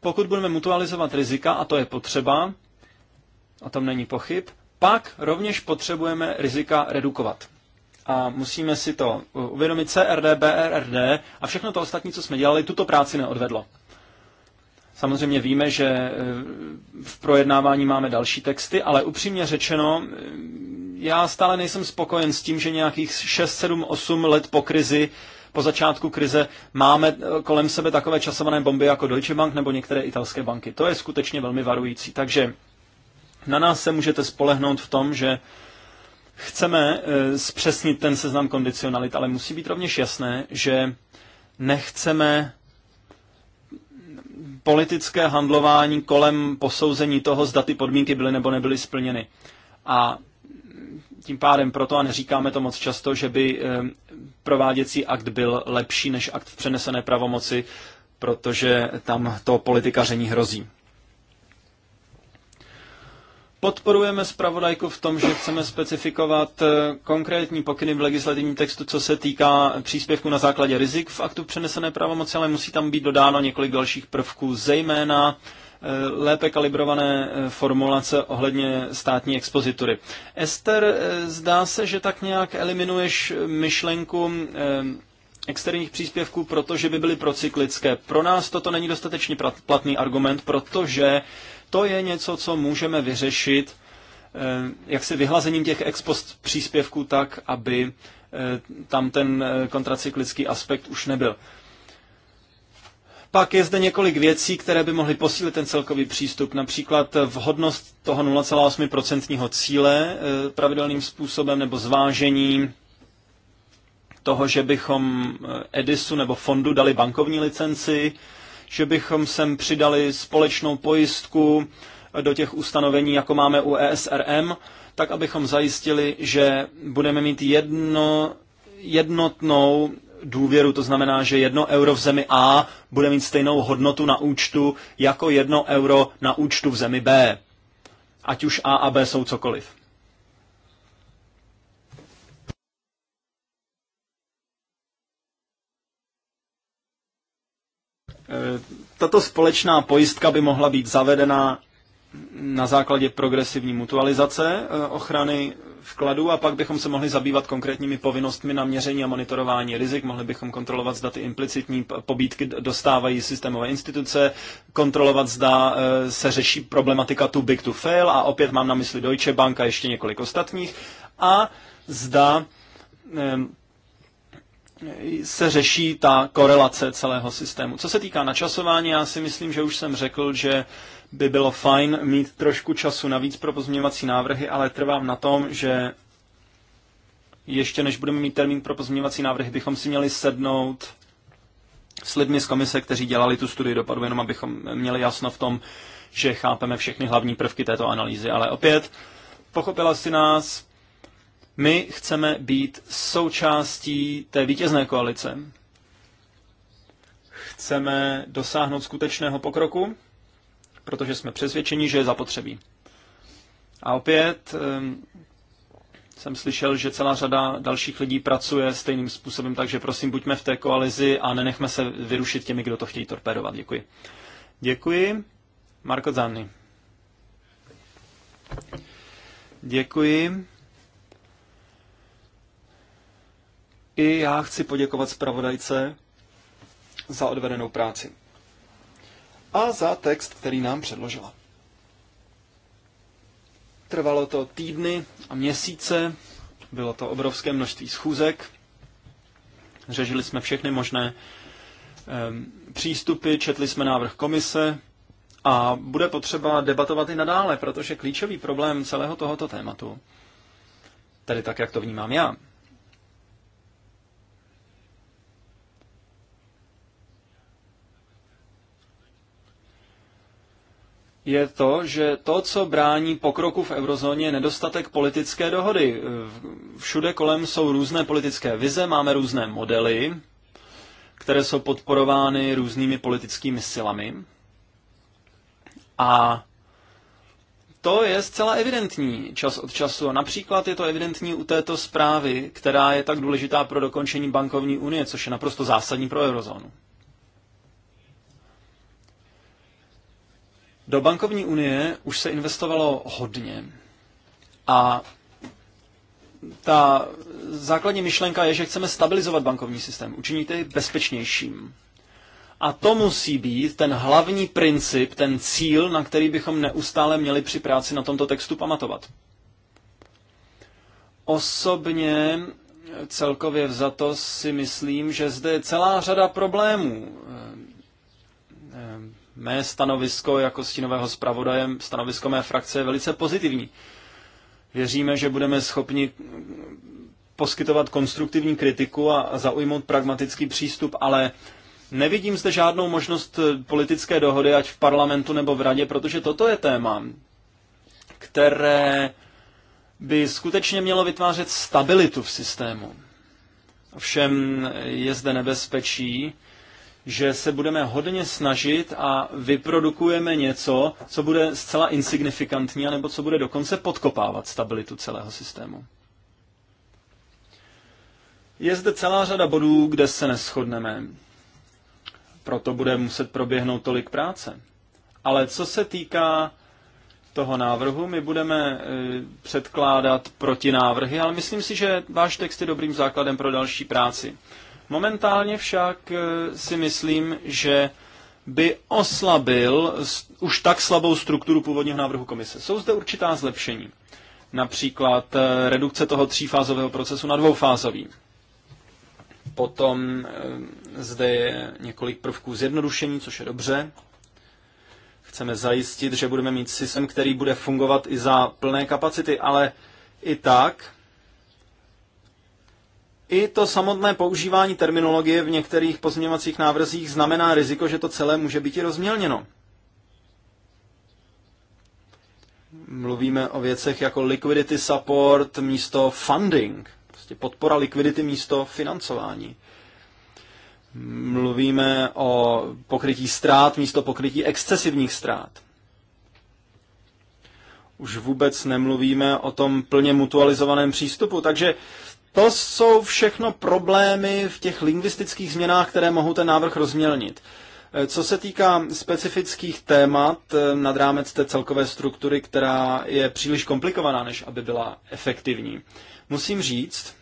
pokud budeme mutualizovat rizika, a to je potřeba, o tom není pochyb, pak rovněž potřebujeme rizika redukovat. A musíme si to uh, uvědomit CRD, BRRD a všechno to ostatní, co jsme dělali, tuto práci neodvedlo. Samozřejmě víme, že uh, v projednávání máme další texty, ale upřímně řečeno, uh, já stále nejsem spokojen s tím, že nějakých 6, 7, 8 let po krizi po začátku krize máme eh, kolem sebe takové časované bomby jako Deutsche Bank nebo některé italské banky. To je skutečně velmi varující. Takže na nás se můžete spolehnout v tom, že chceme eh, zpřesnit ten seznam kondicionalit, ale musí být rovněž jasné, že nechceme politické handlování kolem posouzení toho, zda ty podmínky byly nebo nebyly splněny. A tím pádem proto, a neříkáme to moc často, že by eh, prováděcí akt byl lepší než akt v přenesené pravomoci, protože tam to politikaření hrozí. Podporujeme zpravodajku v tom, že chceme specifikovat eh, konkrétní pokyny v legislativním textu, co se týká příspěvku na základě rizik v aktu přenesené pravomoci, ale musí tam být dodáno několik dalších prvků, zejména Eh, lépe kalibrované eh, formulace ohledně státní expozitury. Ester, eh, zdá se, že tak nějak eliminuješ myšlenku externích příspěvků, protože by byly procyklické. Pro nás toto není dostatečně platný argument, protože to je něco, co můžeme vyřešit jak si vyhlazením těch expost příspěvků tak, aby tam ten kontracyklický aspekt už nebyl. Pak je zde několik věcí, které by mohly posílit ten celkový přístup, například vhodnost toho 0,8% cíle eh, pravidelným způsobem nebo zvážení toho, že bychom eh, Edisu nebo fondu dali bankovní licenci, že bychom sem přidali společnou pojistku eh, do těch ustanovení, jako máme u ESRM, tak abychom zajistili, že budeme mít jedno, jednotnou důvěru. To znamená, že jedno euro v zemi A bude mít stejnou hodnotu na účtu jako jedno euro na účtu v zemi B. Ať už A a B jsou cokoliv. E, tato společná pojistka by mohla být zavedena na základě progresivní mutualizace eh, ochrany vkladu a pak bychom se mohli zabývat konkrétními povinnostmi na měření a monitorování rizik, mohli bychom kontrolovat, zda ty implicitní pobídky dostávají systémové instituce, kontrolovat, zda eh, se řeší problematika too big to fail a opět mám na mysli Deutsche Bank a ještě několik ostatních a zda ehm, se řeší ta korelace celého systému. Co se týká načasování, já si myslím, že už jsem řekl, že by bylo fajn mít trošku času navíc pro pozměňovací návrhy, ale trvám na tom, že ještě než budeme mít termín pro pozměňovací návrhy, bychom si měli sednout s lidmi z komise, kteří dělali tu studii dopadu, jenom abychom měli jasno v tom, že chápeme všechny hlavní prvky této analýzy. Ale opět, pochopila si nás, my chceme být součástí té vítězné koalice. Chceme dosáhnout skutečného pokroku protože jsme přesvědčeni, že je zapotřebí. A opět jsem slyšel, že celá řada dalších lidí pracuje stejným způsobem, takže prosím, buďme v té koalizi a nenechme se vyrušit těmi, kdo to chtějí torpédovat. Děkuji. Děkuji. Marko Zanny. Děkuji. I já chci poděkovat zpravodajce za odvedenou práci a za text, který nám předložila. Trvalo to týdny a měsíce, bylo to obrovské množství schůzek, řežili jsme všechny možné um, přístupy, četli jsme návrh komise a bude potřeba debatovat i nadále, protože klíčový problém celého tohoto tématu, tedy tak, jak to vnímám já, je to, že to, co brání pokroku v eurozóně, je nedostatek politické dohody. Všude kolem jsou různé politické vize, máme různé modely, které jsou podporovány různými politickými silami. A to je zcela evidentní čas od času. například je to evidentní u této zprávy, která je tak důležitá pro dokončení bankovní unie, což je naprosto zásadní pro eurozónu. Do bankovní unie už se investovalo hodně a ta základní myšlenka je, že chceme stabilizovat bankovní systém, učinit jej bezpečnějším. A to musí být ten hlavní princip, ten cíl, na který bychom neustále měli při práci na tomto textu pamatovat. Osobně celkově vzato si myslím, že zde je celá řada problémů. Mé stanovisko jako stínového zpravodaje, stanovisko mé frakce je velice pozitivní. Věříme, že budeme schopni poskytovat konstruktivní kritiku a zaujmout pragmatický přístup, ale nevidím zde žádnou možnost politické dohody, ať v parlamentu nebo v radě, protože toto je téma, které by skutečně mělo vytvářet stabilitu v systému. Ovšem je zde nebezpečí, že se budeme hodně snažit a vyprodukujeme něco, co bude zcela insignifikantní, anebo co bude dokonce podkopávat stabilitu celého systému. Je zde celá řada bodů, kde se neschodneme. Proto bude muset proběhnout tolik práce. Ale co se týká toho návrhu, my budeme e, předkládat protinávrhy, ale myslím si, že váš text je dobrým základem pro další práci. Momentálně však eh, si myslím, že by oslabil už tak slabou strukturu původního návrhu komise. Jsou zde určitá zlepšení. Například eh, redukce toho třífázového procesu na dvoufázový. Potom eh, zde je několik prvků zjednodušení, což je dobře. Chceme zajistit, že budeme mít systém, který bude fungovat i za plné kapacity, ale i tak i to samotné používání terminologie v některých pozměňovacích návrzích znamená riziko, že to celé může být i rozmělněno. Mluvíme o věcech jako liquidity support místo funding, prostě podpora likvidity místo financování. Mluvíme o pokrytí ztrát místo pokrytí excesivních ztrát. Už vůbec nemluvíme o tom plně mutualizovaném přístupu, takže to jsou všechno problémy v těch lingvistických změnách, které mohou ten návrh rozmělnit. Eh, co se týká specifických témat eh, nad rámec té celkové struktury, která je příliš komplikovaná, než aby byla efektivní, musím říct,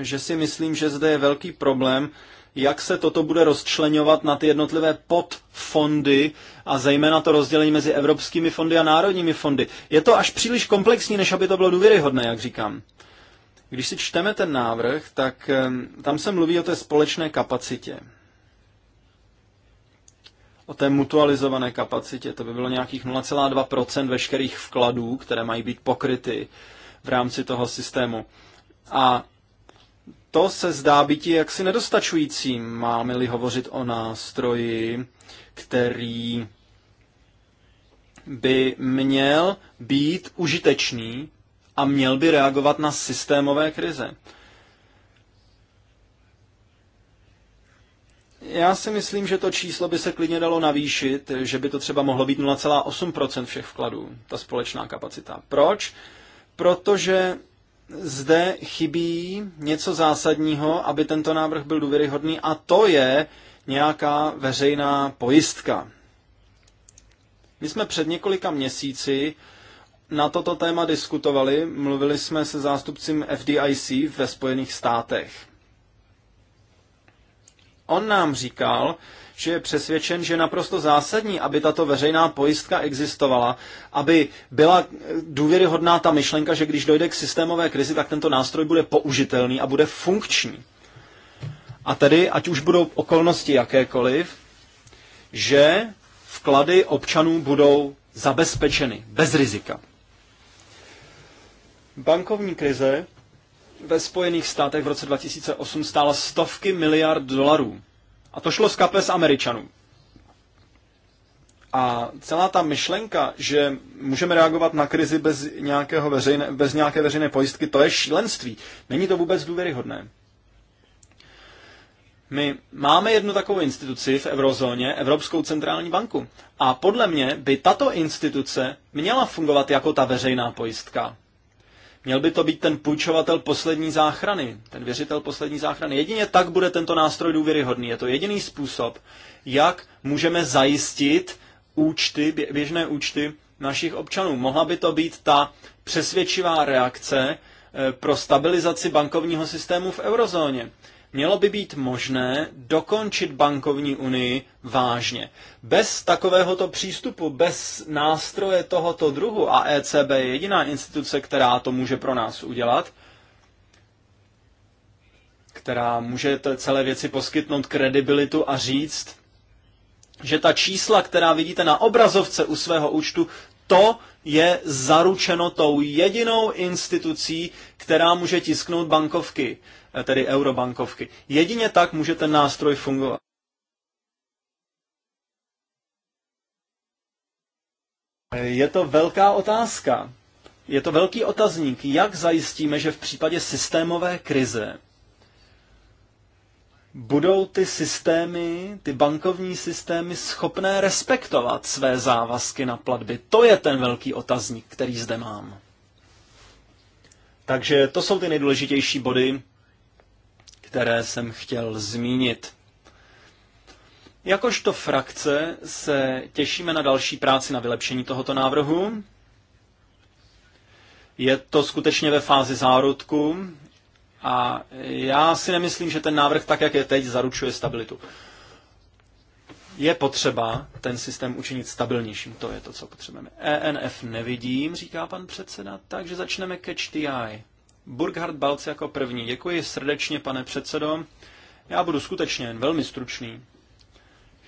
že si myslím, že zde je velký problém jak se toto bude rozčlenovat na ty jednotlivé podfondy a zejména to rozdělení mezi evropskými fondy a národními fondy. Je to až příliš komplexní, než aby to bylo důvěryhodné, jak říkám. Když si čteme ten návrh, tak tam se mluví o té společné kapacitě. O té mutualizované kapacitě. To by bylo nějakých 0,2 veškerých vkladů, které mají být pokryty v rámci toho systému. A to se zdá být jaksi nedostačujícím, máme-li hovořit o nástroji, který by měl být užitečný a měl by reagovat na systémové krize. Já si myslím, že to číslo by se klidně dalo navýšit, že by to třeba mohlo být 0,8 všech vkladů, ta společná kapacita. Proč? Protože zde chybí něco zásadního, aby tento návrh byl důvěryhodný, a to je nějaká veřejná pojistka. My jsme před několika měsíci na toto téma diskutovali, mluvili jsme se zástupcem FDIC ve Spojených státech. On nám říkal, že je přesvědčen, že je naprosto zásadní, aby tato veřejná pojistka existovala, aby byla důvěryhodná ta myšlenka, že když dojde k systémové krizi, tak tento nástroj bude použitelný a bude funkční. A tedy, ať už budou okolnosti jakékoliv, že vklady občanů budou zabezpečeny, bez rizika. Bankovní krize ve Spojených státech v roce 2008 stála stovky miliard dolarů. A to šlo z kapes Američanů. A celá ta myšlenka, že můžeme reagovat na krizi bez, nějakého veřejné, bez nějaké veřejné pojistky, to je šílenství. Není to vůbec důvěryhodné. My máme jednu takovou instituci v eurozóně, Evropskou centrální banku. A podle mě by tato instituce měla fungovat jako ta veřejná pojistka. Měl by to být ten půjčovatel poslední záchrany, ten věřitel poslední záchrany. Jedině tak bude tento nástroj důvěryhodný. Je to jediný způsob, jak můžeme zajistit účty, běžné účty našich občanů. Mohla by to být ta přesvědčivá reakce eh, pro stabilizaci bankovního systému v eurozóně mělo by být možné dokončit bankovní unii vážně. Bez takovéhoto přístupu, bez nástroje tohoto druhu, a ECB je jediná instituce, která to může pro nás udělat, která může celé věci poskytnout kredibilitu a říct, že ta čísla, která vidíte na obrazovce u svého účtu, to je zaručeno tou jedinou institucí, která může tisknout bankovky. Eh, tedy eurobankovky. Jedině tak může ten nástroj fungovat. Je to velká otázka. Je to velký otazník, jak zajistíme, že v případě systémové krize budou ty systémy, ty bankovní systémy schopné respektovat své závazky na platby. To je ten velký otazník, který zde mám. Takže to jsou ty nejdůležitější body, které jsem chtěl zmínit. Jakožto frakce se těšíme na další práci na vylepšení tohoto návrhu. Je to skutečně ve fázi zárodku a já si nemyslím, že ten návrh tak, jak je teď, zaručuje stabilitu. Je potřeba ten systém učinit stabilnějším, to je to, co potřebujeme. ENF nevidím, říká pan předseda, takže začneme catch the eye. Burkhard Balc jako první. Děkuji srdečně, pane předsedo. Já budu skutečně velmi stručný.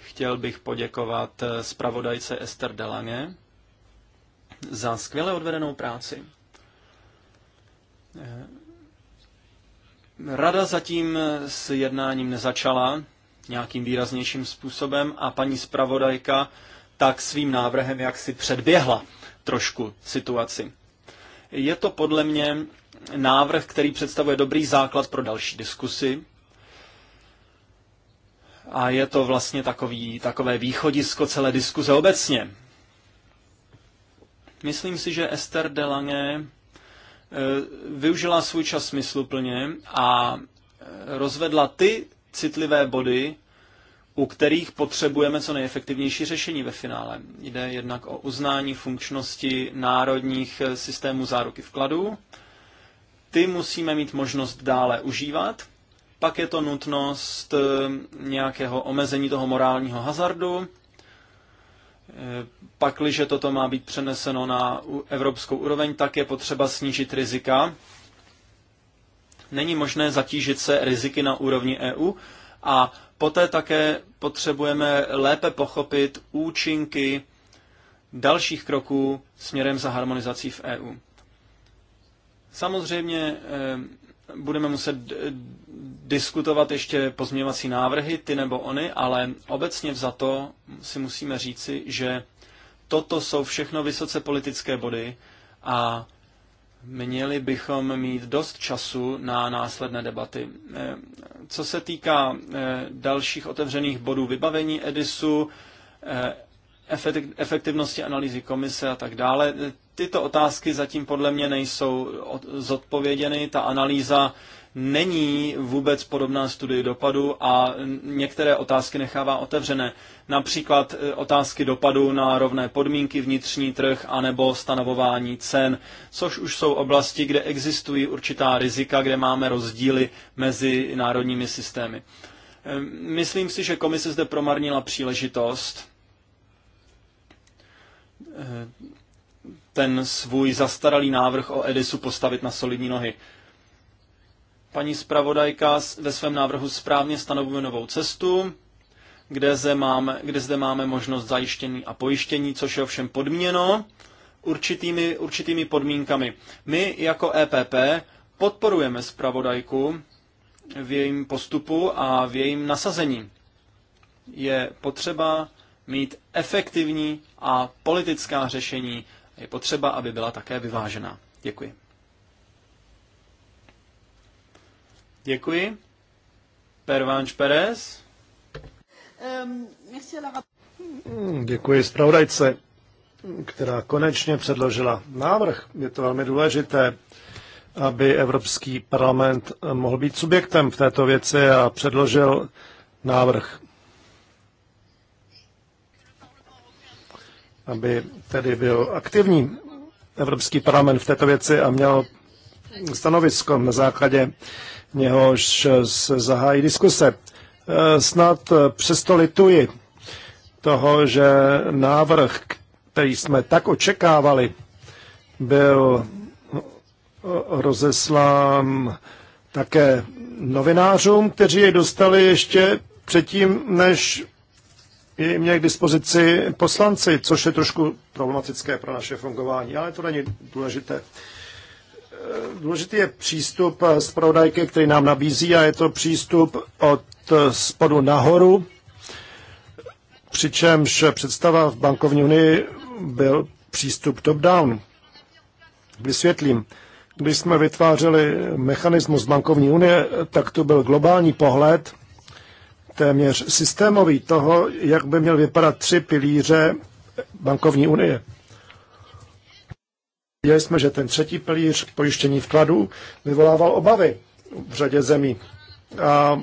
Chtěl bych poděkovat eh, zpravodajce Ester Delange za skvěle odvedenou práci. Eh, rada zatím eh, s jednáním nezačala nějakým výraznějším způsobem a paní zpravodajka tak svým návrhem jaksi předběhla trošku situaci. Je to podle mě návrh, který představuje dobrý základ pro další diskusy. A je to vlastně takový, takové východisko celé diskuze obecně. Myslím si, že Esther de Lange e, využila svůj čas smysluplně a e, rozvedla ty citlivé body, u kterých potřebujeme co nejefektivnější řešení ve finále. Jde jednak o uznání funkčnosti národních eh, systémů záruky vkladů. Ty musíme mít možnost dále užívat. Pak je to nutnost eh, nějakého omezení toho morálního hazardu. Eh, pakliže toto má být přeneseno na evropskou úroveň, tak je potřeba snížit rizika. Není možné zatížit se riziky na úrovni EU a poté také potřebujeme lépe pochopit účinky dalších kroků směrem za harmonizací v EU. Samozřejmě eh, budeme muset diskutovat ještě pozměňovací návrhy, ty nebo ony, ale obecně to si musíme říci, že toto jsou všechno vysoce politické body a Měli bychom mít dost času na následné debaty. Eh, co se týká eh, dalších otevřených bodů vybavení EDISu, eh, efektivnosti analýzy komise a tak dále, tyto otázky zatím podle mě nejsou zodpověděny. Ta analýza není vůbec podobná studii dopadu a některé otázky nechává otevřené. Například e, otázky dopadu na rovné podmínky, vnitřní trh anebo stanovování cen, což už jsou oblasti, kde existují určitá rizika, kde máme rozdíly mezi národními systémy. E, myslím si, že komise zde promarnila příležitost e, ten svůj zastaralý návrh o Edisu postavit na solidní nohy. Paní zpravodajka ve svém návrhu správně stanovuje novou cestu, kde zde máme, kde zde máme možnost zajištění a pojištění, což je ovšem podmíněno určitými, určitými podmínkami. My jako EPP podporujeme zpravodajku v jejím postupu a v jejím nasazení. Je potřeba mít efektivní a politická řešení. Je potřeba, aby byla také vyvážená. Děkuji. Děkuji. Pervánč Perez. Ehm, hmm, děkuji zpravodajce, která konečně předložila návrh. Je to velmi důležité, aby Evropský parlament mohl být subjektem v této věci a předložil návrh. Aby tedy byl aktivní Evropský parlament v této věci a měl stanovisko na základě něhož eh, se zahájí diskuse. Eh, snad eh, přesto lituji toho, že návrh, který jsme tak očekávali, byl rozeslán také novinářům, kteří jej dostali ještě předtím, než je jim k dispozici poslanci, což je trošku problematické pro naše fungování, ale to není důležité důležitý je přístup z prodajky, který nám nabízí a je to přístup od spodu nahoru, přičemž představa v bankovní unii byl přístup top-down. Vysvětlím. Když jsme vytvářeli mechanismus bankovní unie, tak to byl globální pohled, téměř systémový toho, jak by měl vypadat tři pilíře bankovní unie. Viděli jsme, že ten třetí pilíř pojištění vkladů vyvolával obavy v řadě zemí. A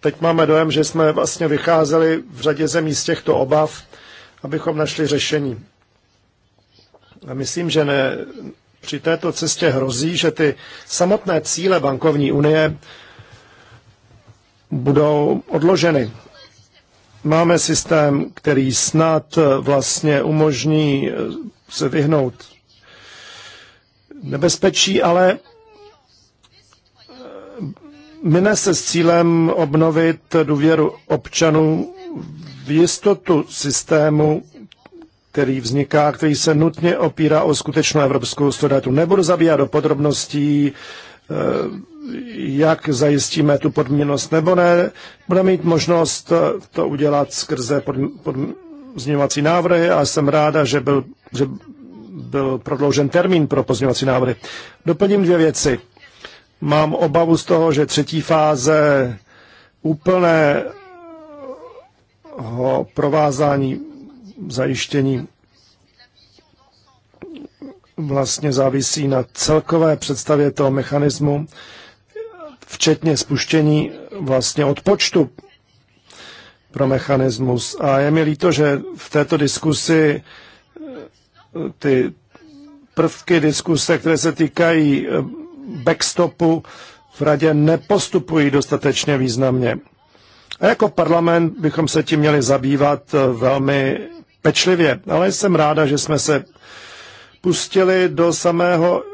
teď máme dojem, že jsme vlastně vycházeli v řadě zemí z těchto obav, abychom našli řešení. A myslím, že ne, při této cestě hrozí, že ty samotné cíle bankovní unie budou odloženy. Máme systém, který snad vlastně umožní se vyhnout nebezpečí, ale eh, mine se s cílem obnovit důvěru občanů v jistotu systému, který vzniká, který se nutně opírá o skutečnou evropskou solidaritu. Nebudu zabíjat do podrobností, eh, jak zajistíme tu podmíněnost nebo ne. Budeme mít možnost eh, to udělat skrze pod, pod, změňovací návrhy a jsem ráda, že, byl, že byl prodloužen termín pro pozměňovací návrhy. Doplním dvě věci. Mám obavu z toho, že třetí fáze úplného provázání zajištění vlastně závisí na celkové představě toho mechanismu, včetně spuštění vlastně odpočtu pro mechanismus. A je mi líto, že v této diskusi ty prvky diskuse, které se týkají eh, backstopu, v radě nepostupují dostatečně významně. A jako parlament bychom se tím měli zabývat eh, velmi pečlivě, ale jsem ráda, že jsme se pustili do samého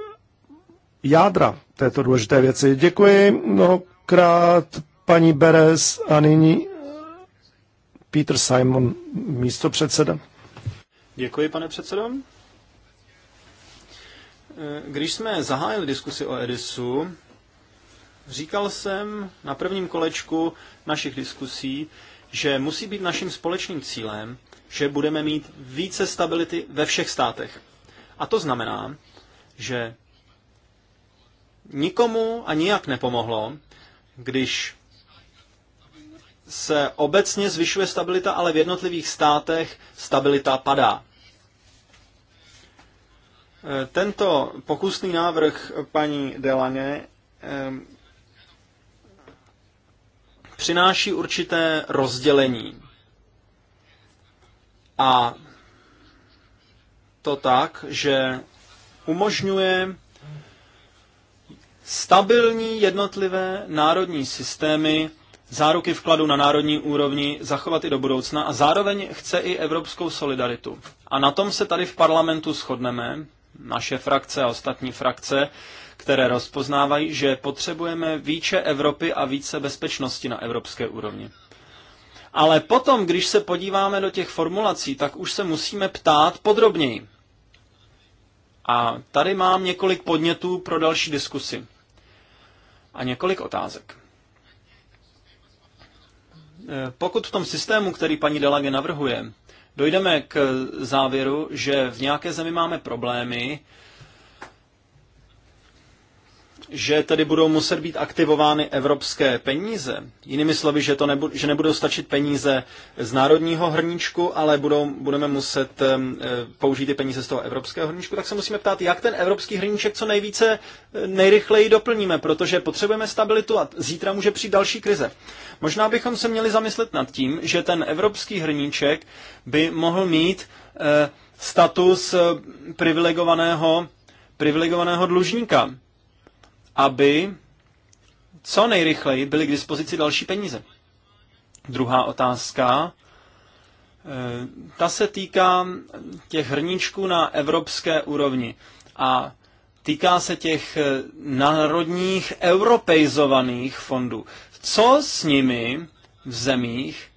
jádra této důležité věci. Děkuji mnohokrát paní Beres a nyní Peter Simon, místo předseda. Děkuji, pane předsedo. Eh, když jsme zahájili diskusi o Edisu, říkal jsem na prvním kolečku našich diskusí, že musí být naším společným cílem, že budeme mít více stability ve všech státech. A to znamená, že nikomu a nijak nepomohlo, když se obecně zvyšuje stabilita, ale v jednotlivých státech stabilita padá. Eh, tento pokusný návrh paní Delaně eh, přináší určité rozdělení. A to tak, že umožňuje stabilní jednotlivé národní systémy záruky vkladu na národní úrovni zachovat i do budoucna a zároveň chce i evropskou solidaritu. A na tom se tady v parlamentu shodneme, naše frakce a ostatní frakce, které rozpoznávají, že potřebujeme více Evropy a více bezpečnosti na evropské úrovni. Ale potom, když se podíváme do těch formulací, tak už se musíme ptát podrobněji. A tady mám několik podnětů pro další diskusy. A několik otázek. E, pokud v tom systému, který paní Delage navrhuje, dojdeme k závěru, že v nějaké zemi máme problémy, že tedy budou muset být aktivovány evropské peníze. Jinými slovy, že, to nebu, že nebudou stačit peníze z národního hrníčku, ale budou, budeme muset e, použít ty peníze z toho evropského hrníčku, tak se musíme ptát, jak ten evropský hrníček co nejvíce e, nejrychleji doplníme, protože potřebujeme stabilitu a zítra může přijít další krize. Možná bychom se měli zamyslet nad tím, že ten evropský hrníček by mohl mít e, status e, privilegovaného, privilegovaného dlužníka aby co nejrychleji byly k dispozici další peníze. Druhá otázka. Eh, ta se týká těch hrníčků na evropské úrovni a týká se těch eh, národních europejzovaných fondů. Co s nimi v zemích,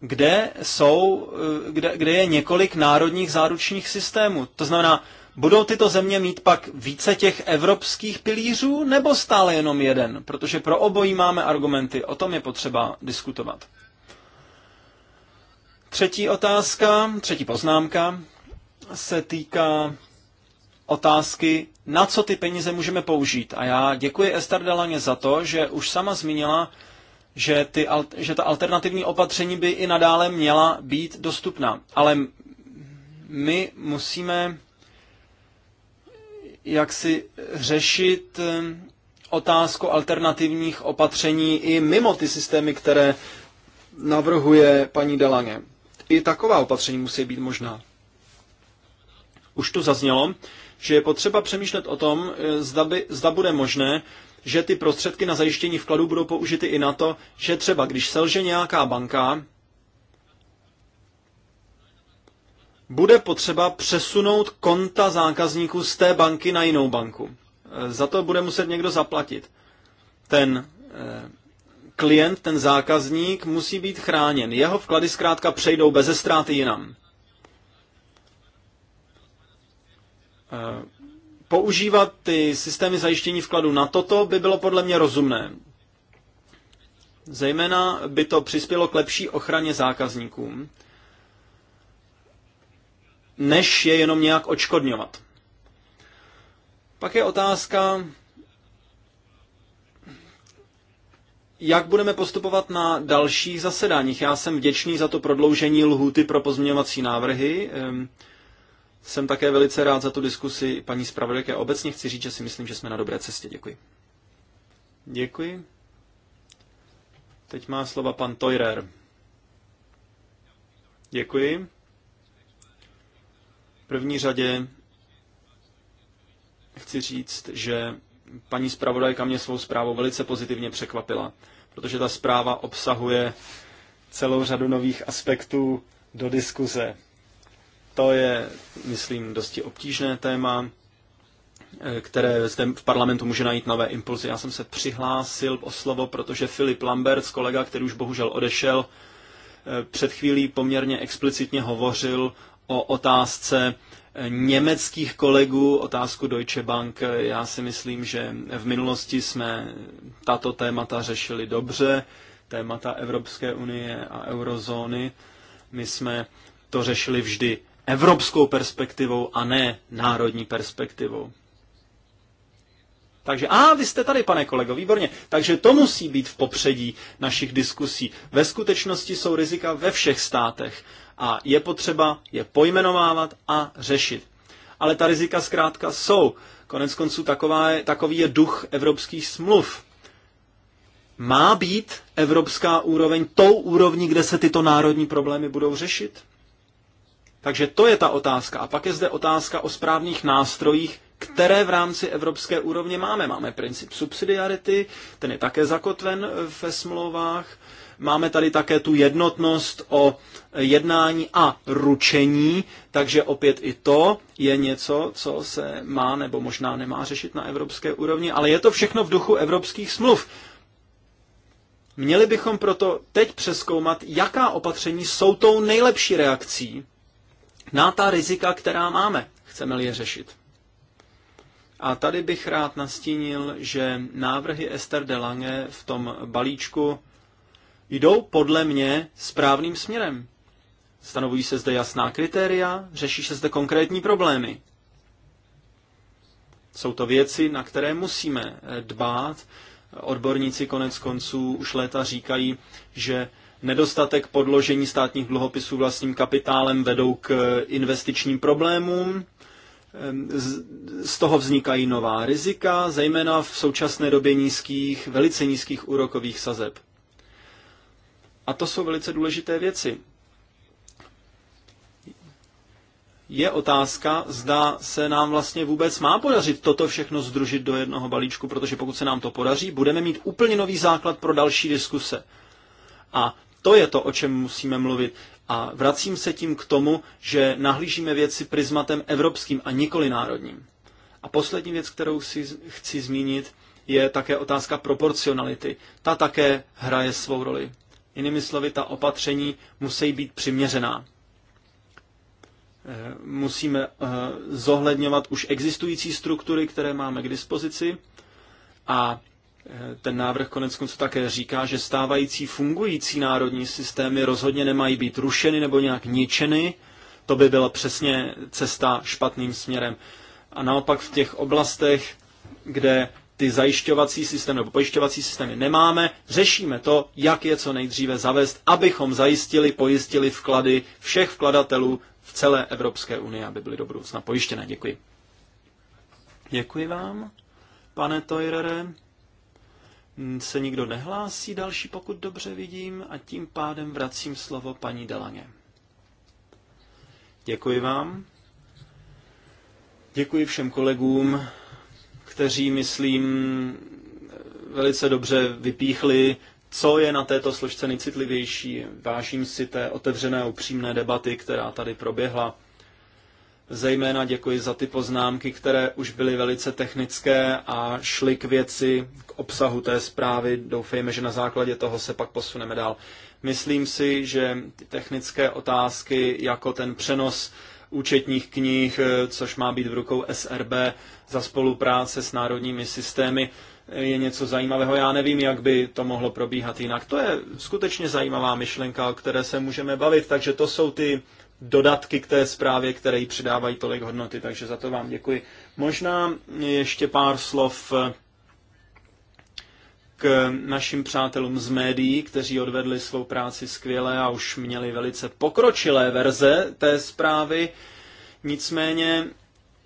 kde, jsou, eh, kde, kde je několik národních záručních systémů? To znamená, Budou tyto země mít pak více těch evropských pilířů nebo stále jenom jeden? Protože pro obojí máme argumenty, o tom je potřeba diskutovat. Třetí otázka, třetí poznámka se týká otázky, na co ty peníze můžeme použít. A já děkuji Ester Delaně za to, že už sama zmínila, že, ty, že ta alternativní opatření by i nadále měla být dostupná. Ale my musíme jak si řešit eh, otázku alternativních opatření i mimo ty systémy, které navrhuje paní Delange. I taková opatření musí být možná. Už tu zaznělo, že je potřeba přemýšlet o tom, eh, zda, by, zda bude možné, že ty prostředky na zajištění vkladu budou použity i na to, že třeba když selže nějaká banka, bude potřeba přesunout konta zákazníků z té banky na jinou banku. E, za to bude muset někdo zaplatit. Ten e, klient, ten zákazník musí být chráněn. Jeho vklady zkrátka přejdou beze ztráty jinam. E, používat ty systémy zajištění vkladu na toto by bylo podle mě rozumné. Zejména by to přispělo k lepší ochraně zákazníkům než je jenom nějak očkodňovat. Pak je otázka, jak budeme postupovat na dalších zasedáních. Já jsem vděčný za to prodloužení lhuty pro pozměňovací návrhy. Ehm, jsem také velice rád za tu diskusi paní zpravodajky obecně chci říct, že si myslím, že jsme na dobré cestě. Děkuji. Děkuji. Teď má slova pan Toirer. Děkuji první řadě chci říct, že paní zpravodajka mě svou zprávou velice pozitivně překvapila, protože ta zpráva obsahuje celou řadu nových aspektů do diskuze. To je, myslím, dosti obtížné téma, které zde v parlamentu může najít nové impulzy. Já jsem se přihlásil o slovo, protože Filip Lambert, kolega, který už bohužel odešel, eh, před chvílí poměrně explicitně hovořil o otázce eh, německých kolegů, otázku Deutsche Bank. Já si myslím, že v minulosti jsme tato témata řešili dobře, témata Evropské unie a eurozóny. My jsme to řešili vždy evropskou perspektivou a ne národní perspektivou. Takže, a vy jste tady, pane kolego, výborně. Takže to musí být v popředí našich diskusí. Ve skutečnosti jsou rizika ve všech státech a je potřeba je pojmenovávat a řešit. Ale ta rizika zkrátka jsou. Konec konců taková je, takový je duch evropských smluv. Má být evropská úroveň tou úrovní, kde se tyto národní problémy budou řešit? Takže to je ta otázka. A pak je zde otázka o správných nástrojích, které v rámci evropské úrovně máme. Máme princip subsidiarity, ten je také zakotven ve smlouvách. Máme tady také tu jednotnost o jednání a ručení, takže opět i to je něco, co se má nebo možná nemá řešit na evropské úrovni, ale je to všechno v duchu evropských smluv. Měli bychom proto teď přeskoumat, jaká opatření jsou tou nejlepší reakcí na ta rizika, která máme, chceme-li je řešit. A tady bych rád nastínil, že návrhy Esther de Lange v tom balíčku jdou podle mě správným směrem. Stanovují se zde jasná kritéria, řeší se zde konkrétní problémy. Jsou to věci, na které musíme eh, dbát. Odborníci konec konců už léta říkají, že nedostatek podložení státních dluhopisů vlastním kapitálem vedou k eh, investičním problémům. Ehm, z toho vznikají nová rizika, zejména v současné době nízkých, velice nízkých úrokových sazeb. A to jsou velice důležité věci. Je otázka, zda se nám vlastně vůbec má podařit toto všechno združit do jednoho balíčku, protože pokud se nám to podaří, budeme mít úplně nový základ pro další diskuse. A to je to, o čem musíme mluvit. A vracím se tím k tomu, že nahlížíme věci prismatem evropským a nikoli národním. A poslední věc, kterou si chci zmínit, je také otázka proporcionality. Ta také hraje svou roli. Jinými slovy, ta opatření musí být přiměřená. Eh, musíme eh, zohledňovat už existující struktury, které máme k dispozici a eh, ten návrh konec konců také říká, že stávající fungující národní systémy rozhodně nemají být rušeny nebo nějak ničeny. To by byla přesně cesta špatným směrem. A naopak v těch oblastech, kde ty zajišťovací systémy nebo pojišťovací systémy nemáme, řešíme to, jak je co nejdříve zavést, abychom zajistili, pojistili vklady všech vkladatelů v celé Evropské unii, aby byly do budoucna pojištěné. Děkuji. Děkuji vám, pane Toirere. Se nikdo nehlásí další, pokud dobře vidím, a tím pádem vracím slovo paní Delaně. Děkuji vám. Děkuji všem kolegům kteří, myslím, velice dobře vypíchli, co je na této složce nejcitlivější. Vážím si té otevřené upřímné debaty, která tady proběhla. Zejména děkuji za ty poznámky, které už byly velice technické a šly k věci, k obsahu té zprávy. Doufejme, že na základě toho se pak posuneme dál. Myslím si, že ty technické otázky, jako ten přenos účetních knih, eh, což má být v rukou SRB za spolupráce s národními systémy, eh, je něco zajímavého. Já nevím, jak by to mohlo probíhat jinak. To je skutečně zajímavá myšlenka, o které se můžeme bavit. Takže to jsou ty dodatky k té zprávě, které jí přidávají tolik hodnoty. Takže za to vám děkuji. Možná ještě pár slov eh, k našim přátelům z médií, kteří odvedli svou práci skvěle a už měli velice pokročilé verze té zprávy. Nicméně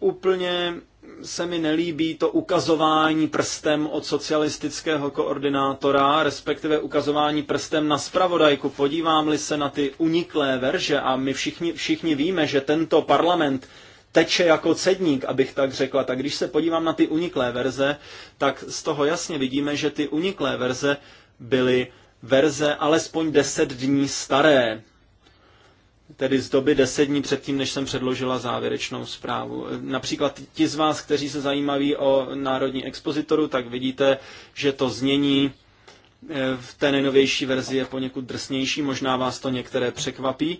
úplně se mi nelíbí to ukazování prstem od socialistického koordinátora, respektive ukazování prstem na spravodajku. Podívám-li se na ty uniklé verže a my všichni, všichni víme, že tento parlament teče jako cedník, abych tak řekla. Tak když se podívám na ty uniklé verze, tak z toho jasně vidíme, že ty uniklé verze byly verze alespoň 10 dní staré. Tedy z doby 10 dní předtím, než jsem předložila závěrečnou zprávu. Například ti z vás, kteří se zajímaví o Národní expozitoru, tak vidíte, že to znění eh, v té nejnovější verzi je poněkud drsnější, možná vás to některé překvapí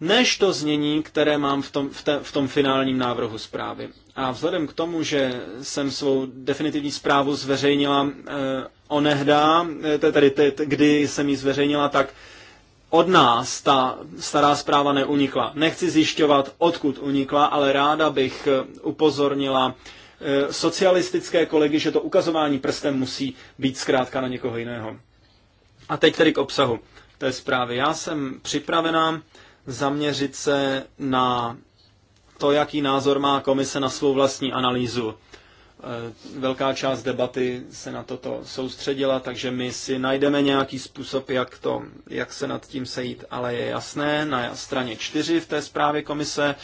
než to znění, které mám v tom, v, te, v tom finálním návrhu zprávy. A vzhledem k tomu, že jsem svou definitivní zprávu zveřejnila e, eh, onehda, eh, tedy te, te, kdy jsem ji zveřejnila, tak od nás ta stará zpráva neunikla. Nechci zjišťovat, odkud unikla, ale ráda bych eh, upozornila e, socialistické kolegy, že to ukazování prstem musí být zkrátka na někoho jiného. A teď tedy k obsahu té zprávy. Já jsem připravená zaměřit se na to, jaký názor má komise na svou vlastní analýzu. E, velká část debaty se na toto soustředila, takže my si najdeme nějaký způsob, jak, to, jak se nad tím sejít, ale je jasné, na straně 4 v té zprávě komise,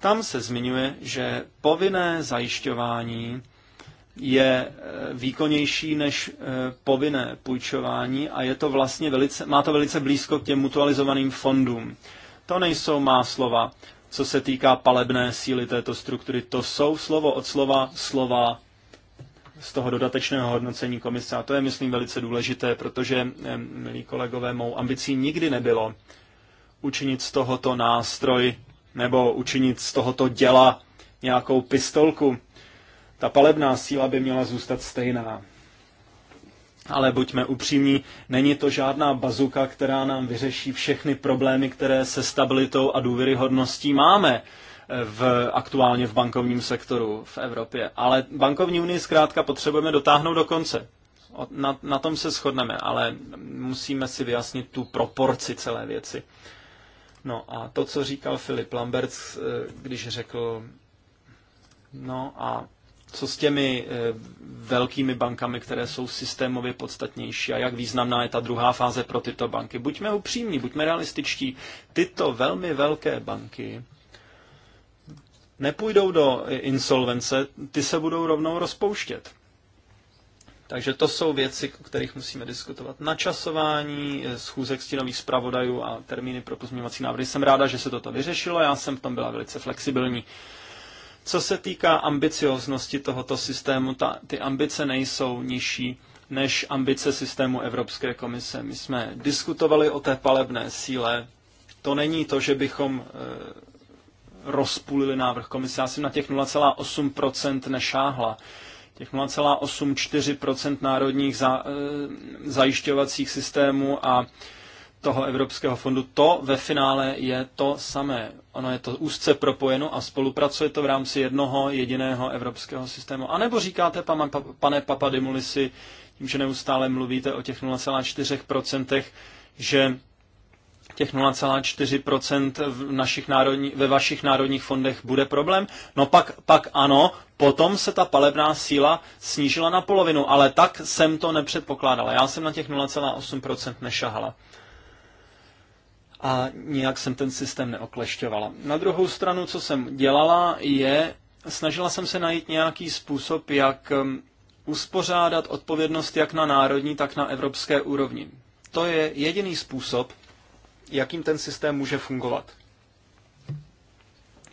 tam se zmiňuje, že povinné zajišťování je e, výkonnější než e, povinné půjčování a je to vlastně velice, má to velice blízko k těm mutualizovaným fondům. To nejsou má slova, co se týká palebné síly této struktury. To jsou slovo od slova slova z toho dodatečného hodnocení komise. A to je, myslím, velice důležité, protože, eh, milí kolegové, mou ambicí nikdy nebylo učinit z tohoto nástroj nebo učinit z tohoto děla nějakou pistolku. Ta palebná síla by měla zůstat stejná ale buďme upřímní, není to žádná bazuka, která nám vyřeší všechny problémy, které se stabilitou a důvěryhodností máme eh, v, aktuálně v bankovním sektoru v Evropě. Ale bankovní unii zkrátka potřebujeme dotáhnout do konce. Na, na tom se shodneme, ale musíme si vyjasnit tu proporci celé věci. No a to, co říkal Filip Lambert, eh, když řekl, no a co s těmi eh, velkými bankami, které jsou systémově podstatnější a jak významná je ta druhá fáze pro tyto banky. Buďme upřímní, buďme realističtí. Tyto velmi velké banky nepůjdou do insolvence, ty se budou rovnou rozpouštět. Takže to jsou věci, o kterých musíme diskutovat. Načasování, eh, schůzek stínových zpravodajů a termíny pro pozměňovací návrhy. Jsem ráda, že se toto vyřešilo, já jsem v tom byla velice flexibilní. Co se týká ambicioznosti tohoto systému, ta, ty ambice nejsou nižší než ambice systému Evropské komise. My jsme diskutovali o té palebné síle. To není to, že bychom e, rozpůlili návrh komise. Já jsem na těch 0,8% nešáhla. Těch 0,84% národních za, e, zajišťovacích systémů a e, toho Evropského fondu, to ve finále je to samé. Ono je to úzce propojeno a spolupracuje to v rámci jednoho jediného evropského systému. A nebo říkáte, pane Papadimulisi, tím, že neustále mluvíte o těch 0,4%, že těch 0,4% našich národní, ve vašich národních fondech bude problém? No pak, pak ano, potom se ta palebná síla snížila na polovinu, ale tak jsem to nepředpokládala. Já jsem na těch 0,8% nešahala a nijak jsem ten systém neoklešťovala. Na druhou stranu, co jsem dělala, je, snažila jsem se najít nějaký způsob, jak um, uspořádat odpovědnost jak na národní, tak na evropské úrovni. To je jediný způsob, jakým ten systém může fungovat.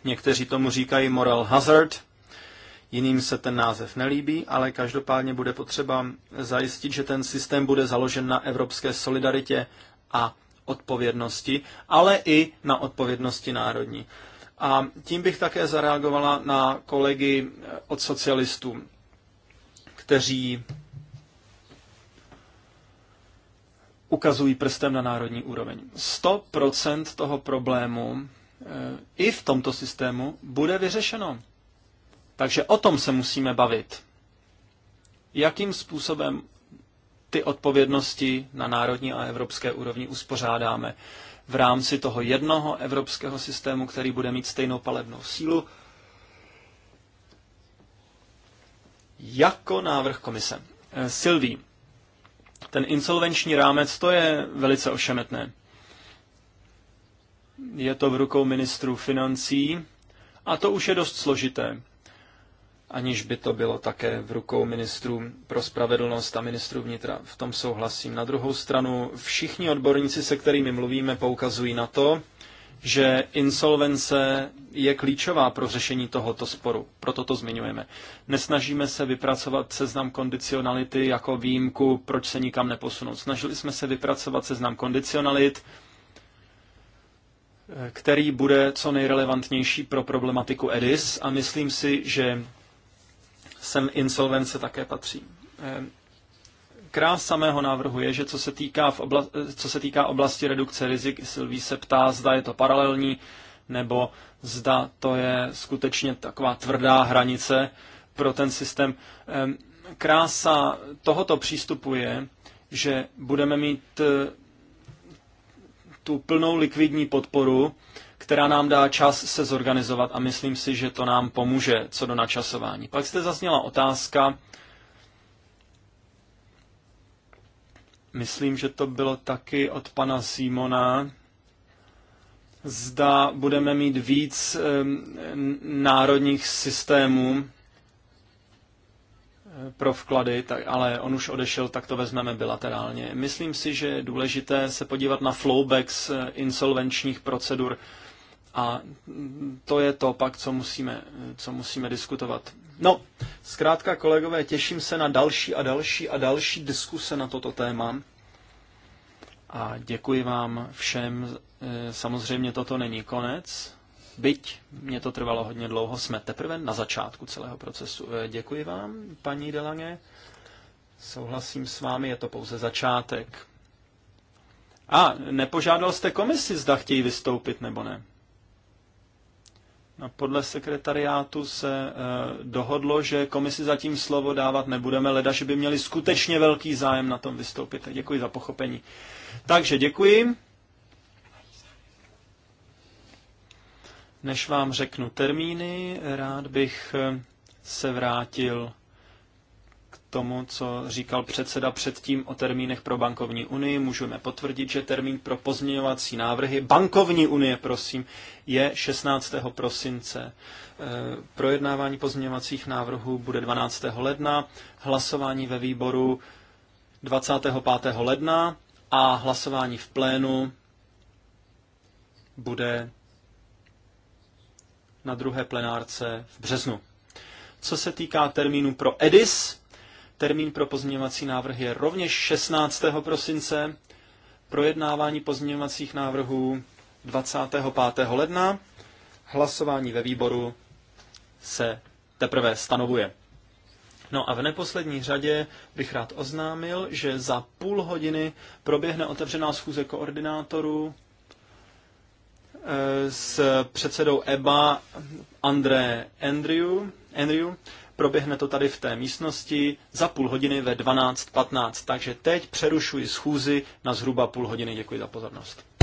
Někteří tomu říkají moral hazard, jiným se ten název nelíbí, ale každopádně bude potřeba zajistit, že ten systém bude založen na evropské solidaritě a odpovědnosti, ale i na odpovědnosti národní. A tím bych také zareagovala na kolegy eh, od socialistů, kteří ukazují prstem na národní úroveň. 100% toho problému eh, i v tomto systému bude vyřešeno. Takže o tom se musíme bavit. Jakým způsobem ty odpovědnosti na národní a evropské úrovni uspořádáme v rámci toho jednoho evropského systému, který bude mít stejnou palebnou sílu, jako návrh komise. Eh, Silví, ten insolvenční rámec, to je velice ošemetné. Je to v rukou ministrů financí a to už je dost složité aniž by to bylo také v rukou ministrů pro spravedlnost a ministrů vnitra. V tom souhlasím. Na druhou stranu všichni odborníci, se kterými mluvíme, poukazují na to, že insolvence je klíčová pro řešení tohoto sporu. Proto to zmiňujeme. Nesnažíme se vypracovat seznam kondicionality jako výjimku, proč se nikam neposunout. Snažili jsme se vypracovat seznam kondicionalit, který bude co nejrelevantnější pro problematiku EDIS a myslím si, že sem insolvence také patří. Eh, Krás samého návrhu je, že co se týká, v obla- eh, co se týká oblasti redukce rizik, Silví se ptá, zda je to paralelní, nebo zda to je skutečně taková tvrdá hranice pro ten systém. Ehm, krása tohoto přístupu je, že budeme mít eh, tu plnou likvidní podporu která nám dá čas se zorganizovat a myslím si, že to nám pomůže co do načasování. Pak jste zazněla otázka, myslím, že to bylo taky od pana Simona, zda budeme mít víc národních systémů eh, pro vklady, tak, ale on už odešel, tak to vezmeme bilaterálně. Myslím si, že je důležité se podívat na flowbacks eh, insolvenčních procedur a to je to pak, co musíme, co musíme diskutovat. No, zkrátka, kolegové, těším se na další a další a další diskuse na toto téma. A děkuji vám všem. E, samozřejmě toto není konec. Byť mě to trvalo hodně dlouho, jsme teprve na začátku celého procesu. E, děkuji vám, paní Delange. Souhlasím s vámi, je to pouze začátek. A nepožádal jste komisi, zda chtějí vystoupit nebo ne? No, podle sekretariátu se eh, dohodlo, že komisi zatím slovo dávat nebudeme, leda, že by měli skutečně velký zájem na tom vystoupit. Tak děkuji za pochopení. Takže děkuji. Než vám řeknu termíny, rád bych eh, se vrátil tomu, co říkal předseda předtím o termínech pro bankovní unii, můžeme potvrdit, že termín pro pozměňovací návrhy bankovní unie, prosím, je 16. prosince. E, projednávání pozměňovacích návrhů bude 12. ledna, hlasování ve výboru 25. ledna a hlasování v plénu bude na druhé plenárce v březnu. Co se týká termínu pro EDIS, Termín pro pozměňovací návrh je rovněž 16. prosince, projednávání pozměňovacích návrhů 25. ledna, hlasování ve výboru se teprve stanovuje. No a v neposlední řadě bych rád oznámil, že za půl hodiny proběhne otevřená schůze koordinátorů eh, s předsedou EBA André Andrew, Andrew Proběhne to tady v té místnosti za půl hodiny ve 12.15. Takže teď přerušuji schůzi na zhruba půl hodiny. Děkuji za pozornost.